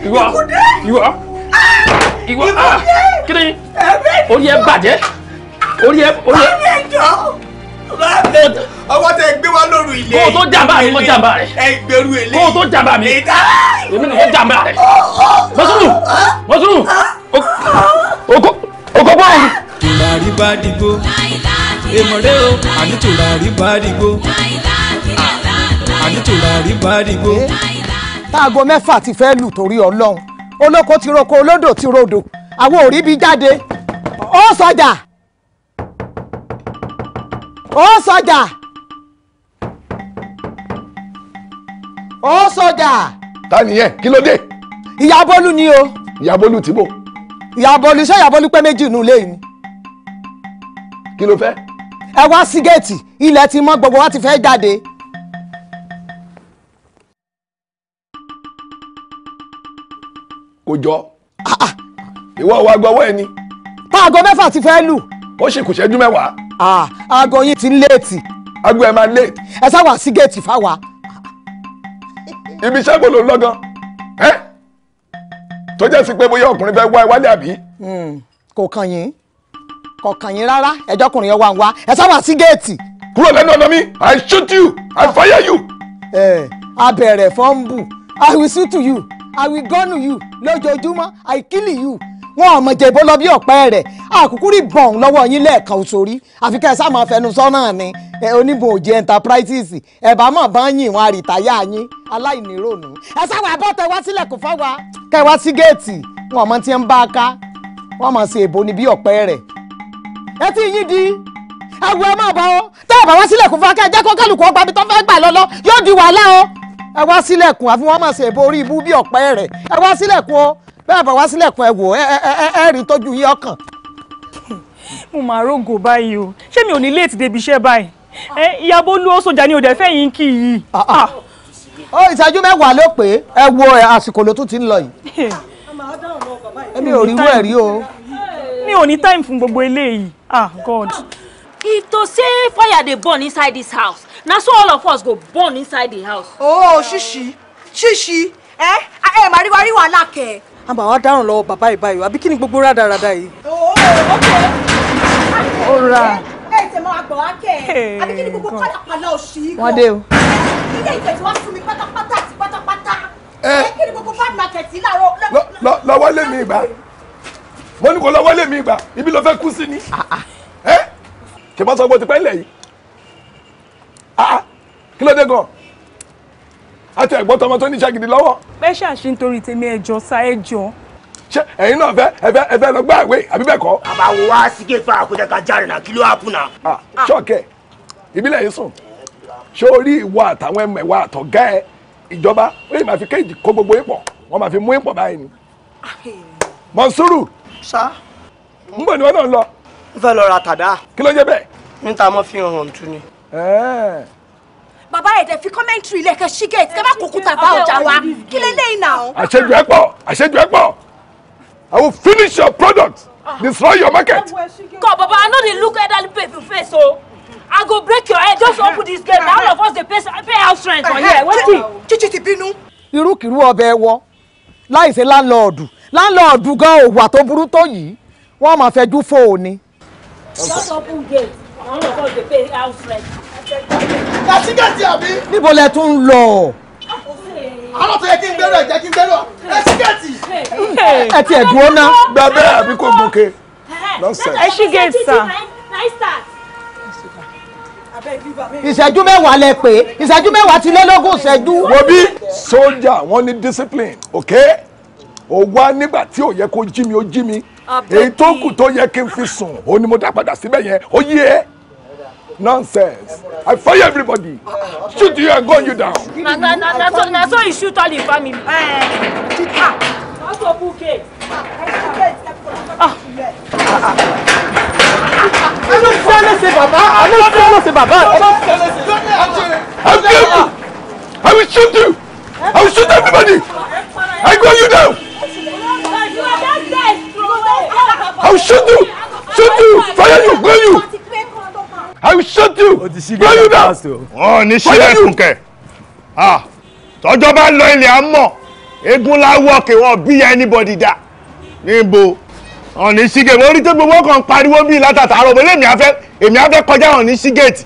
ìwọ ah! ìwọ ah! kíni orí ẹ bàjẹ́ orí ẹ orí ẹ ọwọ́ tẹ gbé wá lóru ilé kó o tó jàmbá mi kó jàmbá rẹ ẹ gbèrú èlé kó o tó jàmbá mi èmi nìkan jàmbá rẹ mọ́sùlùmù mọ́sùlùmù oko oko o àní eh, mẹ́fà ti fẹ́ lù torí ọlọ́run olóko ti roko olódò ti rodò àwọn ò bí jáde ó sọjà ó sọjà ó sọjà. ta nìyẹn kí ló dé. ìyá bólú ni o. ìyá bólú tìbò ìyàbọ̀lù iṣẹ́ ìyàbọ̀lù pé méjì nù lé ni. kí ló fẹ́. ẹ wá sí géètì ilẹ̀ ti mọ́ gbogbo wa ti fẹ́ jáde. kò jọ ìwọ wa gbọ́wọ́ ẹ ni. paago mẹ́fà ti fẹ́ lù. ó sì kù ṣẹ́jú mẹ́wàá. aago yín ti ń léètì. aago ẹ máa léètì. ẹ sáwà sí géètì fáwa. ibi iṣẹ́ gbọ́dọ̀ lọ́gán. ẹ́ tó jẹ́ sí pé bóyá ọkùnrin fẹ́ wá ìwádìí àbí. Hmm, kò kàn yín kò kàn yín rárá ẹjọ́ ọkùnrin yẹn wà ń wá ẹ sábà sí géètì. kúrò lẹ́nu ọ̀nà mi i shoot you i fire you. ẹ abẹ̀rẹ̀ fọ́ńbù i will shoot you i will gun you lójoojúmọ́ i kill you wọn ò mọ̀ jèbó lọ bí ọ̀pẹ́ rẹ̀ àkókò rí bọ̀n lọ́wọ́ yín lẹ́ẹ̀kan òṣòrí àfi kẹ́ máa fẹnu sọ́nà ni òjì enterprises ẹ̀bá mọ̀ bá yìn wọn àrìtáyà yín aláìníròònù ẹ sáwọ abọ́tẹ wá sílẹ̀ kò fáwa kẹ́ wá sí géètì wọn ọmọ tí ń bá a ká wọn ti yín di ẹwù ẹ má bọ ọ tẹ ẹ bá wá akẹ́ ẹ jẹ́ kó kálukú ọgbà mi tó fẹ́ gbà lọ́lọ́ yóò di wàhálà ẹ bẹ́ẹ̀ bá wá sílẹ̀kùn ẹ wò ẹ ẹ ẹ rí tójú yín ọkàn. mo máa rògò báyìí o ṣé mi ò ní léètì débi iṣẹ́ báyìí ẹ ìyá Bólú ó sọjà ní òde fẹ́yìn kì í yìí. Ah, ah. ó ìṣẹ́jú mẹ́wàá ló pé ẹ wo àsìkò ló tún ti ń lọ yìí. èmi ò rí irú rí o. mi ò ní time fún gbogbo eléyìí ah god. if to say fire dey burn inside this house na so all of us go burn inside the house. oh ṣíṣí ṣíṣí ẹ ẹ màá rí wa rí wàhálà kẹ a máa wá dáràn lọ́wọ́ bàbá yìí báyìí àbí kí ni gbogbo rádaràda yìí. ooo oh, oh, oh, ok ó ra ẹ ẹ tẹ mọ àgbọ̀ wá kẹ ẹ àbí kí ni gbogbo pálapàla òṣì yìí gan. wọ́n dé o. ilé ìtẹ̀jú wá fún mi pátápátá àti pátápátá. ẹ eh. kí ni gbogbo bad market yìí láàárọ̀. lọ́wọ́ lé mi ìgbà mo ní kó lọ́wọ́ lé mi ìgbà ibi ló fẹ́ kú sí ni. kì ah, ah. eh? bá sọ pé o ti pẹ́ lẹ̀ yìí ah, kí ló dé gan-an. àti ẹ̀gbọ́n tọmọ tó ní gidi lọ́wọ́. bẹ́ẹ̀ ṣàṣì tèmi sa ẹ̀jọ̀. ṣé náà fẹ́ lọ gbá ìwé àbí bẹ́ẹ̀ kọ́. bàbá wo wá gé fún àkójọ ká jáde náà kí ló wá ṣọ́ọ̀kẹ́ ìbílẹ̀ yìí sùn ṣé àtàwọn ẹ ìjọba ó yìí máa fi kéèjì kó gbogbo ipò wọn máa fi mú ipò báyìí ni. Mọ̀nsúrù. sá. ń ni wọ́n náà lọ. n fẹ́ lọ ra tàdá. kí ló ń jẹ́ bẹ́ẹ̀. bàbá ẹ̀dẹ̀ fi kọ́mẹ́ntìrì ilé kẹ́ ṣí gẹ̀ẹ́tì kẹ́ má kó kúta bá ọjà wa kí lélẹ́yìn náà. àṣejù ẹ pọ̀ àṣejù ẹ pọ̀ I will finish your product ah. destroy your market. God, Baba, I know they look at that baby face, so oh. I go break your head. Just open this gate. All of us dey pay house rent for here. Wetin? Chichi ti bínú. Irú kìrú ọbẹ̀ wọ láìsí láńlọ́ọ̀dù láńlọ́ọ̀dù gan òwà tó burú tó yìí wọ́n máa fẹ́ jú fóònù. Just open gate. All of us dey pay house rent kàtíkàtì àbí. níbo lẹ tún ń lọ. àlọ́ tó yẹ kí n gbẹ́rọ ẹ̀jẹ̀ kí n gbẹ́rọ kàtíkàtì. ẹ ti ẹ̀dùn ọ́nà. gbàgbé àbí kò gòkè lọ́sẹ̀. ẹ ṣí gate sir ìṣẹ́jú mẹ́wàá lẹ pé ìṣẹ́jú mẹ́wàá ti lé lógún ìṣẹ́jú. wo bí sójà wọn ní discipline ok ó wá nígbà tí ò yẹ kó jí mi ó jí mi èyí tó kù tó yẹ kí n fi sùn ó ní mo dá padà síbẹ̀ yẹn ó yé ẹ nonsense i fire everybody shoot you and gun you down. na na na na so na so you shoot all him family. Eh, also buke. ah. ẹ ló fẹ́lẹ́ sí bàbá ẹ ló fẹ́lẹ́ sí bàbá ẹ ló fẹ́lẹ́ sí bàbá. i will kill you i will shoot you i will shoot everybody i gun you down. i will shoot you shoot you fire you gun you. I will shoot you. O ti ṣí gẹ́gẹ́ past o. Wọ́n ní ṣílẹ̀kùn kẹ̀. Tọ́jọ́ bá lọ ilẹ̀ á mọ̀. Egun work kí wọ́n bí anybody dá. Níbo? Ọ̀nì ṣígẹ̀ mo rí tó gbogbo kan pariwo bíi látàtà àrò òbí lèmi afẹ́ èmi afẹ́ kọjá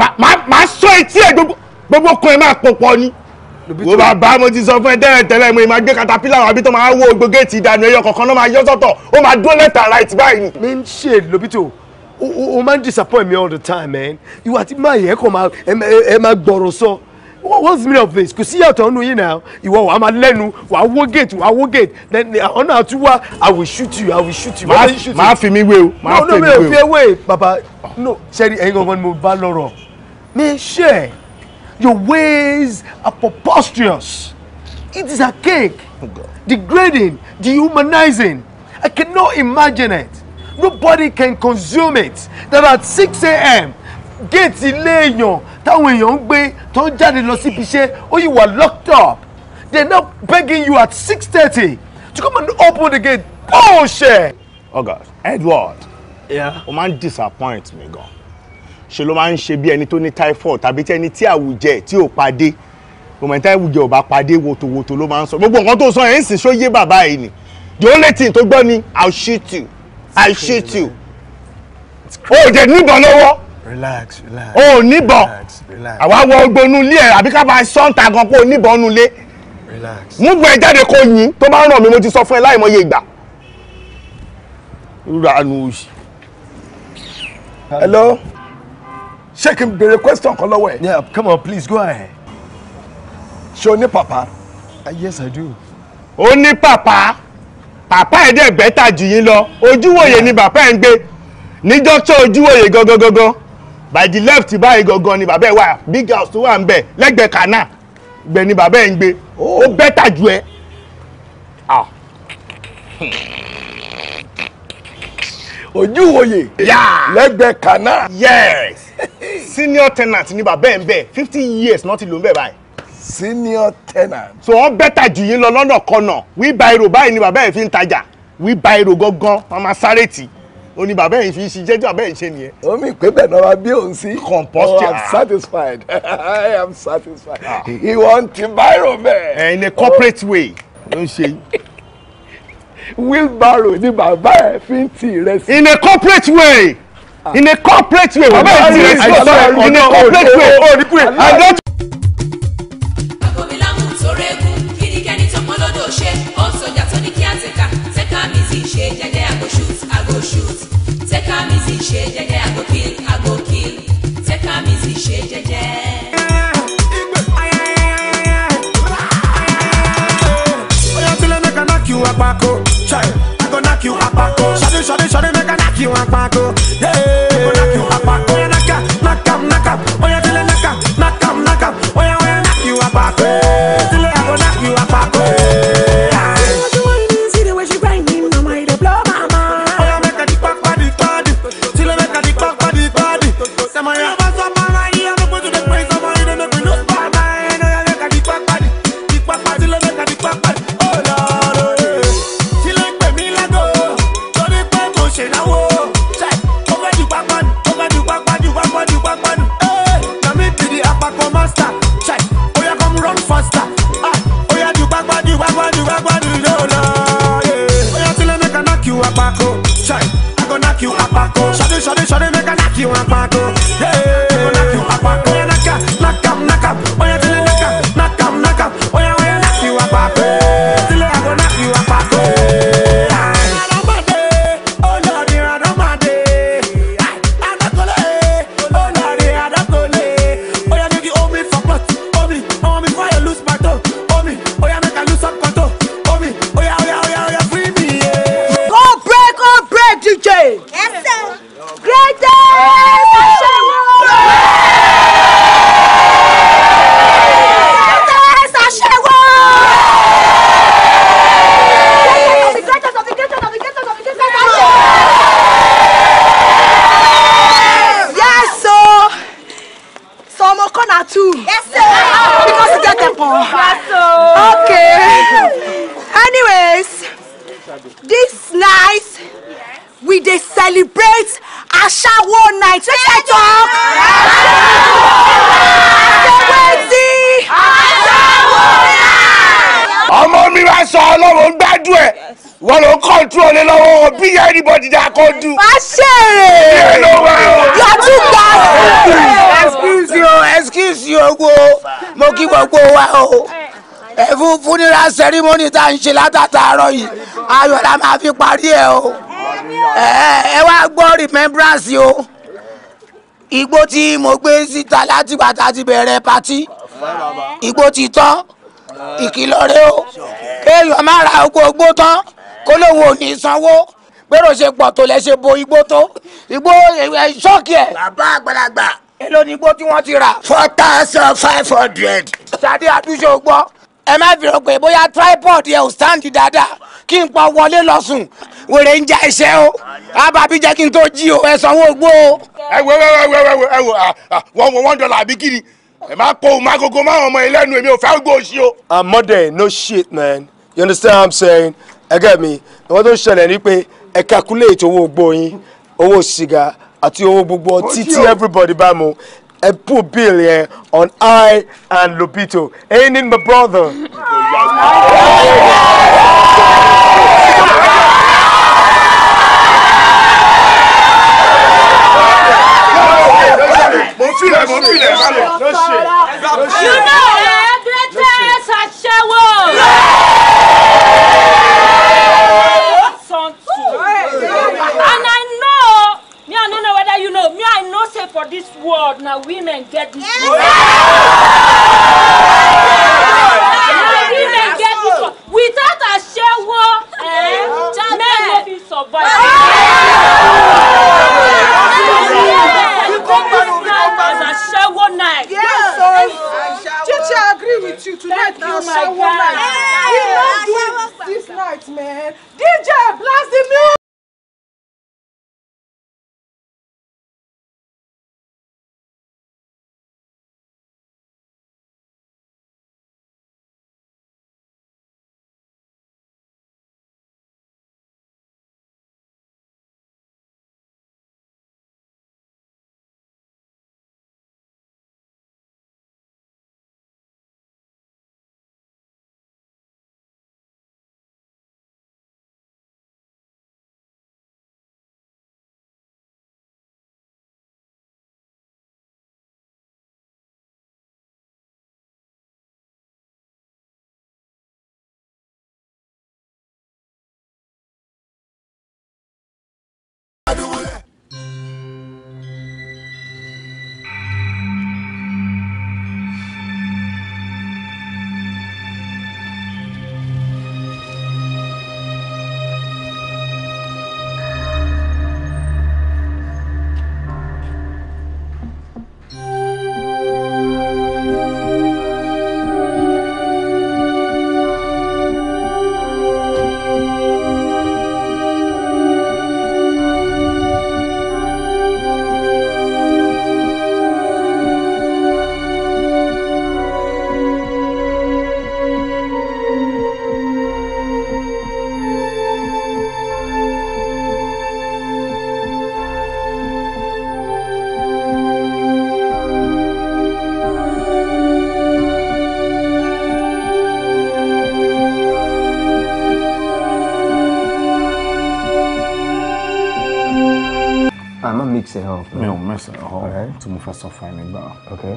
ma ma, Màá sọ etí ẹ̀ gbogbo kan ẹ̀ máa pọ̀ pọ̀ ni wo bàbá mo ti sọ fún ẹ tẹ́lẹ̀ tẹ́lẹ̀ mo máa gbé katapila wọn àbí tó máa wó gbogbo géètì ìdànù ẹyọ kọ̀ọ̀kan náà máa yọ sọ́tọ̀ ó máa dúró lẹ́tà right báyìí. mi ń ṣe lobito o man, disappoint me all the time man ìwà tí máa yẹ kó máa ẹ máa gbọ̀rọ̀ so. what's the meaning of this kò sí yàtọ̀ nínú yìí náà ìwọ wàá máa lẹ́nu wàá wó gate wàá wó gate then on ọ̀nà àtúwá i will shoot you i will shoot you. Ma, fi mi wé o máa fi mi wé no no mi ò fi ewé baba no sẹ́ni ẹ̀yin gangan mo bá lọ́rọ̀ mi ṣe your ways are preposterous it is a cake, oh degrading dehumanizing i cannot imagine it nobody can consume it that at six a.m. géètì ilé èèyàn táwọn èèyàn ń gbé tó ń jáde lọ síbi iṣẹ́ ó yìí wà locked up they are now begging you at six thirty to come and open the gate bullshit. ọ̀gá oh Edward o máa ń disappoint mi gan ṣe ló máa ń ṣe bí ẹni tó ní typhoid tàbí tí ẹni tí àwùjẹ tí ò padé mọ̀mọ́tá ìwùjẹ ò bá padé wotowoto ló máa ń sọ gbogbo nǹkan tó sọ yẹn ń sì ṣó yé bàbá yìí ni the only thing tó gbọ́ ni I'll shoot you I shoot you. O ò jẹ níbọn lọ́wọ́. Relax, relax. O ò níbọn. Relax, relax. Àwa wọ ogbonú ilé ẹ̀ àbí ká máa ṣọ́ǹta gan kó níbọn nu ilé. Relax. Mú bọ̀ ẹ jáde kó yìn tó bá ń ràn mí mo ti sọ fún ẹ láìmọye ìgbà. Ranu oṣù. Hello? Ṣé kí n béèrè question kan lọ́wọ́ ẹ? Yeah, come on please go ahead. Ṣé o ní pàpà? Uh, yes, I do. O ní pàpà? pàpá ẹ̀ dẹ̀ bẹ́tà jù yín lọ ojúwòye ni bàbá ẹ̀ ń gbé níjọ́ tó ojúwòye gangan gangan by the left báyìí gangan ni bàbá ẹ̀ wà big house tó wà ń bẹ̀ lẹ́gbẹ̀ẹ́ kànáà gbẹ̀ ni bàbá ẹ̀ ń gbé oh. ó bẹ́tà jù ẹ́. ojúwòye lẹ́gbẹ̀ẹ́ kànáà. yes senior tenant ni bàbá ẹ̀ ń bẹ̀ fifty years náà ti lò ń bẹ̀ báyìí senior tenant. so wọ́n bẹ́tà jù yín lọ lọ́nà kọnà wheelbarrow báyìí ni bàbá yẹn fi ń tajà wheelbarrow gangan wọ́n máa sáré tì ó ní bàbá yẹn fi ṣe jẹ́jọ́ bàbá yẹn ṣe nìyẹn. omi ìpínlẹ̀ náà bí òun sí. composting oh i'm satisfied i am satisfied. ìwọ ń ti báírò bẹ́ẹ̀. in a corporate way ló ń ṣe. wheelbarrow ni bàbá yẹn fi ń ti ìrẹsì. in a corporate way ah. in a corporate way bàbá yẹn ti ìrẹsì in a corporate way. ṣe jẹ́jẹ́ I go shoot I go shoot take a easy ṣe jẹ́jẹ́ I go kill I go kill take am easy ṣe jẹ́jẹ́. you apako. Sorry, I go knock you apako. Shadi shadi shadi make a knock you apako. Yeah. jíjà kọjú. má ṣèrè yọtún gbà rẹ. excuse you excuse you wo mo kí gbogbo wa o ẹ̀fún fúnira sẹ́rímọ́nì tá à ń ṣe látàtàárọ̀ yìí ayọ̀ la máa fi parí ẹ̀ o ẹ wá gbọ́ remembrance o igbó tí mo gbé síta láti bàtà ti bẹ̀rẹ̀ patí igbó ti tán ìkìlọ̀ rẹ o kéèyàn má ra oko ogbó tán kó lóun ò ní sanwó bẹ́rọ̀ ṣe pọ̀ tó lẹ́ ṣe bo igbó tó igbó ṣọ́ọ̀kì ẹ̀. bàbá àgbàlagbà. èló ni igbó tí wọ́n ti rà. four thousand five hundred. sade àdúṣe gbọ́ ẹ má fi rò pé bóyá tripod yẹ ò stand dáadáa kí n pa wọlé lọ wèrè ń já iṣẹ́ o àbàbí jẹ́ kí n tó jí o ẹ sanwó ogbó o. ẹ wo ẹ wo ẹ wo ẹ wo wọn wo ah, ah, one dollar àbí kiri ẹ má po òun agogo máwọn ọmọ ẹlẹ́nu èmi ò fẹ́ gbó òṣì o. I'm ah, no shit man you understand what I'm saying ẹ mi ìwọ́n tó ń ṣẹlẹ̀ ni pé ẹ calculate owó gbó yín owó sìgá àti owó gbogbo ọtí tí everybody bá mu ẹ put bill yẹn on I and Lupito ain't it my brother. you know ẹ eh, greatest aṣẹ́wó. know say for this world na women get this world na women get dis world without asewo eh, men no fit survive. Yes, so Chichi, agree with you. Tonight na asewo night. We no do this night, man. DJ, blast the music. fẹ́ sọ fún ẹ nígbà okay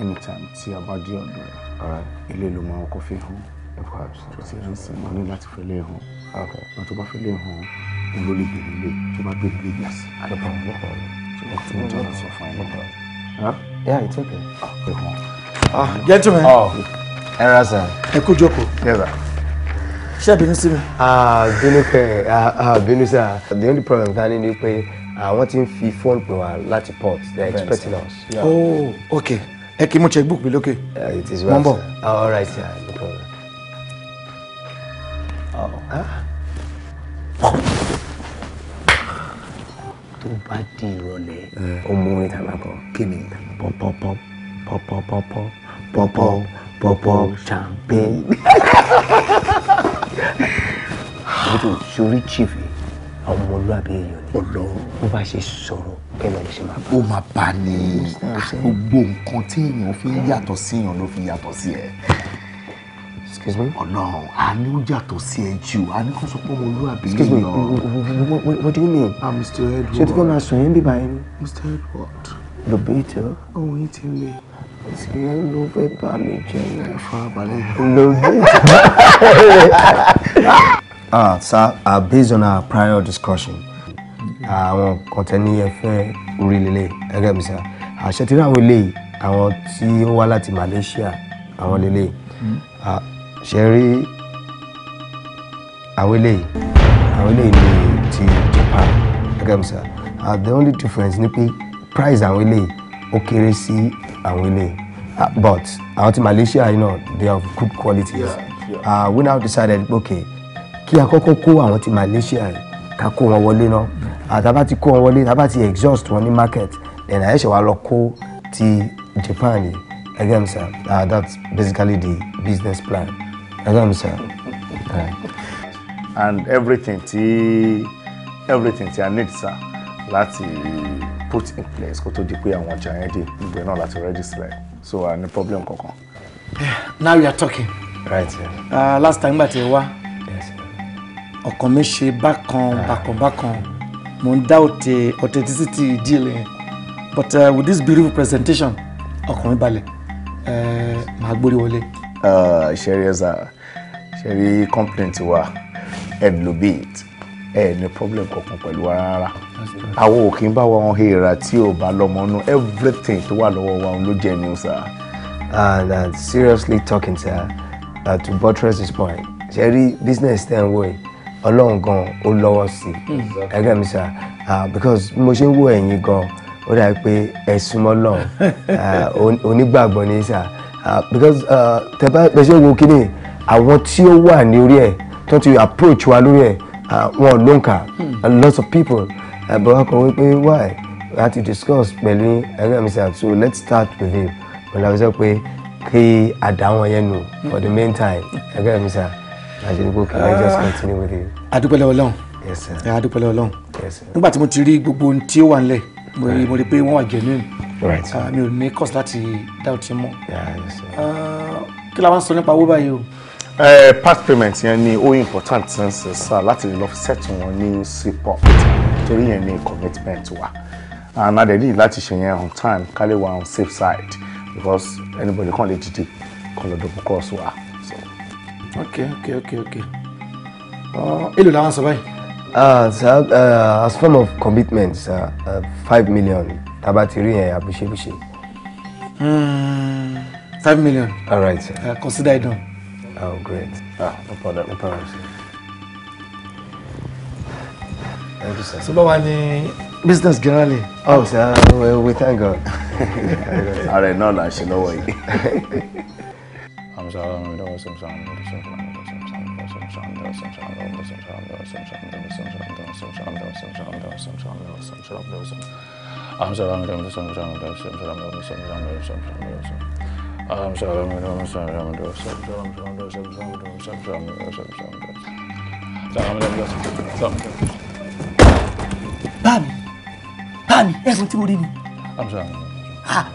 anytime tí a bá dé ọ̀dọ̀ ẹ ilé ló máa kọ́ fi hàn tó ti hàn sí wọn ní láti fẹ́ lé hàn wọn tó bá fẹ́ lé hàn olú lè bèrè lé tó bá bèrè lé yàtí àdàpọ̀ àwọn tó bá tó ń tọ́ lọ sọ fún Yeah, it's okay. Ah, good one. Ah, gentlemen. Oh, era sir. Ẹ kú jókòó. Yes, sir. Ṣé ẹ bínú sí mi? Ah, bínú kẹ̀, ah, ah, bínú sir. The only problem ta ni ni pé àwọn tí ń fi fóònù pè wá láti port they are expecting us. Yeah. oh okay ẹ kì í mú checkbook mi lókè. it is well Mambo. sir. Oh, all right sir no problem. Oh, tó bá di ìrọ̀lẹ́ ọmọ eh. orin tàbá kan kí ni pọ́npọ́npọ́n pọ́npọ́npọ́n pọ́npọ́n pọ́npọ́n champagne. sórí chief yìí àwọn ọmọlúwàbí èèyàn ni ọlọ bó bá ṣe sọ̀rọ̀ bẹ́ẹ̀ ṣe máa bá. ó máa bá ní ah, gbogbo nǹkan tí èèyàn fi ń yàtọ̀ sí èèyàn ló fi yàtọ̀ sí ẹ. excuse me. Ọlọ́run yàtọ̀ sí ẹ jù àánú kan sọ pé ọmọlúwàbí èèyàn. what do you mean. Ah, ṣé o ti máa sùn yín bíbá yín. Mr. Edward. lobito. ohun yìí ti rí i ló fẹ́ bá mi jẹ́ náà. abalẹ̀. lóbi ah sir uh, based on our prior discussion àwọn kan tẹ ní ẹfẹ orí lélẹ̀ ẹgẹ mi sir àṣetìrì àwọn eléyìí àwọn tí ó wá láti Malaysia àwọn lélẹ̀ ah, ṣe rí àwọn eléyìí àwọn eléyìí ní ti Japan ẹgẹ mi Ah, the only difference ni pé price àwọn eléyìí ó kéré sí àwọn eléyìí ah, but àwọn ti Malaysia you know they have good qualities yeah, yeah. Uh, we now decided okay kí a kọ́kọ́ kó àwọn ti Malaysia rẹ̀ ká kó wọn wọlé náà àtàbá ti kó wọn wọlé tàbá ti exhaust wọn ní market then àyẹ̀ṣẹ̀ wa lọ kó ti Japan yìí again sir uh, ah, that's basically the business plan again sir. and everything ti everything ti i need sir láti put in place kó tó di pé àwọn ọjà yẹn dé gbogbo náà láti register ẹ so i uh, ní problem kankan. Yeah, now we are talking. right. Yeah. Uh, last time gbàtẹ́ wá ọkàn mi ṣe bákan bákan bákan mo ń dá òtẹ authenticity deal yẹn but uh, with this beautiful presentation ọkàn mi balẹ̀ màá gbórí wọlé. ṣeré ẹ̀sà ṣeré complaint wa ẹ̀ ló bí it ẹ̀ ní problem kankan pẹ̀lú wa rárá àwọn ò kí ń bá wọn hera tí ò bá lọmọ nú everything tó wà lọ́wọ́ wa ló jẹ́ ni o sir. and uh, seriously talking sir uh, to buttress this point ṣe rí business ten way ọlọ́run gan ó lọ́wọ́ sí hmm. ẹgbẹ́ mi sà because mo ṣe ń wo ẹ̀yin gan ó dàbí pé ẹ súnmọ́ lọ́run onígbàgbọ́ ni sà because tẹ́ bá ṣe ń wo kíní àwọn tí ó wà ní orí ẹ̀ tó ti approach wa lórí ẹ̀ wọn ló ń kà hmm. a lot of people but wọn kọ wípé why we had to discuss pẹ̀lú ẹgbẹ́ mi sà so let's start with him ọ̀làwísọ̀ pé kí àdá wọn yẹn nù hmm. for the meantime ẹgbẹ́ mi sà. Ajinibo can I just continue with you. adúpẹ́lẹ́ ọlọ́run yes sir adúpẹ́lẹ́ ọlọ́run yes sir nígbà tí mo ti rí gbogbo ohun tí ó wà nílẹ̀ mo rí mo rí pé wọ́n wà genuine ah, mi ò ní cause láti dá òtí mọ́ ah, kí la wá ń sọ nípa owó báyìí o. Eh, past payment yẹn ni ó important sense sir láti lọ set wọn ní support torí yẹn ni commitment wa and adẹ́ni láti ṣe yẹn on time kálí wa on safe side because anybody kàn lè dìde kàn lọ double cross wa ok ok ok ok èlò làwọn sọ báyìí. sir uh, as form of commitment sir uh, five million taba ti rí yẹn àbúṣebúṣe. Hmm, five million. all right sir. Uh, consider it done. oh great ah no problem no problem sir. thank you sir. so báwa ni business generally. oh sir we, we thank God. ààrẹ náà là ń ṣe lọ́wọ́ yìí. samsaram, da samsaram, da samsaram, da samsaram, da samsaram, da samsaram, da samsaram, da samsaram, da samsaram, da samsaram, da samsaram, da samsaram, da samsaram, da samsaram. Aham saram, da samsaram, da samsaram, da samsaram, da samsaram, da samsaram. Aham saram, da samsaram, da samsaram, da samsaram, da samsaram, da samsaram, da samsaram. Báàmì, báàmì, ẹ̀sùn tí mo rí mi.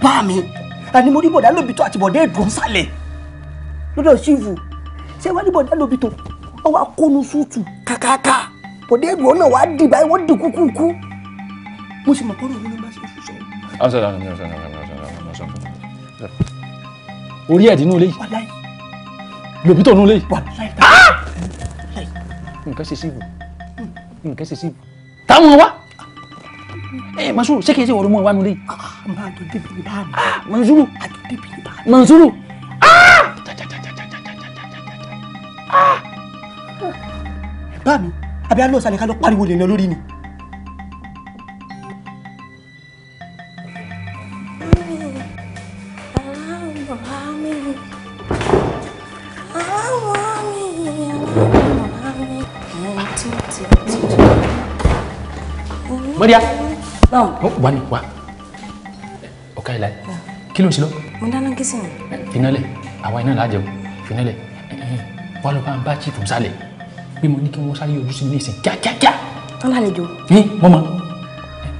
Báàmì, àní mo rí bọ̀dá lóbi tó àti bọ̀dá èdùn sálẹ̀ lọ́dọ̀ ṣífù ṣé wọ́n ní bọ̀dá lóbi tó wọ́n wá kónú súùtù kàkàkà bọ̀dá ìlú ọ̀nà wàá dì báyìí wọ́n dì kúkúkú mo sì mọ̀ kọ́rọ̀ mi ló bá ṣe fún sọ. orí ẹ̀ dínú ilé yìí lóbi tó nú ilé yìí ah! nǹkan ṣe síbù nǹkan ṣe síbù táwọn wá ẹ Mansuru ṣé kìí ṣe wọ́n ló mú wa nulẹ̀ yìí. Ah, Mansuru Mansuru. Ah, bá mi àbí a lọ sàlẹ̀ ká lọ pariwo lè lọ lórí ni. Maria. Báwo. Wà ní wa. Ọ̀ka ìlà. Kí ló ń ṣe lọ? Mo dáná kí sí mi. Finálẹ̀, àwa iná làá jẹun. Finálẹ̀ wà lọ bá ń bá chief sálẹ̀ pé mo ní kí wọ́n sáré ojú sí ní ìsìn kíákíákíá. wọ́n lálejò. ẹ mọ mọ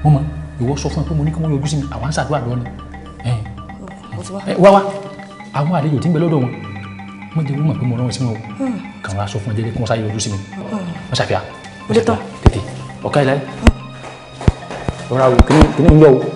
mọ mọ ìwọ sọ fún mi pé mo ní kí wọ́n yọjú sí mi àwọn àṣàdúrà lọ ni. wá wá àwọn àlejò tí ń bẹ lọ́dọ̀ wọn wọ́n jẹ́ wọ́n mọ̀ pé mo rán wọn sí wọn o hmm. kàn wá sọ fún ọjọ́ kí wọ́n sáré yọjú sí mi hmm. wọ́n ṣàfihàn. ó dé tán tètè ọ̀ká ìlà hmm. rọra wò kí ni ń yọ o.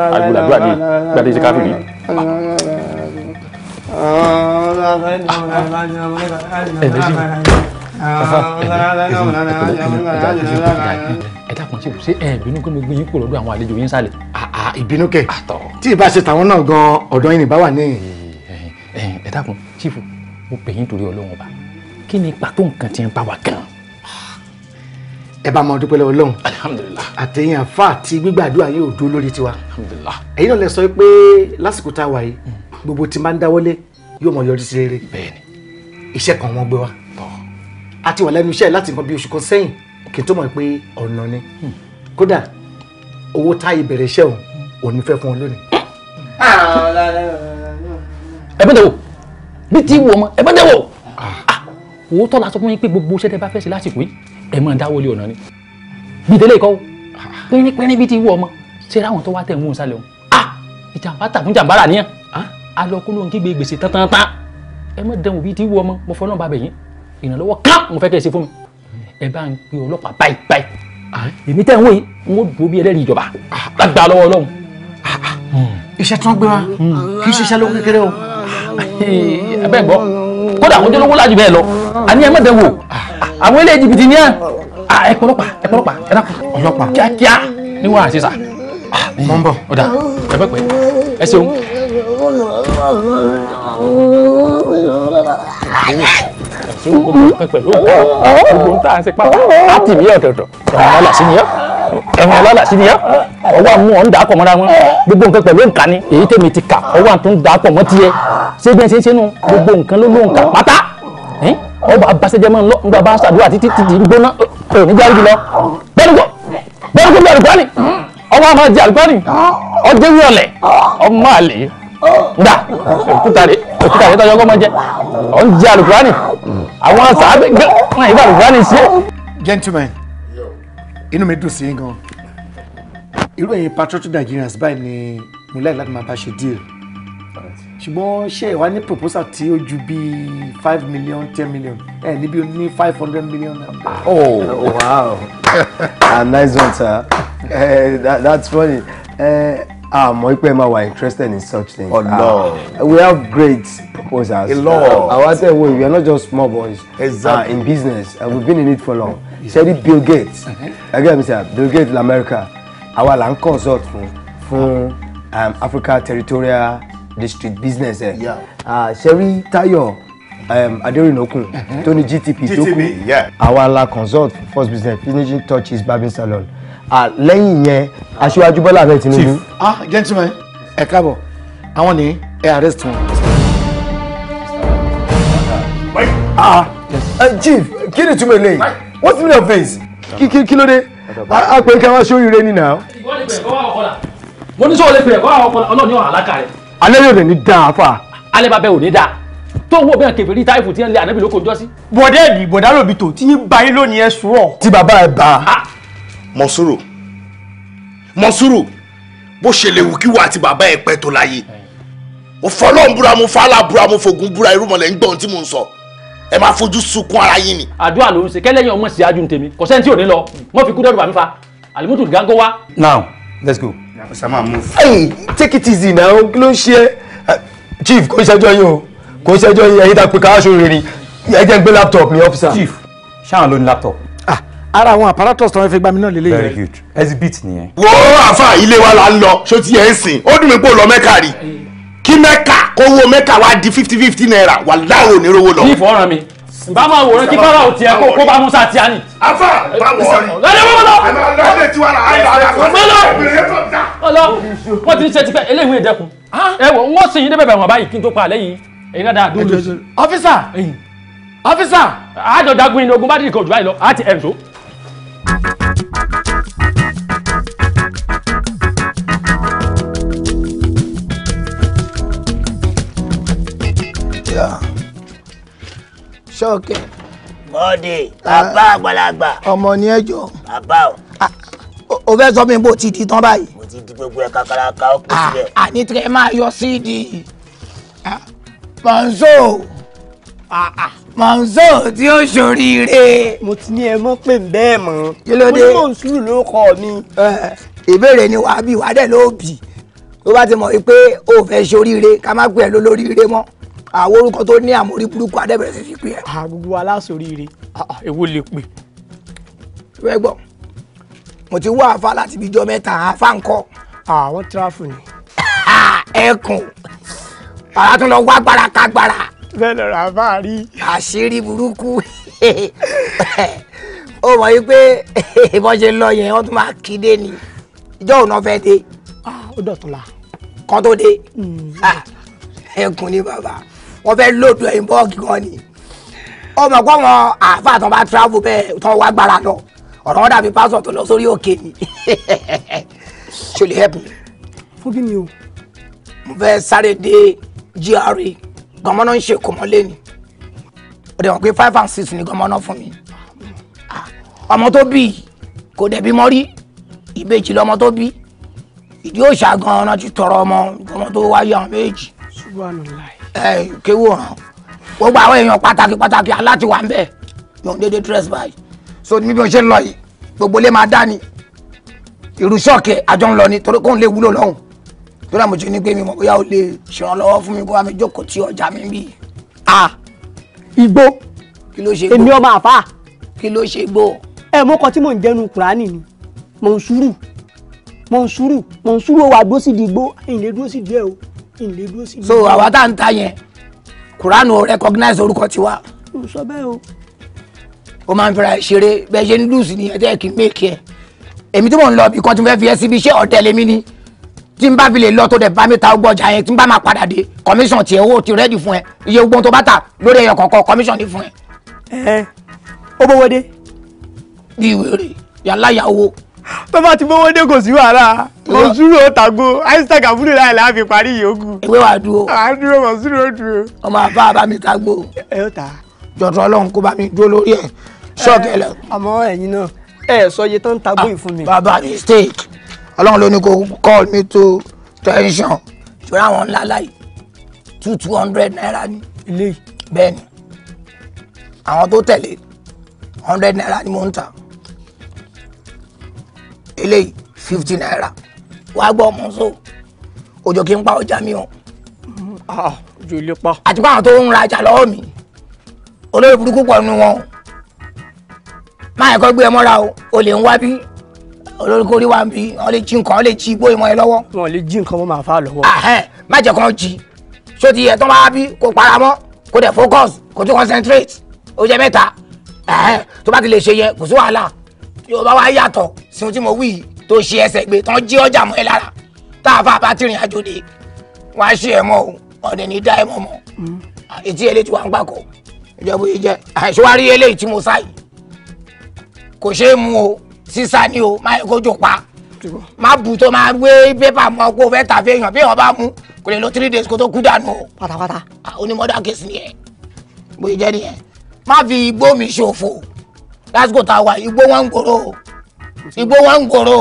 àgbàdúrà ni gbàdé ṣe káfíìrì. ẹ dákun ṣe ṣe ẹ ìbínú kí gbogbo yín kò lọ́dọ̀ àwọn àlejò yín sálẹ̀. ìbínú kẹ tí ì bá ṣe tàwọn náà gan ọ̀dọ̀ yín nìbá wà ní. ẹ dákun chief mo pè yín torí Ọlọ́run ọba kí ni pàtó nǹkan tí ń bá wa gan-an ẹ bá máa dúpẹ́ lọ́wọ́ lọ́hùn. alhamdulilah. àtẹ̀yìn àfa àti gbígbàdúrà yóò dúró lórí tiwa. alhamdulilah. ẹ̀yin náà lè sọ pé lásìkò tá a wà yìí gbogbo tí máa ń dáwọ́lé yóò mọ̀ yọrí sí rere. iṣẹ́ kan wọ́n gbé wa. tọ́ a ti wà lẹ́nu iṣẹ́ láti nǹkan bí oṣù kan sẹ́yìn kí n tó mọ̀ pé ọ̀nà ni. Hmm. kódà owó tá a ìbẹ̀rẹ̀ iṣẹ́ òun òun fẹ́ fún ọ lónìí. ẹ bá dẹ̀wò bí ti wù ọmọ ẹ bá dẹ̀wò. Ah, owó tọ́lá sọ fún yín pé gbogbo iṣẹ́ tẹ bá fẹ́ ṣe lásìkò yìí ẹ máa dáwọ́ lé ọ̀nà ni bí tẹ́lẹ̀ kọ́ pínrín bí ti wú ọmọ ṣé ráwọn tó wá tẹ̀ ń wọ́n sálẹ̀ o ìjàmbá tàkùn jàmbá rà níyàn á lọ kó lóun kígbe gbèsè tántán ẹ má dẹ̀wò bí ti wú ọmọ mo fọ́ náà bá bẹ̀ yín ìrànlọ́wọ́ ká mo fẹ́ kẹ́ ẹ ṣe fún mi ẹ bá ń pe ọlọ́pàá báyìí báyìí èmi tẹ́ ń wò n ó dúró bí ẹlẹ́rìí ìjọba lágbà lọ́wọ́ ọlọ́run. iṣẹ́ tí wọ́n gbé wa hmm. kì í ṣiṣẹ́ ló kékeré o. ẹ bẹ́ẹ̀ gbọ́ kódà àwọn jólówó lájú bẹ́ẹ̀ lọ àní oh. ẹ má dẹ̀ wò ah. àwọn ilé jìbìtì ní à ah, ẹ pọlọpà ẹ pọlọpà ẹ dákun ọlọ́pàá kíákíá ní wàá sísà. Ah, mọ n bọ ọdà ẹ bẹ pẹ ẹ ṣeun. ṣé o kò mọ̀ pẹ̀lú òkú òkú ń tà á sí pàpà ọ̀dọ̀dọ̀ ọ̀nà ọ̀là sí ni yọ ẹ̀wọ̀n ọlọ́lá sí ni yá ọwọ́ àwọn ọ̀hún dàápọ̀ mọ́ra wọn eh. gbogbo nǹkan pẹ̀lú nǹkan ni èyí tèmi ti kà ọwọ́ àwọn tó ń dàápọ̀ mọ́ tiẹ̀ ṣé bí ẹ ṣe ń ṣe nu gbogbo nǹkan ló ló ń kà pátá ọba abasẹjẹ mọ nlọ nígbà bá ṣàdúrà títí títí ń gbóná ọ̀rọ̀ nígbà rí lọ bẹ́ẹ̀ni bẹ́ẹ̀ni kò bí àlùkọ́ni ọmọ àmọ́ jẹ àlùkọ́ni ọdẹ wí ọ̀lẹ̀ ọmọ àlè nda òkúta rẹ òkúta rẹ tọjọ́ kọ́mọ jẹ ọ̀ ń jẹ àlùkọ́ni àwọn sàábẹ̀ gbẹ́ wọn ìbá àlùkọ́ni sí. gentlemen inú mi dùn sí i gan irú ẹ̀yin patriotic Nigerians báyìí ni mo láì láti máa bá ṣe deal ṣùgbọ́n ṣé ẹ wá ní proposal tí ó ju bíi five million ten million ẹ níbi ó ní five hundred million oh wow ah nice one sir uh, that, that's funny àmọ́ eh, pé ẹ máa wà interested in such things. ọ̀nà oh, no. uh, we have great proposals. a lot àwa tẹ̀ we are not just small boys. Ah, exactly uh, in business uh, we been in it for long ṣẹ́rí Bill Gates uh-huh. ẹgbẹ́ mi sà Bill Gates lamẹ́ríkà àwa là ń consult fún fún um, Africa territorial district business ẹ̀ ṣẹ́rí Táyọ̀ um, aderinokun uh-huh. tó ní GTP tó kù àwa la consult first business finishing touches barbing salon lẹ́yìn yẹn aṣíwájú Bọ́lá Ahmed Tinubu. ah gentleman ẹ káàbọ̀ àwọn ni ẹ arrest wọn. Ah. Uh, chief kí ni túmọ̀ eléyìí what's the meaning of this kí ló dé a pè kí a wá sórí rẹ nínà. mo ní sọ́wọ́ lè pè é kọ́ àwọn ọlọ́ọ̀ni ọ̀hún àlákà rẹ̀. alẹ́ yóò dẹ̀ ní dáa fà. alẹ́ bá bẹ̀ ò ní dáa tó ń wo bí wọn kẹfẹ rí táìfù tí wọn lé ànábì lóko jọ sí. bọ̀dẹ́ ẹ̀dì bọ̀dá lòbí tó tí ń ba yín lónìí ẹ sùúrọ̀. tí bàbá ẹ bá a. Ah. mọ̀súrò mọ̀súrò bó ṣe lè wù kí wà àti bàbá ẹ pẹ́ tó láyé òfò ọlọ́run búra mo fàlà búra mo fògùn búra irú ń gbọ́n tí mò ń sọ ẹ máa fojú sunkún ara yín ni. àdúrà ló ń ṣe kẹlẹ́yìn ọmọ sí ajú tèmi kò sẹ́ni tí ò ní lọ wọ́n fi kú dẹ́rù bàmí fa alimutu gango wa. now let's go. osama move. hey take it easy now kí ló ń ṣe uh, chief kò ń ṣẹjọ yín o kò ń ṣẹjọ yín ẹ̀yin tá a pè rẹ ni ẹ ń gbé laptop mi officer. chief ṣáà ló ní laptop. ah ara àwọn apparatus tí wọ́n fi gbá mi náà lélẹ́yìn very good exhibit nìyẹn. wo àfa ilé wa la ń lọ ṣó ti yẹ ń kí mẹ́kà kówó mẹ́kà wá di fifty fifty naira wà láwọn onírówó lọ. ní ìfọ̀ràn mi bá máa wòran kí báwa ò tiẹ̀ kó kó bá musa ti á nì. afa báwo ọ lọ́dẹ wọ́n lọ. lọ́dẹ tí wàá láyé àgbà kan lọ. wọ́n ti ń ṣe tipẹ́ eléyìí ìdẹ́kun. ẹ wọ wọ́n sì yín débẹ̀ bẹ̀ wọ́n báyìí kí n tó pa àlẹ́ yìí èyí náà dáa dúró lóṣù. ọfíìsà ọfíìsà. àádọ́dagun ni ogun bá dìrì kan jù báyìí lọ àti ẹ̀ṣọ́. Yeah. Ṣọ́ọ̀kẹ́. Bọ́ọ̀dì, ah. bàbá àgbàlagbà. Ọmọ ni ẹjọ́. Bàbá ah, o. O fẹ́ sọ mi bó ti di tán báyìí. Mo ti di gbogbo ẹ̀ kakaraka ó kù ah, síbẹ̀. Àní tí ẹ máa yọ sí di. Mọ̀nsó. Mọ̀nsó tí ó ṣoríire. Mo ti ní ẹ mọ́ pé ń bẹ́ẹ̀ mọ́. Kí ló dé? Mo ní mò ló kọ́ mi. Eh, ìbéèrè ni wàá bí wàá dẹ̀ ló bì. Tó bá ti mọ̀ pé o fẹ́ ṣoríire ká má gbé ẹ lólóríire mọ́ àwọn orúkọ tó ní àmórí burúkú adẹ́bẹ̀rẹ̀ sí fi pé ẹ. gbogbo aláṣoríire èwo lè pè. ìwé gbọ́ mo ti wá àfa láti ibi ijọ́ mẹ́ta àfa ńkọ́. àwọn tíráfù ni. ẹkùn bàbá tún lọ wá gbára kágbára. bẹ́ẹ̀ lọ́rọ̀ àbá rí. àṣírí burúkú ó mọ̀ yí pé ìbọn ṣe lọ yẹn wọ́n tún máa kéde ni ìjọ òun náà fẹ́ dé. ó dọ̀tun la. kọ́ tó dé hmm. ẹkùn ni bàbá wọ́n fẹ́ lóòdù ẹ̀yìn bọ́ọ̀gì gan ni ọmọ kọ́ wọn àáfàá tó bá travel bẹ́ẹ̀ tó wá gbára lọ ọ̀rọ̀ dàbí pásọ̀ tó lọ sórí òkè ni ṣe lè help me. fún kí ni o. mo fẹ́ sáré dé GRA gọmọ́nà ń ṣe kòmọ́lé ni ó dẹ̀ pé five and six ni gọmọ́nà fún mi ọmọ tó bí kò dẹ̀ bímọ rí ìbejì lọmọ tó bí ìdí òòṣà gan-an ti tọrọ ọmọ ọmọ tó wáyé àwọn méjì. ṣùgbọ́n àná láì kéwò hàn gbogbo àwọn èèyàn pàtàkì pàtàkì aláti wà ń bẹ̀ yóò dédé dress by so níbi o ṣe ń lọ yìí gbogbo lè máa dá ni irú ṣọ́ọ̀kì àjọ ń lọ ni torí kóun lè wúlò lọ́hùn torí àmọ̀jù ni pé mi mọ̀ bóyá o lè ṣèrànlọ́wọ́ fún mi kó wá mi jókòó tí ọjà mi bí. a igbó kí ló ṣe igbó èmi ọmọ àfa kí ló ṣe igbó. ẹ mọ kọ tí mò ń jẹnu kùránì ni mò ń sùúrù mò ń sùúrù mò ń sùúrù wa dúró sí di igbó ẹ̀yin lè dúró sí ẹ o kí n lè dúró síbi. so àwa tá n ta yẹn kuranu recognize orúkọ tiwa. o sọ bẹ́ẹ̀ o. o máa ń fẹ́ra ṣeré bẹ́ẹ̀ ṣe ń lùsì ní ẹjẹ́ kí n méèkì ẹ̀ èmi tí mò ń lọ bí kan tí mo fẹ́ fi ẹ́ síbi iṣẹ́ ọ̀tẹ̀ lèmi ni tí n bá fi lè lọ tó dẹ̀ bá mi ta ọgbọ́n ọjà yẹn tí n bá máa padà dé commission tiẹ̀ owó ti rẹ́dì fún ẹ iye ogbon tó bá tà lórí ẹyọ kọ̀ọ̀kan commission ní fún ẹ. ẹ ẹ ó bó wọlé. bí ìwé rè yàrá yà owó tó bá ti mówó dé kò sí wàhálà mọ̀súrù ọ̀tàgbó isaac àbúrò láì láàfin parí ìyókù. ìwé wa dúró. à ń dúró mọ̀súrù ó dúró. ọmọ àbá àbámi tágbó. ẹ ó ta. jọ̀dọ̀ ọlọ́run kó bá mi dúró lórí ẹ̀ ṣọ́ọ̀kì lọ. àmọ́ ẹ̀yin náà ẹ sọ iye tó ń tagbó yìí fún mi. Ah, bàbá mistake ọlọ́run ló ní kó call me to tension ṣọ́ra àwọn ńlá láì two two hundred naira ni. ilé bẹ́ẹ̀ ni àwọn tó tẹ̀lé hundred naira ni mo ń ta eléyìí fifty naira wàá gbọ́ ọmọ so òjò kí n pa ọjà mi o. Ah, ah, òjò ilé pa. àti pé àwọn tó ń rajà lọ́wọ́ mi olórí burúkú pọ̀ nínú wọn máa ẹ̀kọ́ gbé ẹ mọ́ra o o lè ń wá bí olórí kórìí wá bí wọn lè jí nǹkan wọn lè jí igbó ìmọ̀ ẹ lọ́wọ́. wọn lè jí nǹkan wọn máa fa lọ́wọ́. má jẹ́ kán jí só ti yẹ tán bá bí kó para mọ́ kó dẹ̀ focus kó tún concentrate ó jẹ́ mẹ́ta tó bá ti lè ṣe yẹ kò sí wàhálà yorùbá wa yàtọ̀ sí ohun tí mo wí tó ṣe ẹsẹ̀ gbé tán jí ọjà mọ́ ẹ lára tá a fà bá àjò dé wọn ṣe ẹ mọ o ọdẹ ní dá ẹ mọ mọ mm. etí eléyìí tí wàá ń gbà kọ ìjọba yìí jẹ àìṣọwárí eléyìí tí mo sá yìí kò ṣeé mu o sísá ni o má yẹ kó pa má bù tó máa wé pépà mọ kó fẹ́ tà fẹ́yàn bí wọ́n bá mú kò lè lo three days kó tó kú dànù o. pátápátá. onímọ̀dá kẹsì nìyẹn bóyá jẹ́ nìyẹn má fi igbó mi ṣòfò lásìkò tá a wà igbó wọn ń gòrò o igbó wọn ń gòrò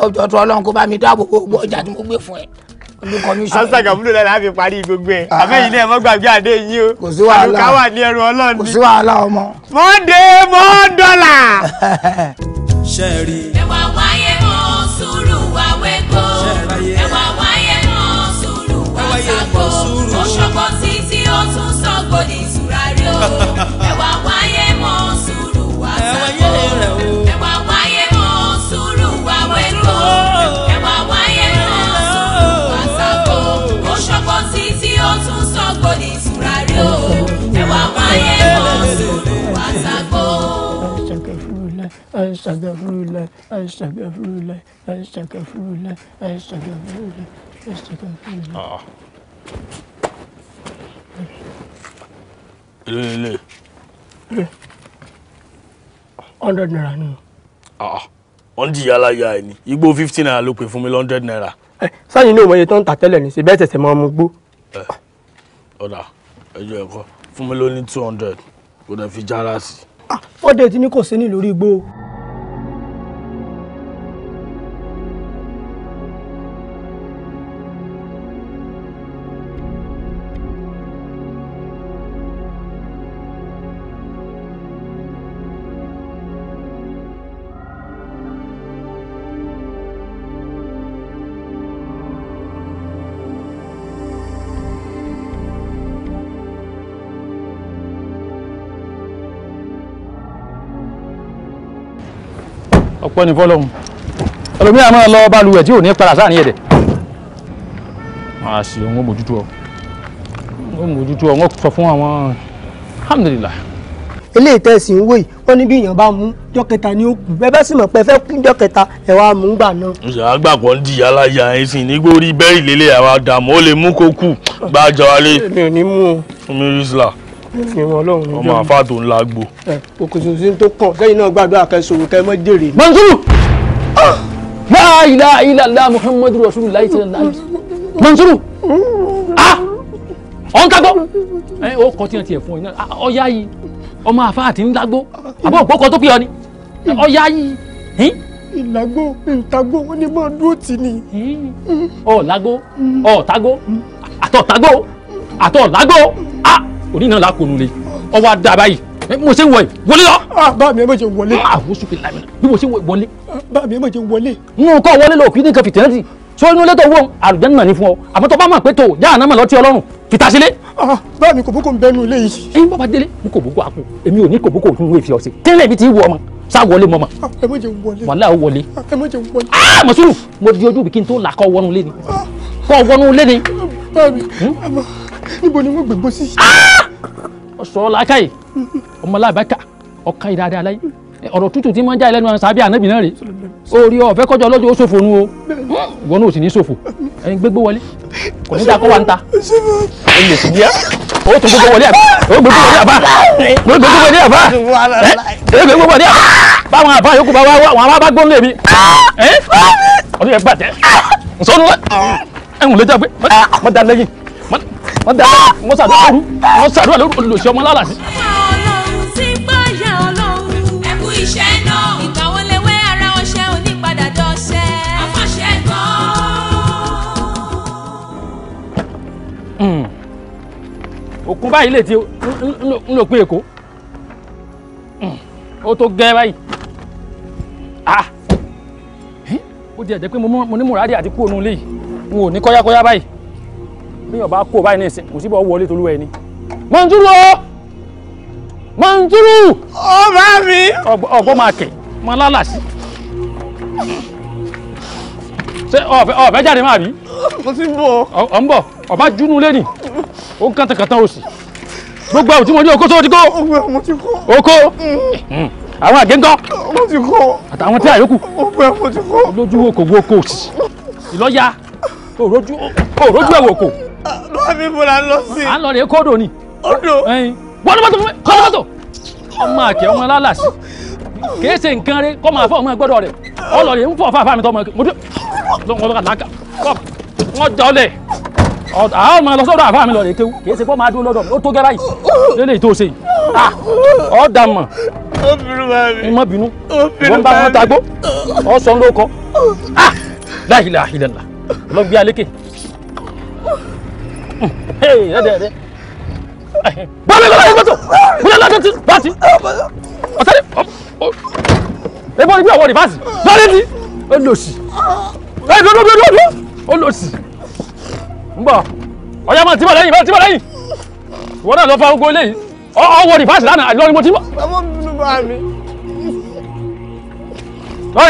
o jọjọ tó Ọlọ́run kó bá mi dáàbò gbogbo ọjà tí mo gbé fún ẹ asaka múlò lẹ́la fi parí gbogbo ẹ̀ àmẹ́yìn náà mọ́ gbàgbé àdé yín o kò sí wàhálà àlùkà wà ní ẹrù Ọlọ́run kò sí wàhálà ọmọ. mọ́ndé mọ́ndọ́là. sẹ́ẹ̀rì. ẹ wá wáyé mọ́ sùúrù wá wẹ́kọ̀ ẹ wá wáyé mọ́ sùúrù wá sàgbọ̀ ó ṣọkọ títí ó tún sọ gbòdì ìtura o. astaghfirullah astaghfirullah astaghfirullah astaghfirullah astaghfirullah. ilé ilé. hundred naira ni. Ah, wọ́n jìyà láyà ẹ̀ ni igbó fifty naira ló pè fún mi hundred naira. Eh, sáyìn ní òmòye tó ń tà tẹ́lẹ̀ ní sí bẹ́ẹ̀ tẹ̀sẹ̀ máa mú gbó. Eh, ọ̀dà ẹjọ́ ẹ̀kọ́ fún mi ló ní two hundred kò dẹ̀ fi jára sí i. wọ́n dẹ̀ ti ní kò sí ní lórí igbó o. ọpẹ́ ni fọlọ́hún ẹlòmí àmọ́ lọ balùwẹ̀ tí ò ní padà sáà ní ẹ̀dẹ̀ máa ṣe wọn mójútó ọ wọn mójútó ọ wọn sọ fún àwọn alhamdulillah. eléyìí tẹ̀sí ń wò yìí wọ́n ní bí èèyàn bá mú jọ́kẹta ní òkú bẹ́ẹ̀ bẹ́ẹ̀ sì mọ̀ pé fẹ́ kú jọ́kẹta ẹ̀ wá mú gbà náà. ìyá gbàgbọ́ ń di aláya ẹ̀ sìn nígbó rí bẹ́ẹ̀ ìlélẹ̀ àwọn àdàmú ó lè mú kó kù gbàjọ́ alẹ́. èmi ò ní mú o. omi isla ìwọ Ọlọ́run níjọ ọmọ àfa tó ń la gbò. òkùnkùn sí tó kàn sẹ́yìn náà gbàdúrà kẹsòrò kẹ mọ́ jèrè. mọ̀nsúrù ah! la ilaha illallah muhammadu rasulullah sallallahu alaihi mọ̀nsúrù ah! ọ̀n kagbọ́ ẹ ó kọ́ tí wọ́n ti ẹ̀ fún ọ náà ah, ọ̀yá yìí ọmọ àfa àti ńlágbó àbọ̀ ògbókọ̀ tó pè ọ ni ọ̀yá yìí ìlágbó ìtagbó wọn ni máa dúró tì ní. Mm. ọ̀ lágbó mm. ọ̀ tágbó àtọ̀ tágbó àtọ̀ lágbó òní náà lákòónú le ọwọ́ adá báyìí mo ṣe wọ wọlé lọ. Ah, bá mi ẹ mọ̀ ṣe wọlé. àwòsùn fi lámìnà bí mo ṣe wọ wọlé. Ah, bá mi ẹ mọ̀ ṣe wọlé. nínú kọ́ wọlé lọ òkìdí kan fìtẹ́rẹ́tì sọ inú ilé tó wọ àlùjánnà ní fún ọ àmọ́ bá mọ̀ pé tó jáàná mọ̀ lọ́tí ọlọ́run fìtàsílẹ̀. Ah, bá mi kò bókò ń bẹnu ilé yìí. ẹyin bàbá délé n kò bókò àpò èmi ò ní kò bókò òfin wéèfì ọ̀sẹ̀ tẹ́lẹ̀ mi ti wọ ọmọ sá wọlé mọ́ ma. ẹ mọ̀ wọlé. wàhálà di ojú bí kí n tó là kọ́ wọnú lé ni kọ́ wọnú lé ni níbo ni wọ́n gbẹ̀gbọ́ sí. Ah! ọ̀sọ̀ làákàyè ọmọ làbákà ọ̀ka ìdáadáa láyé ọ̀rọ̀ tútù tí máa ń já ẹlẹ́nu àwọn sábẹ́ ànábì náà rè orí ọ̀fẹ́ kọjọ lọ́jọ́ ó ṣòfò nu o ìwọ náà ò sì ní ṣòfò ẹni gbégbó wọlé kò ní dákọ́ wa ń ta ẹ lè sì díá ó tún gbégbó wọlé àbá ó gbégbó wọlé àbá ó gbégbó wọlé àbá ó gbégbó wọlé àbá báwọn àbá yòókù bá wá wọn àbá gbóhùn ah! lèmi ọdún yẹn gbàtẹ nsọ́nù ah! ẹ̀ ń lè jẹ́ pé wọ́n dá lẹ́yìn wọ́n dá wọ́n ṣàdúrà lóru wọ́n ṣàdúrà lóru olùsí ọmọ lálàsí. ọlọ́run ti gbọ́yà ọlọ́run ẹ̀kú iṣẹ́ náà ìgbàwọ́ lewé ara ọṣẹ onípadà dọ́ṣẹ́ àfọ̀ṣẹ́ gan. òkun báyìí lè ti ń pé èkó hmm. ó tó gẹ́ báyìí ah. ó ti ẹ̀jẹ̀ pé mo ní mùràdì àti kúrò nílé yìí n ò ní kọ́yákọ́yá báyìí bí yàn bá kó báyìí ní ìsìn kò síbọ̀ wọlé tolú ẹni. Mọ̀ntúrú o Mọ̀ntúrú. ó bá mi. ọgbọ́n máa kẹ̀ mọ lálàsì. ṣé ọ̀fẹ́ ọ̀fẹ́ jáde máa bí. mo ti bọ̀. ọ̀ ń bọ̀ ọba júnú lẹ́nì ó ń O òsì gbogbo àwọn tí mo ní oko tó ti kó. mo ti kó. oko mm. àwọn àgéńkọ́. mo ti kó. àtàwọn tí àyókù. mo ti kó. lójú okòwò okòòtì ìlọ́ya òrójú ẹ̀wò kò bá mi bò la lọ sí. à ń lọ rè kódò ni. odò. wọ́n ní mọ́tò fún mi kọ́ mọ́tò. ọmọ àkẹ́ ọmọ lálàsì kìí ṣe nǹkan rẹ kọ́ máa fọ́ ọmọ gbọ́dọ̀ rẹ̀ ọ lọ rè ń fọ́ fáfá mi tọ́ ọmọ kí mo dé wọ́n lọ́ka làákà wọ́n jọlẹ̀ àwọn ọmọ lọ sọ́dọ̀ àfáà mi lọ rè kéwu kìí ṣe kọ́ máa dúró lọ́dọ̀ mi ó tó gẹ́rà yìí lélẹ̀ tó ṣe yìí ọ̀ dà mọ̀ ìmọ̀ bínú wọ́n bá bọ́ọ̀lù lọ́wọ́ ìgbọ́tò bílẹ̀ lọ́dún tí báàsì ọ̀sẹ̀ ẹ̀bọ́n ibi ọ̀wọ́ ni báàsì lọ́dún tí ó lò sí ẹ̀ dúró dúró dúró ó lò sí ń bọ̀ ọ̀yá máa tìmọ̀ lẹ́yìn máa tìmọ̀ lẹ́yìn ìwọ náà lọ fa ogun eléyìí ọwọ́ ni báàsì lánàá àlọ́ ni mo ti mọ̀. lọ́wọ́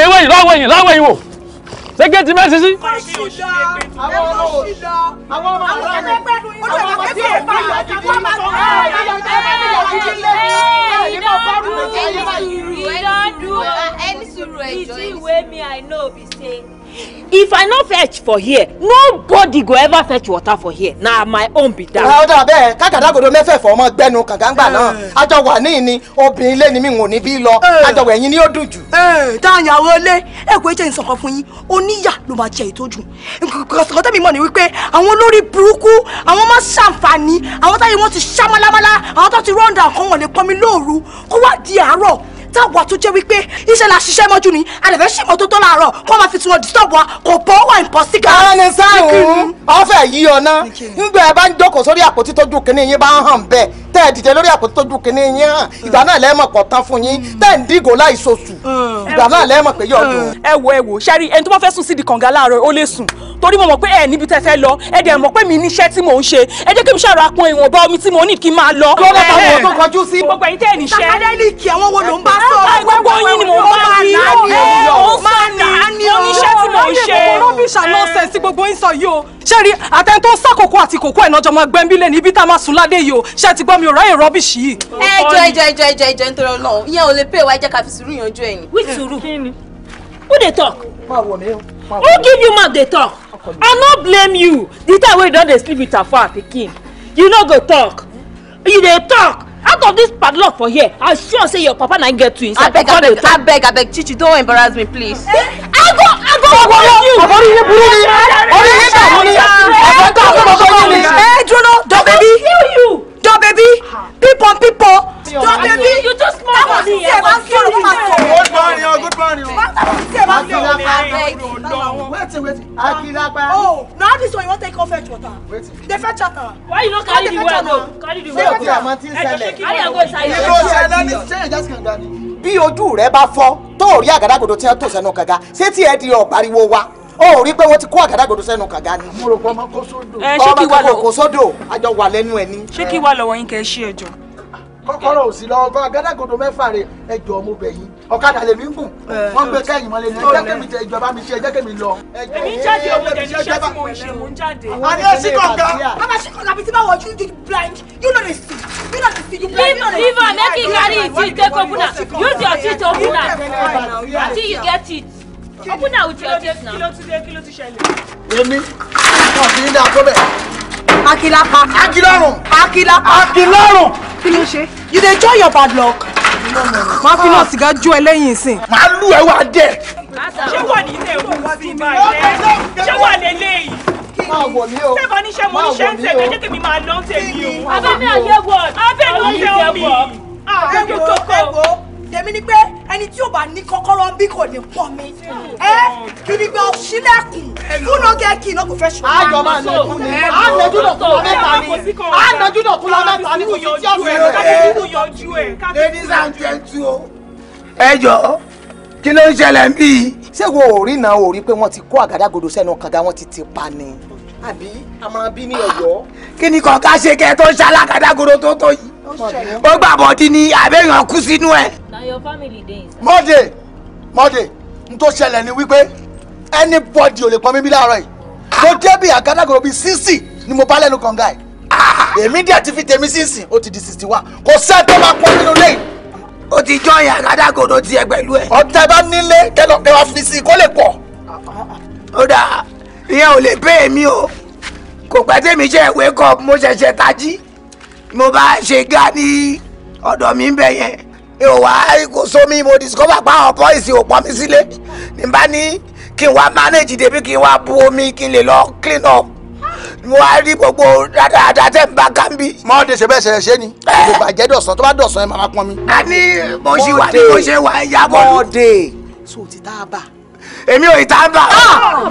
ìwé yìí lọ́wọ́ yìí lọ́wọ́ yìí wò ṣé kí n ti ṣe sí. àwọn ọmọ ọ̀rọ̀ mi àwọn ọmọ ọ̀rọ̀ mi if i no fetch for here nobody go ever fetch water for here na my own be that. ọ̀dà bẹ́ẹ̀ kákàdàgòdò mẹ́fẹ̀ẹ̀fọ̀ ọmọ gbẹnu kàngàǹgbà náà àjọ wà ní ìní obìnrin lé ni mi ò ní bí lọ àjọ wẹ̀yìn ni ó dùn jù. dáhùnyàwó lé ẹ̀kọ́ ẹ̀jẹ̀ ìsọ̀kan fún yín oníyà ló máa jẹ ìtọ́jú kọ̀sọ̀kan tẹ̀mí mọ̀ ni wípé àwọn olórí burúkú àwọn máa ṣàǹfààní àwọn táyé wọn ti ṣá málámálá àwọn tó ti rọ́ǹdà kan wọ̀n lè pọnmi lóòru kó wá di àárọ̀ táwa tó jẹ́ wípé iṣẹ́ la ṣiṣẹ́ mọ́jú ni àlẹ́fẹ́ ṣì mọ́ tó tó láàárọ̀ kó máa fi tiwọn disturb wa kò bọ́ wà impossible. ara ni sáà ń ọ̀fẹ́ yí ọ ná nígbà ẹ bá ń jókòó sórí àpótí tójú kìnìún yín bá ń hàn bẹ́ẹ̀ tẹ́ ẹ dìde lórí àpótí tójú kìíní yín hàn ìgbà náà lẹ́ẹ̀mọ̀ pọ̀ tán fún yín mm. tẹ́ ẹ ń dìgò láì sòsù mm. ìgbà náà lẹ́ẹ̀mọ̀ pé yọ̀ dùn. Mm. ẹ wo ẹ wo sẹ́rí ẹni tó bá fẹ́ sùn sí di kànga láàárọ̀ ó lè sùn torí mo mọ̀ pé ẹ níbi tẹ́ fẹ́ lọ ẹ dẹ̀ mọ̀ pé mi níṣẹ́ tí mò ń ṣe ẹ jẹ́ kí mi ṣàrọ̀ apọn ìwọ̀nba omi tí mo ní kí n máa lọ. lọ́wọ́ bá wọn tó kọjú sí. gbogbo ẹ̀ ni mò ń bá wí. máa nà á ní o. oníṣẹ́ tí mò ń ṣe. rọ́bìṣà lọ́sẹ̀ sí gbogbo ń sọ yìí o. ṣé rí àtẹ̀ntó sákòókò àti kòkó ẹ̀ náà jọmọ gbẹ́ńbílẹ̀ mi ò ráyè rọ́bìṣì yìí. ẹjọ ẹjọ ẹjọ ẹjọ ẹjọ nítorí Ọlọ́run ìyẹn ò lè pè wá ẹ ká fi sùúrù yanjú ẹ ni. sùúrù who dey talk. máa wọ mi o. who give you mouth dey talk. i no blame you the time wey you don dey sleep with afa pikin you no go talk you dey talk out of this padlock for here i sure say your papa na get to inside abeg abeg abeg abeg chichi don embarrass me please. i go i go worry you. ọ̀gọ́rí yín burú ni ọ̀rí yín ṣàmúlí ọ̀gọ́rí yín ṣàmúlí. ẹ dúró dọ́ bẹ́bí jọ bẹbí people. pípọ jọ bẹbí táwọn sì ṣe máa ń sọ̀rọ̀ máa sọ̀rọ̀. good morning o oh, good morning o. táwọn sì ṣe máa ń sọ̀rọ̀ máa wait. wetin wetin akilapa. oh now this one you wan take off fetch water. The fetch water. why you not carry the water? carry the water. go. ṣé o ti àmọ́ tí ń ṣẹlẹ̀. carry am go ṣayẹ. ìlú ṣẹlẹ̀ ní ṣẹyìn just come down. bí ojú rẹ bá fọ́ tó rí àgádágodo tí wọ́n tò sẹ́nu kànga ṣé tí ẹ di ọ̀pariwo wa ó rí pé wọ́n ti kó àgádágodo sẹ́nu kàga ni. mo rò pé ọmọ kó sódò. ẹ ṣé kí wà lọ ọmọ kó sódò àjọ wà lẹ́nu ẹ̀ ni. ṣé kí wà lọ́wọ́ yín kẹ́ ẹ ṣí ẹjọ́. kọ́kọ́rọ́ ò sí lọ́wọ́ bá àgádágodo mẹ́fà rẹ̀ ẹjọ́ mo bẹ̀ yín ọ̀kadà lèmi ń gùn wọ́n gbé kẹ́yìn mọ́lẹ̀ ní ẹjẹ́ kẹ́mi tẹ ìjọba mi ṣe ẹjẹ́ kẹ́mi lọ. èmi ń jáde owó jẹ níṣẹ́ tí mo ń ṣe mo ń jáde. àní èsì kọ̀ọ̀kan. bàbá ṣe kọ̀ọ̀kan àbí tí báwo ojú di blind you no dey see you no dey see you blind. leave am make e carry e teeth take open am use your teeth open am until you get it ọkúnà ojú ọjọ́ náà. kí ló ti dé kí ló ti ṣẹlẹ̀. èmi wọn kì í dá tó bẹ̀. akilapa. akilọrun. akilapa. akilọrun. kí ló ṣe. you dey enjoy your bad luck. máa fi náà sìgá jó ẹ lẹ́yìn ìsìn. màá lù ẹ wá dẹ. ṣé wà ní ilé ìwé sí ibà ilé ṣé wà lélẹ̀ yìí. Máa wọ̀ mí o. Sẹ́fọ̀ níṣẹ́ mo níṣẹ́ ń tẹ̀lé jẹ́ kí mi máa lọ tẹ̀lé o. Abẹ́mi àyẹ̀wò. Abẹ́mi àyẹ̀wò. Àbẹ̀mi kòkó tèmi ni pé ẹni tí ò bá ní kọ́kọ́rọ́ bí kò ní pọ̀ mi ẹ gidigba òṣìlẹ̀kùn kúnà gẹ̀ẹ́kì iná kò fẹ́ ṣọ́. àjọ máa ń lẹkùn ní ànájú dọ̀tún la mẹ́ta ni ànájú dọ̀tún la mẹ́ta ni kò sí tí ọ̀fẹ́ rẹ̀. ladies and gentlemen o ẹ jọ kí ló ń ṣẹlẹ̀ ń bí. ṣé wo ò rí náà ò rí pé wọ́n ti kó àgádágodo sẹ́nu kànga wọ́n ti ti pa ni. àbí àmọ́ bí ní ọ̀yọ́. kí ni kọ̀ọ̀ká ṣe kẹ́ tó ń ṣe alágàdágodo tó tó yìí ó gbàgbọ́ dín ní abẹ́yàn kú sínú ẹ̀. mọ́dé mọ́dé n tó ṣẹlẹ̀ ni wípé anybody ò lè pọn mi bí láàárọ̀ yìí mo débi àgádágodo bíi sísì ni mo bá lẹ́nu kànga ẹ̀ èmi díẹ̀ ti fi tèmi sísìn ó ti di sixty one kò sẹ́ẹ̀ tó máa pọ́n nínú lẹ́yìn. ó ti jọ ìyá àgádágodo tiẹ̀ pẹ̀lú ẹ̀. ọ̀tẹ̀ bá nílé kẹlọ kẹwàá fi sí i kó lè pọ̀. ó dáa ìyẹn ò lè pé èmi o kò pẹ́ tèmi jẹ́ ìwé kọ́ mo ṣẹ̀ṣẹ̀ tají mo bá ṣe gá ní ọ̀dọ̀ mi ń bẹ̀ yẹn èèwọ̀ wá kò sómi mo discover pa àwọn boys ò pọ́n mi sílé ní bá ní kí n wá manage débi kí n wá bu omi kí n lè lọ clean up mo wá rí gbogbo dáadáa tẹ́ ń bá kábí. mọ de ṣe bẹ́ẹ̀ ṣe ṣe ni kò eh. bàjẹ́ dọ̀sán tó bá dọ̀sán ẹ máa pọn mi. a ní mo ṣì wà ní mo ṣe wà ń yá bọ́ọ̀lù. mọ de so ti tá a bá èmi ò ìta bá.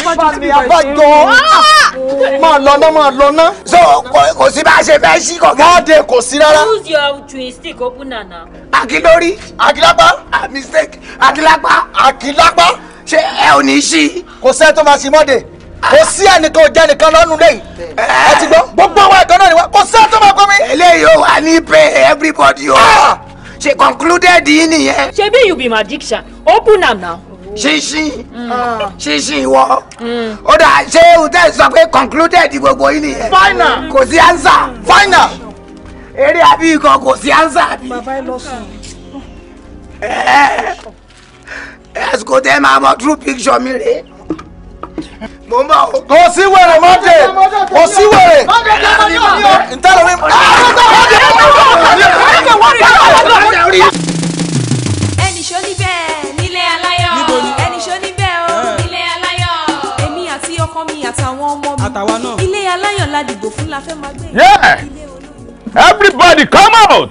abájọ ah! ah! máa lọ ná máa lọ ná. so kò sí bá a ṣe fẹ́ sí kọ̀ọ̀kan. wọ́n dé kò sí rárá. use your joystick opener now. akilori akilapa a mistake akilapa akilapa ṣé ẹ ò ní í ṣí. kò sẹ́ tó máa ṣe mọ́dẹ̀ kò sí ẹnìkan òjá nìkan lọ́nu lẹ́yìn eh. ẹ ti gbọ́ gbogbo àwọn ẹ̀kan náà ni wá kò sẹ́ tó máa kọ́ mi. eléyìí ò wá ní pay everybody o ah! ṣe concluded yìí nìyẹn. ṣebí you be my addiction open am now ṣinṣin ṣinṣin ìwọ ó dà ṣé o tẹ́ sọ pé concluded gbogbo yìí nìyẹn final kò sí answer final eré àbí ikọ̀ kò sí answer bí. bàbá ẹ lọ sùn. ẹsùkò tẹ máa mọ true picture mi rèé mo ń bọ̀ o. kò sí wèrè mọ́tẹ̀ kò sí wèrè. ntẹ́ lórí. mi àtàwọn ọmọ mi. àtàwa náà. ilé aláyọ̀ dìbò fún la fẹ́ máa gbé. yeah everybody come out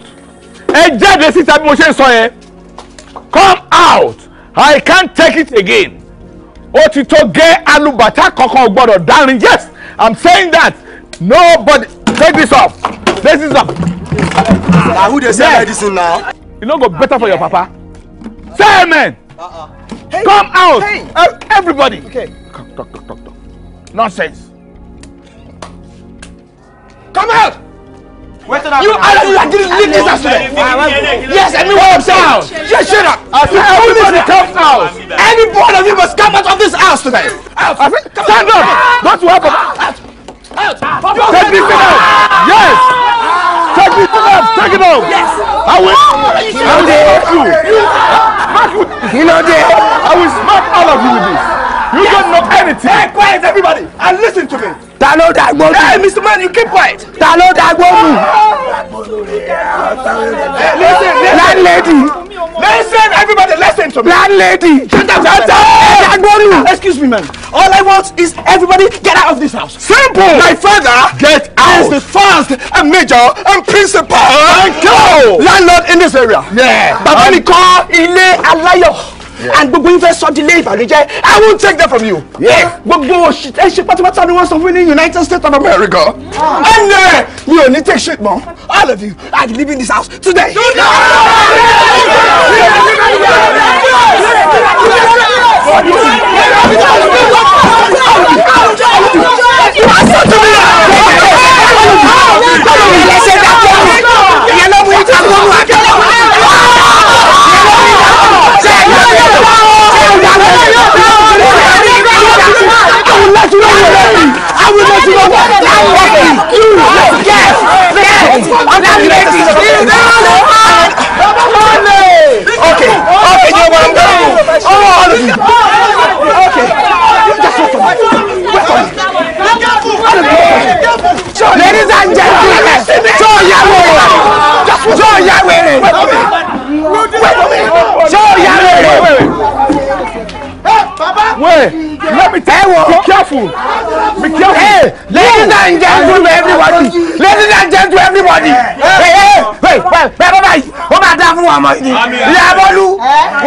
ẹ jáde síta bí mo ṣe ń sọ yẹn come out i can't take it again ó ti tó gé alùbàtà kankan gbọ́dọ̀ dárin yes i'm saying that nobody take this off take this off. na ah, who dey sell medicine na. e no go better for your papa say amen. Uh uh-uh. -uh. Hey, come out everybody. Okay. Talk, talk, talk. Nonsense. Come out! Wait you are you are getting leave this accident. Yes, and meanwhile I'm saying, just shut up. Everybody come out. Any one of you must come out of this house today. Stand up. That's what happened. Out. Take me thing out. Yes. Ah. Take me thing out. Take it out. Yes. I will. Oh, I will smack you. You know that. I will smack all of you with this. You yes. don't know anything. Hey, quiet everybody and listen to me. Ta ló dàgbò Hey, Mr. Man, you keep quiet. Ta ló dàgbò Listen, Landlady. Listen, everybody, listen to me. Landlady. Shut up, shut up. Dàgbò mu. Excuse me, man. All I want is everybody get out of this house. Simple. My father get out. is the first and major and principal and landlord in this area. Yeah. Bàbá mi kọ́ ilé aláyọ̀ and gbogbo yín fẹ́ sọ dílé ìbànújẹ́ i won't take that from you. gbogbo ẹ ṣe pátápátá ni wọ́n sọ fún mi ní united states of america ẹnlẹ mi ò ní take shit mọ́ all of you i dey leave in this house today. Ìyẹn ló mú ìtàkùn ọmọ àgbẹ̀. Ladies and gentlemen, so wait, wait, Hey, Baba. Wait. Let me tell you. Be careful. Be careful. Hey, ladies no. and gentlemen, everybody. Ladies and gentlemen, everybody. Hey, hey, hey. Well, well, bye. Ó máa dá fún ọmọ yìí. Ìyá Bọ́lú.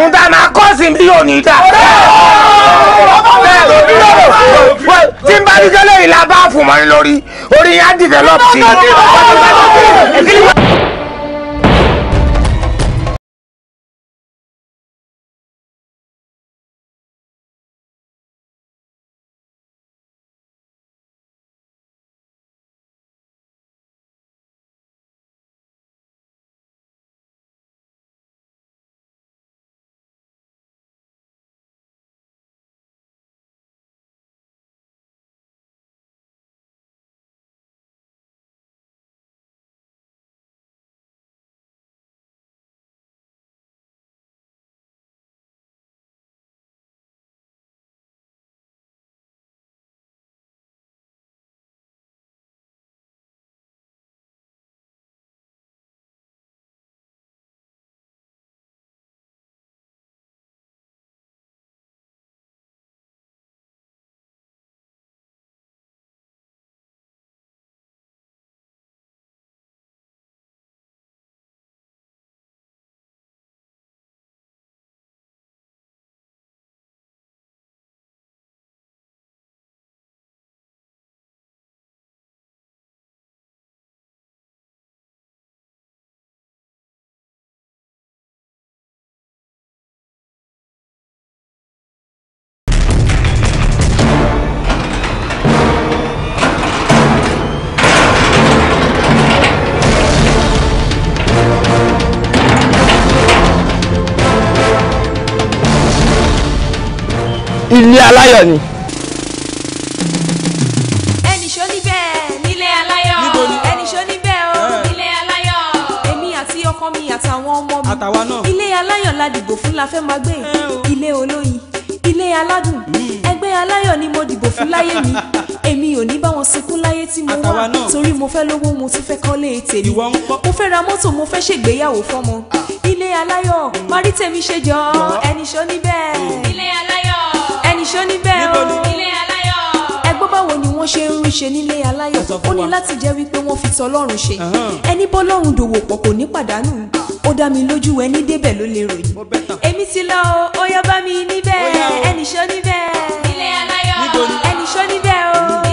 N ta máa kọ́ sí mi yóò ta. Well, n bá rí gẹ́lẹ́ yìí la bá fún mọ́ ní lórí. Orí yẹn á dìgẹ́ ilé aláyọ̀ ni. ẹnì ṣó níbẹ̀ nílé aláyọ̀ ẹnì ṣó níbẹ̀ o nílé aláyọ̀ èmi àti ọkọ mi àtàwọn ọmọ mi ilé aláyọ̀ la dìbò fún la fẹ́ máa gbé ilé olóyin ilé aládùn aláyọ̀ ni mo dìbò fún láyé mi èmi ò ní bá wọn sunkún láyé tí mo wà torí mo fẹ́ lówó mo tún fẹ́ kọ́lé tèmi mo fẹ́ ra mọ́tò mo fẹ́ ṣègbéyàwó fọ́mọ ah. ilé aláyọ̀ parí tèmi ṣe jọ ẹnìṣó níbẹ̀ ilé aláyọ̀ ẹnìṣó níbẹ̀ o ilé aláyọ̀ pé báwo ni wọ́n ṣe ń rí ṣe nílé aláyọ̀ ó ní láti jẹ́ wípé wọ́n fi tọlọ́run ṣe ẹni bọ́lọ́run dòwò pọ̀ kò ní pàdánù ó dá mi lójú ẹni débẹ̀ ló lè ròyìn èmi ti lọ ó yá bá mi níbẹ̀ ẹnìṣó níbẹ̀ ẹnìṣó níbẹ̀ o.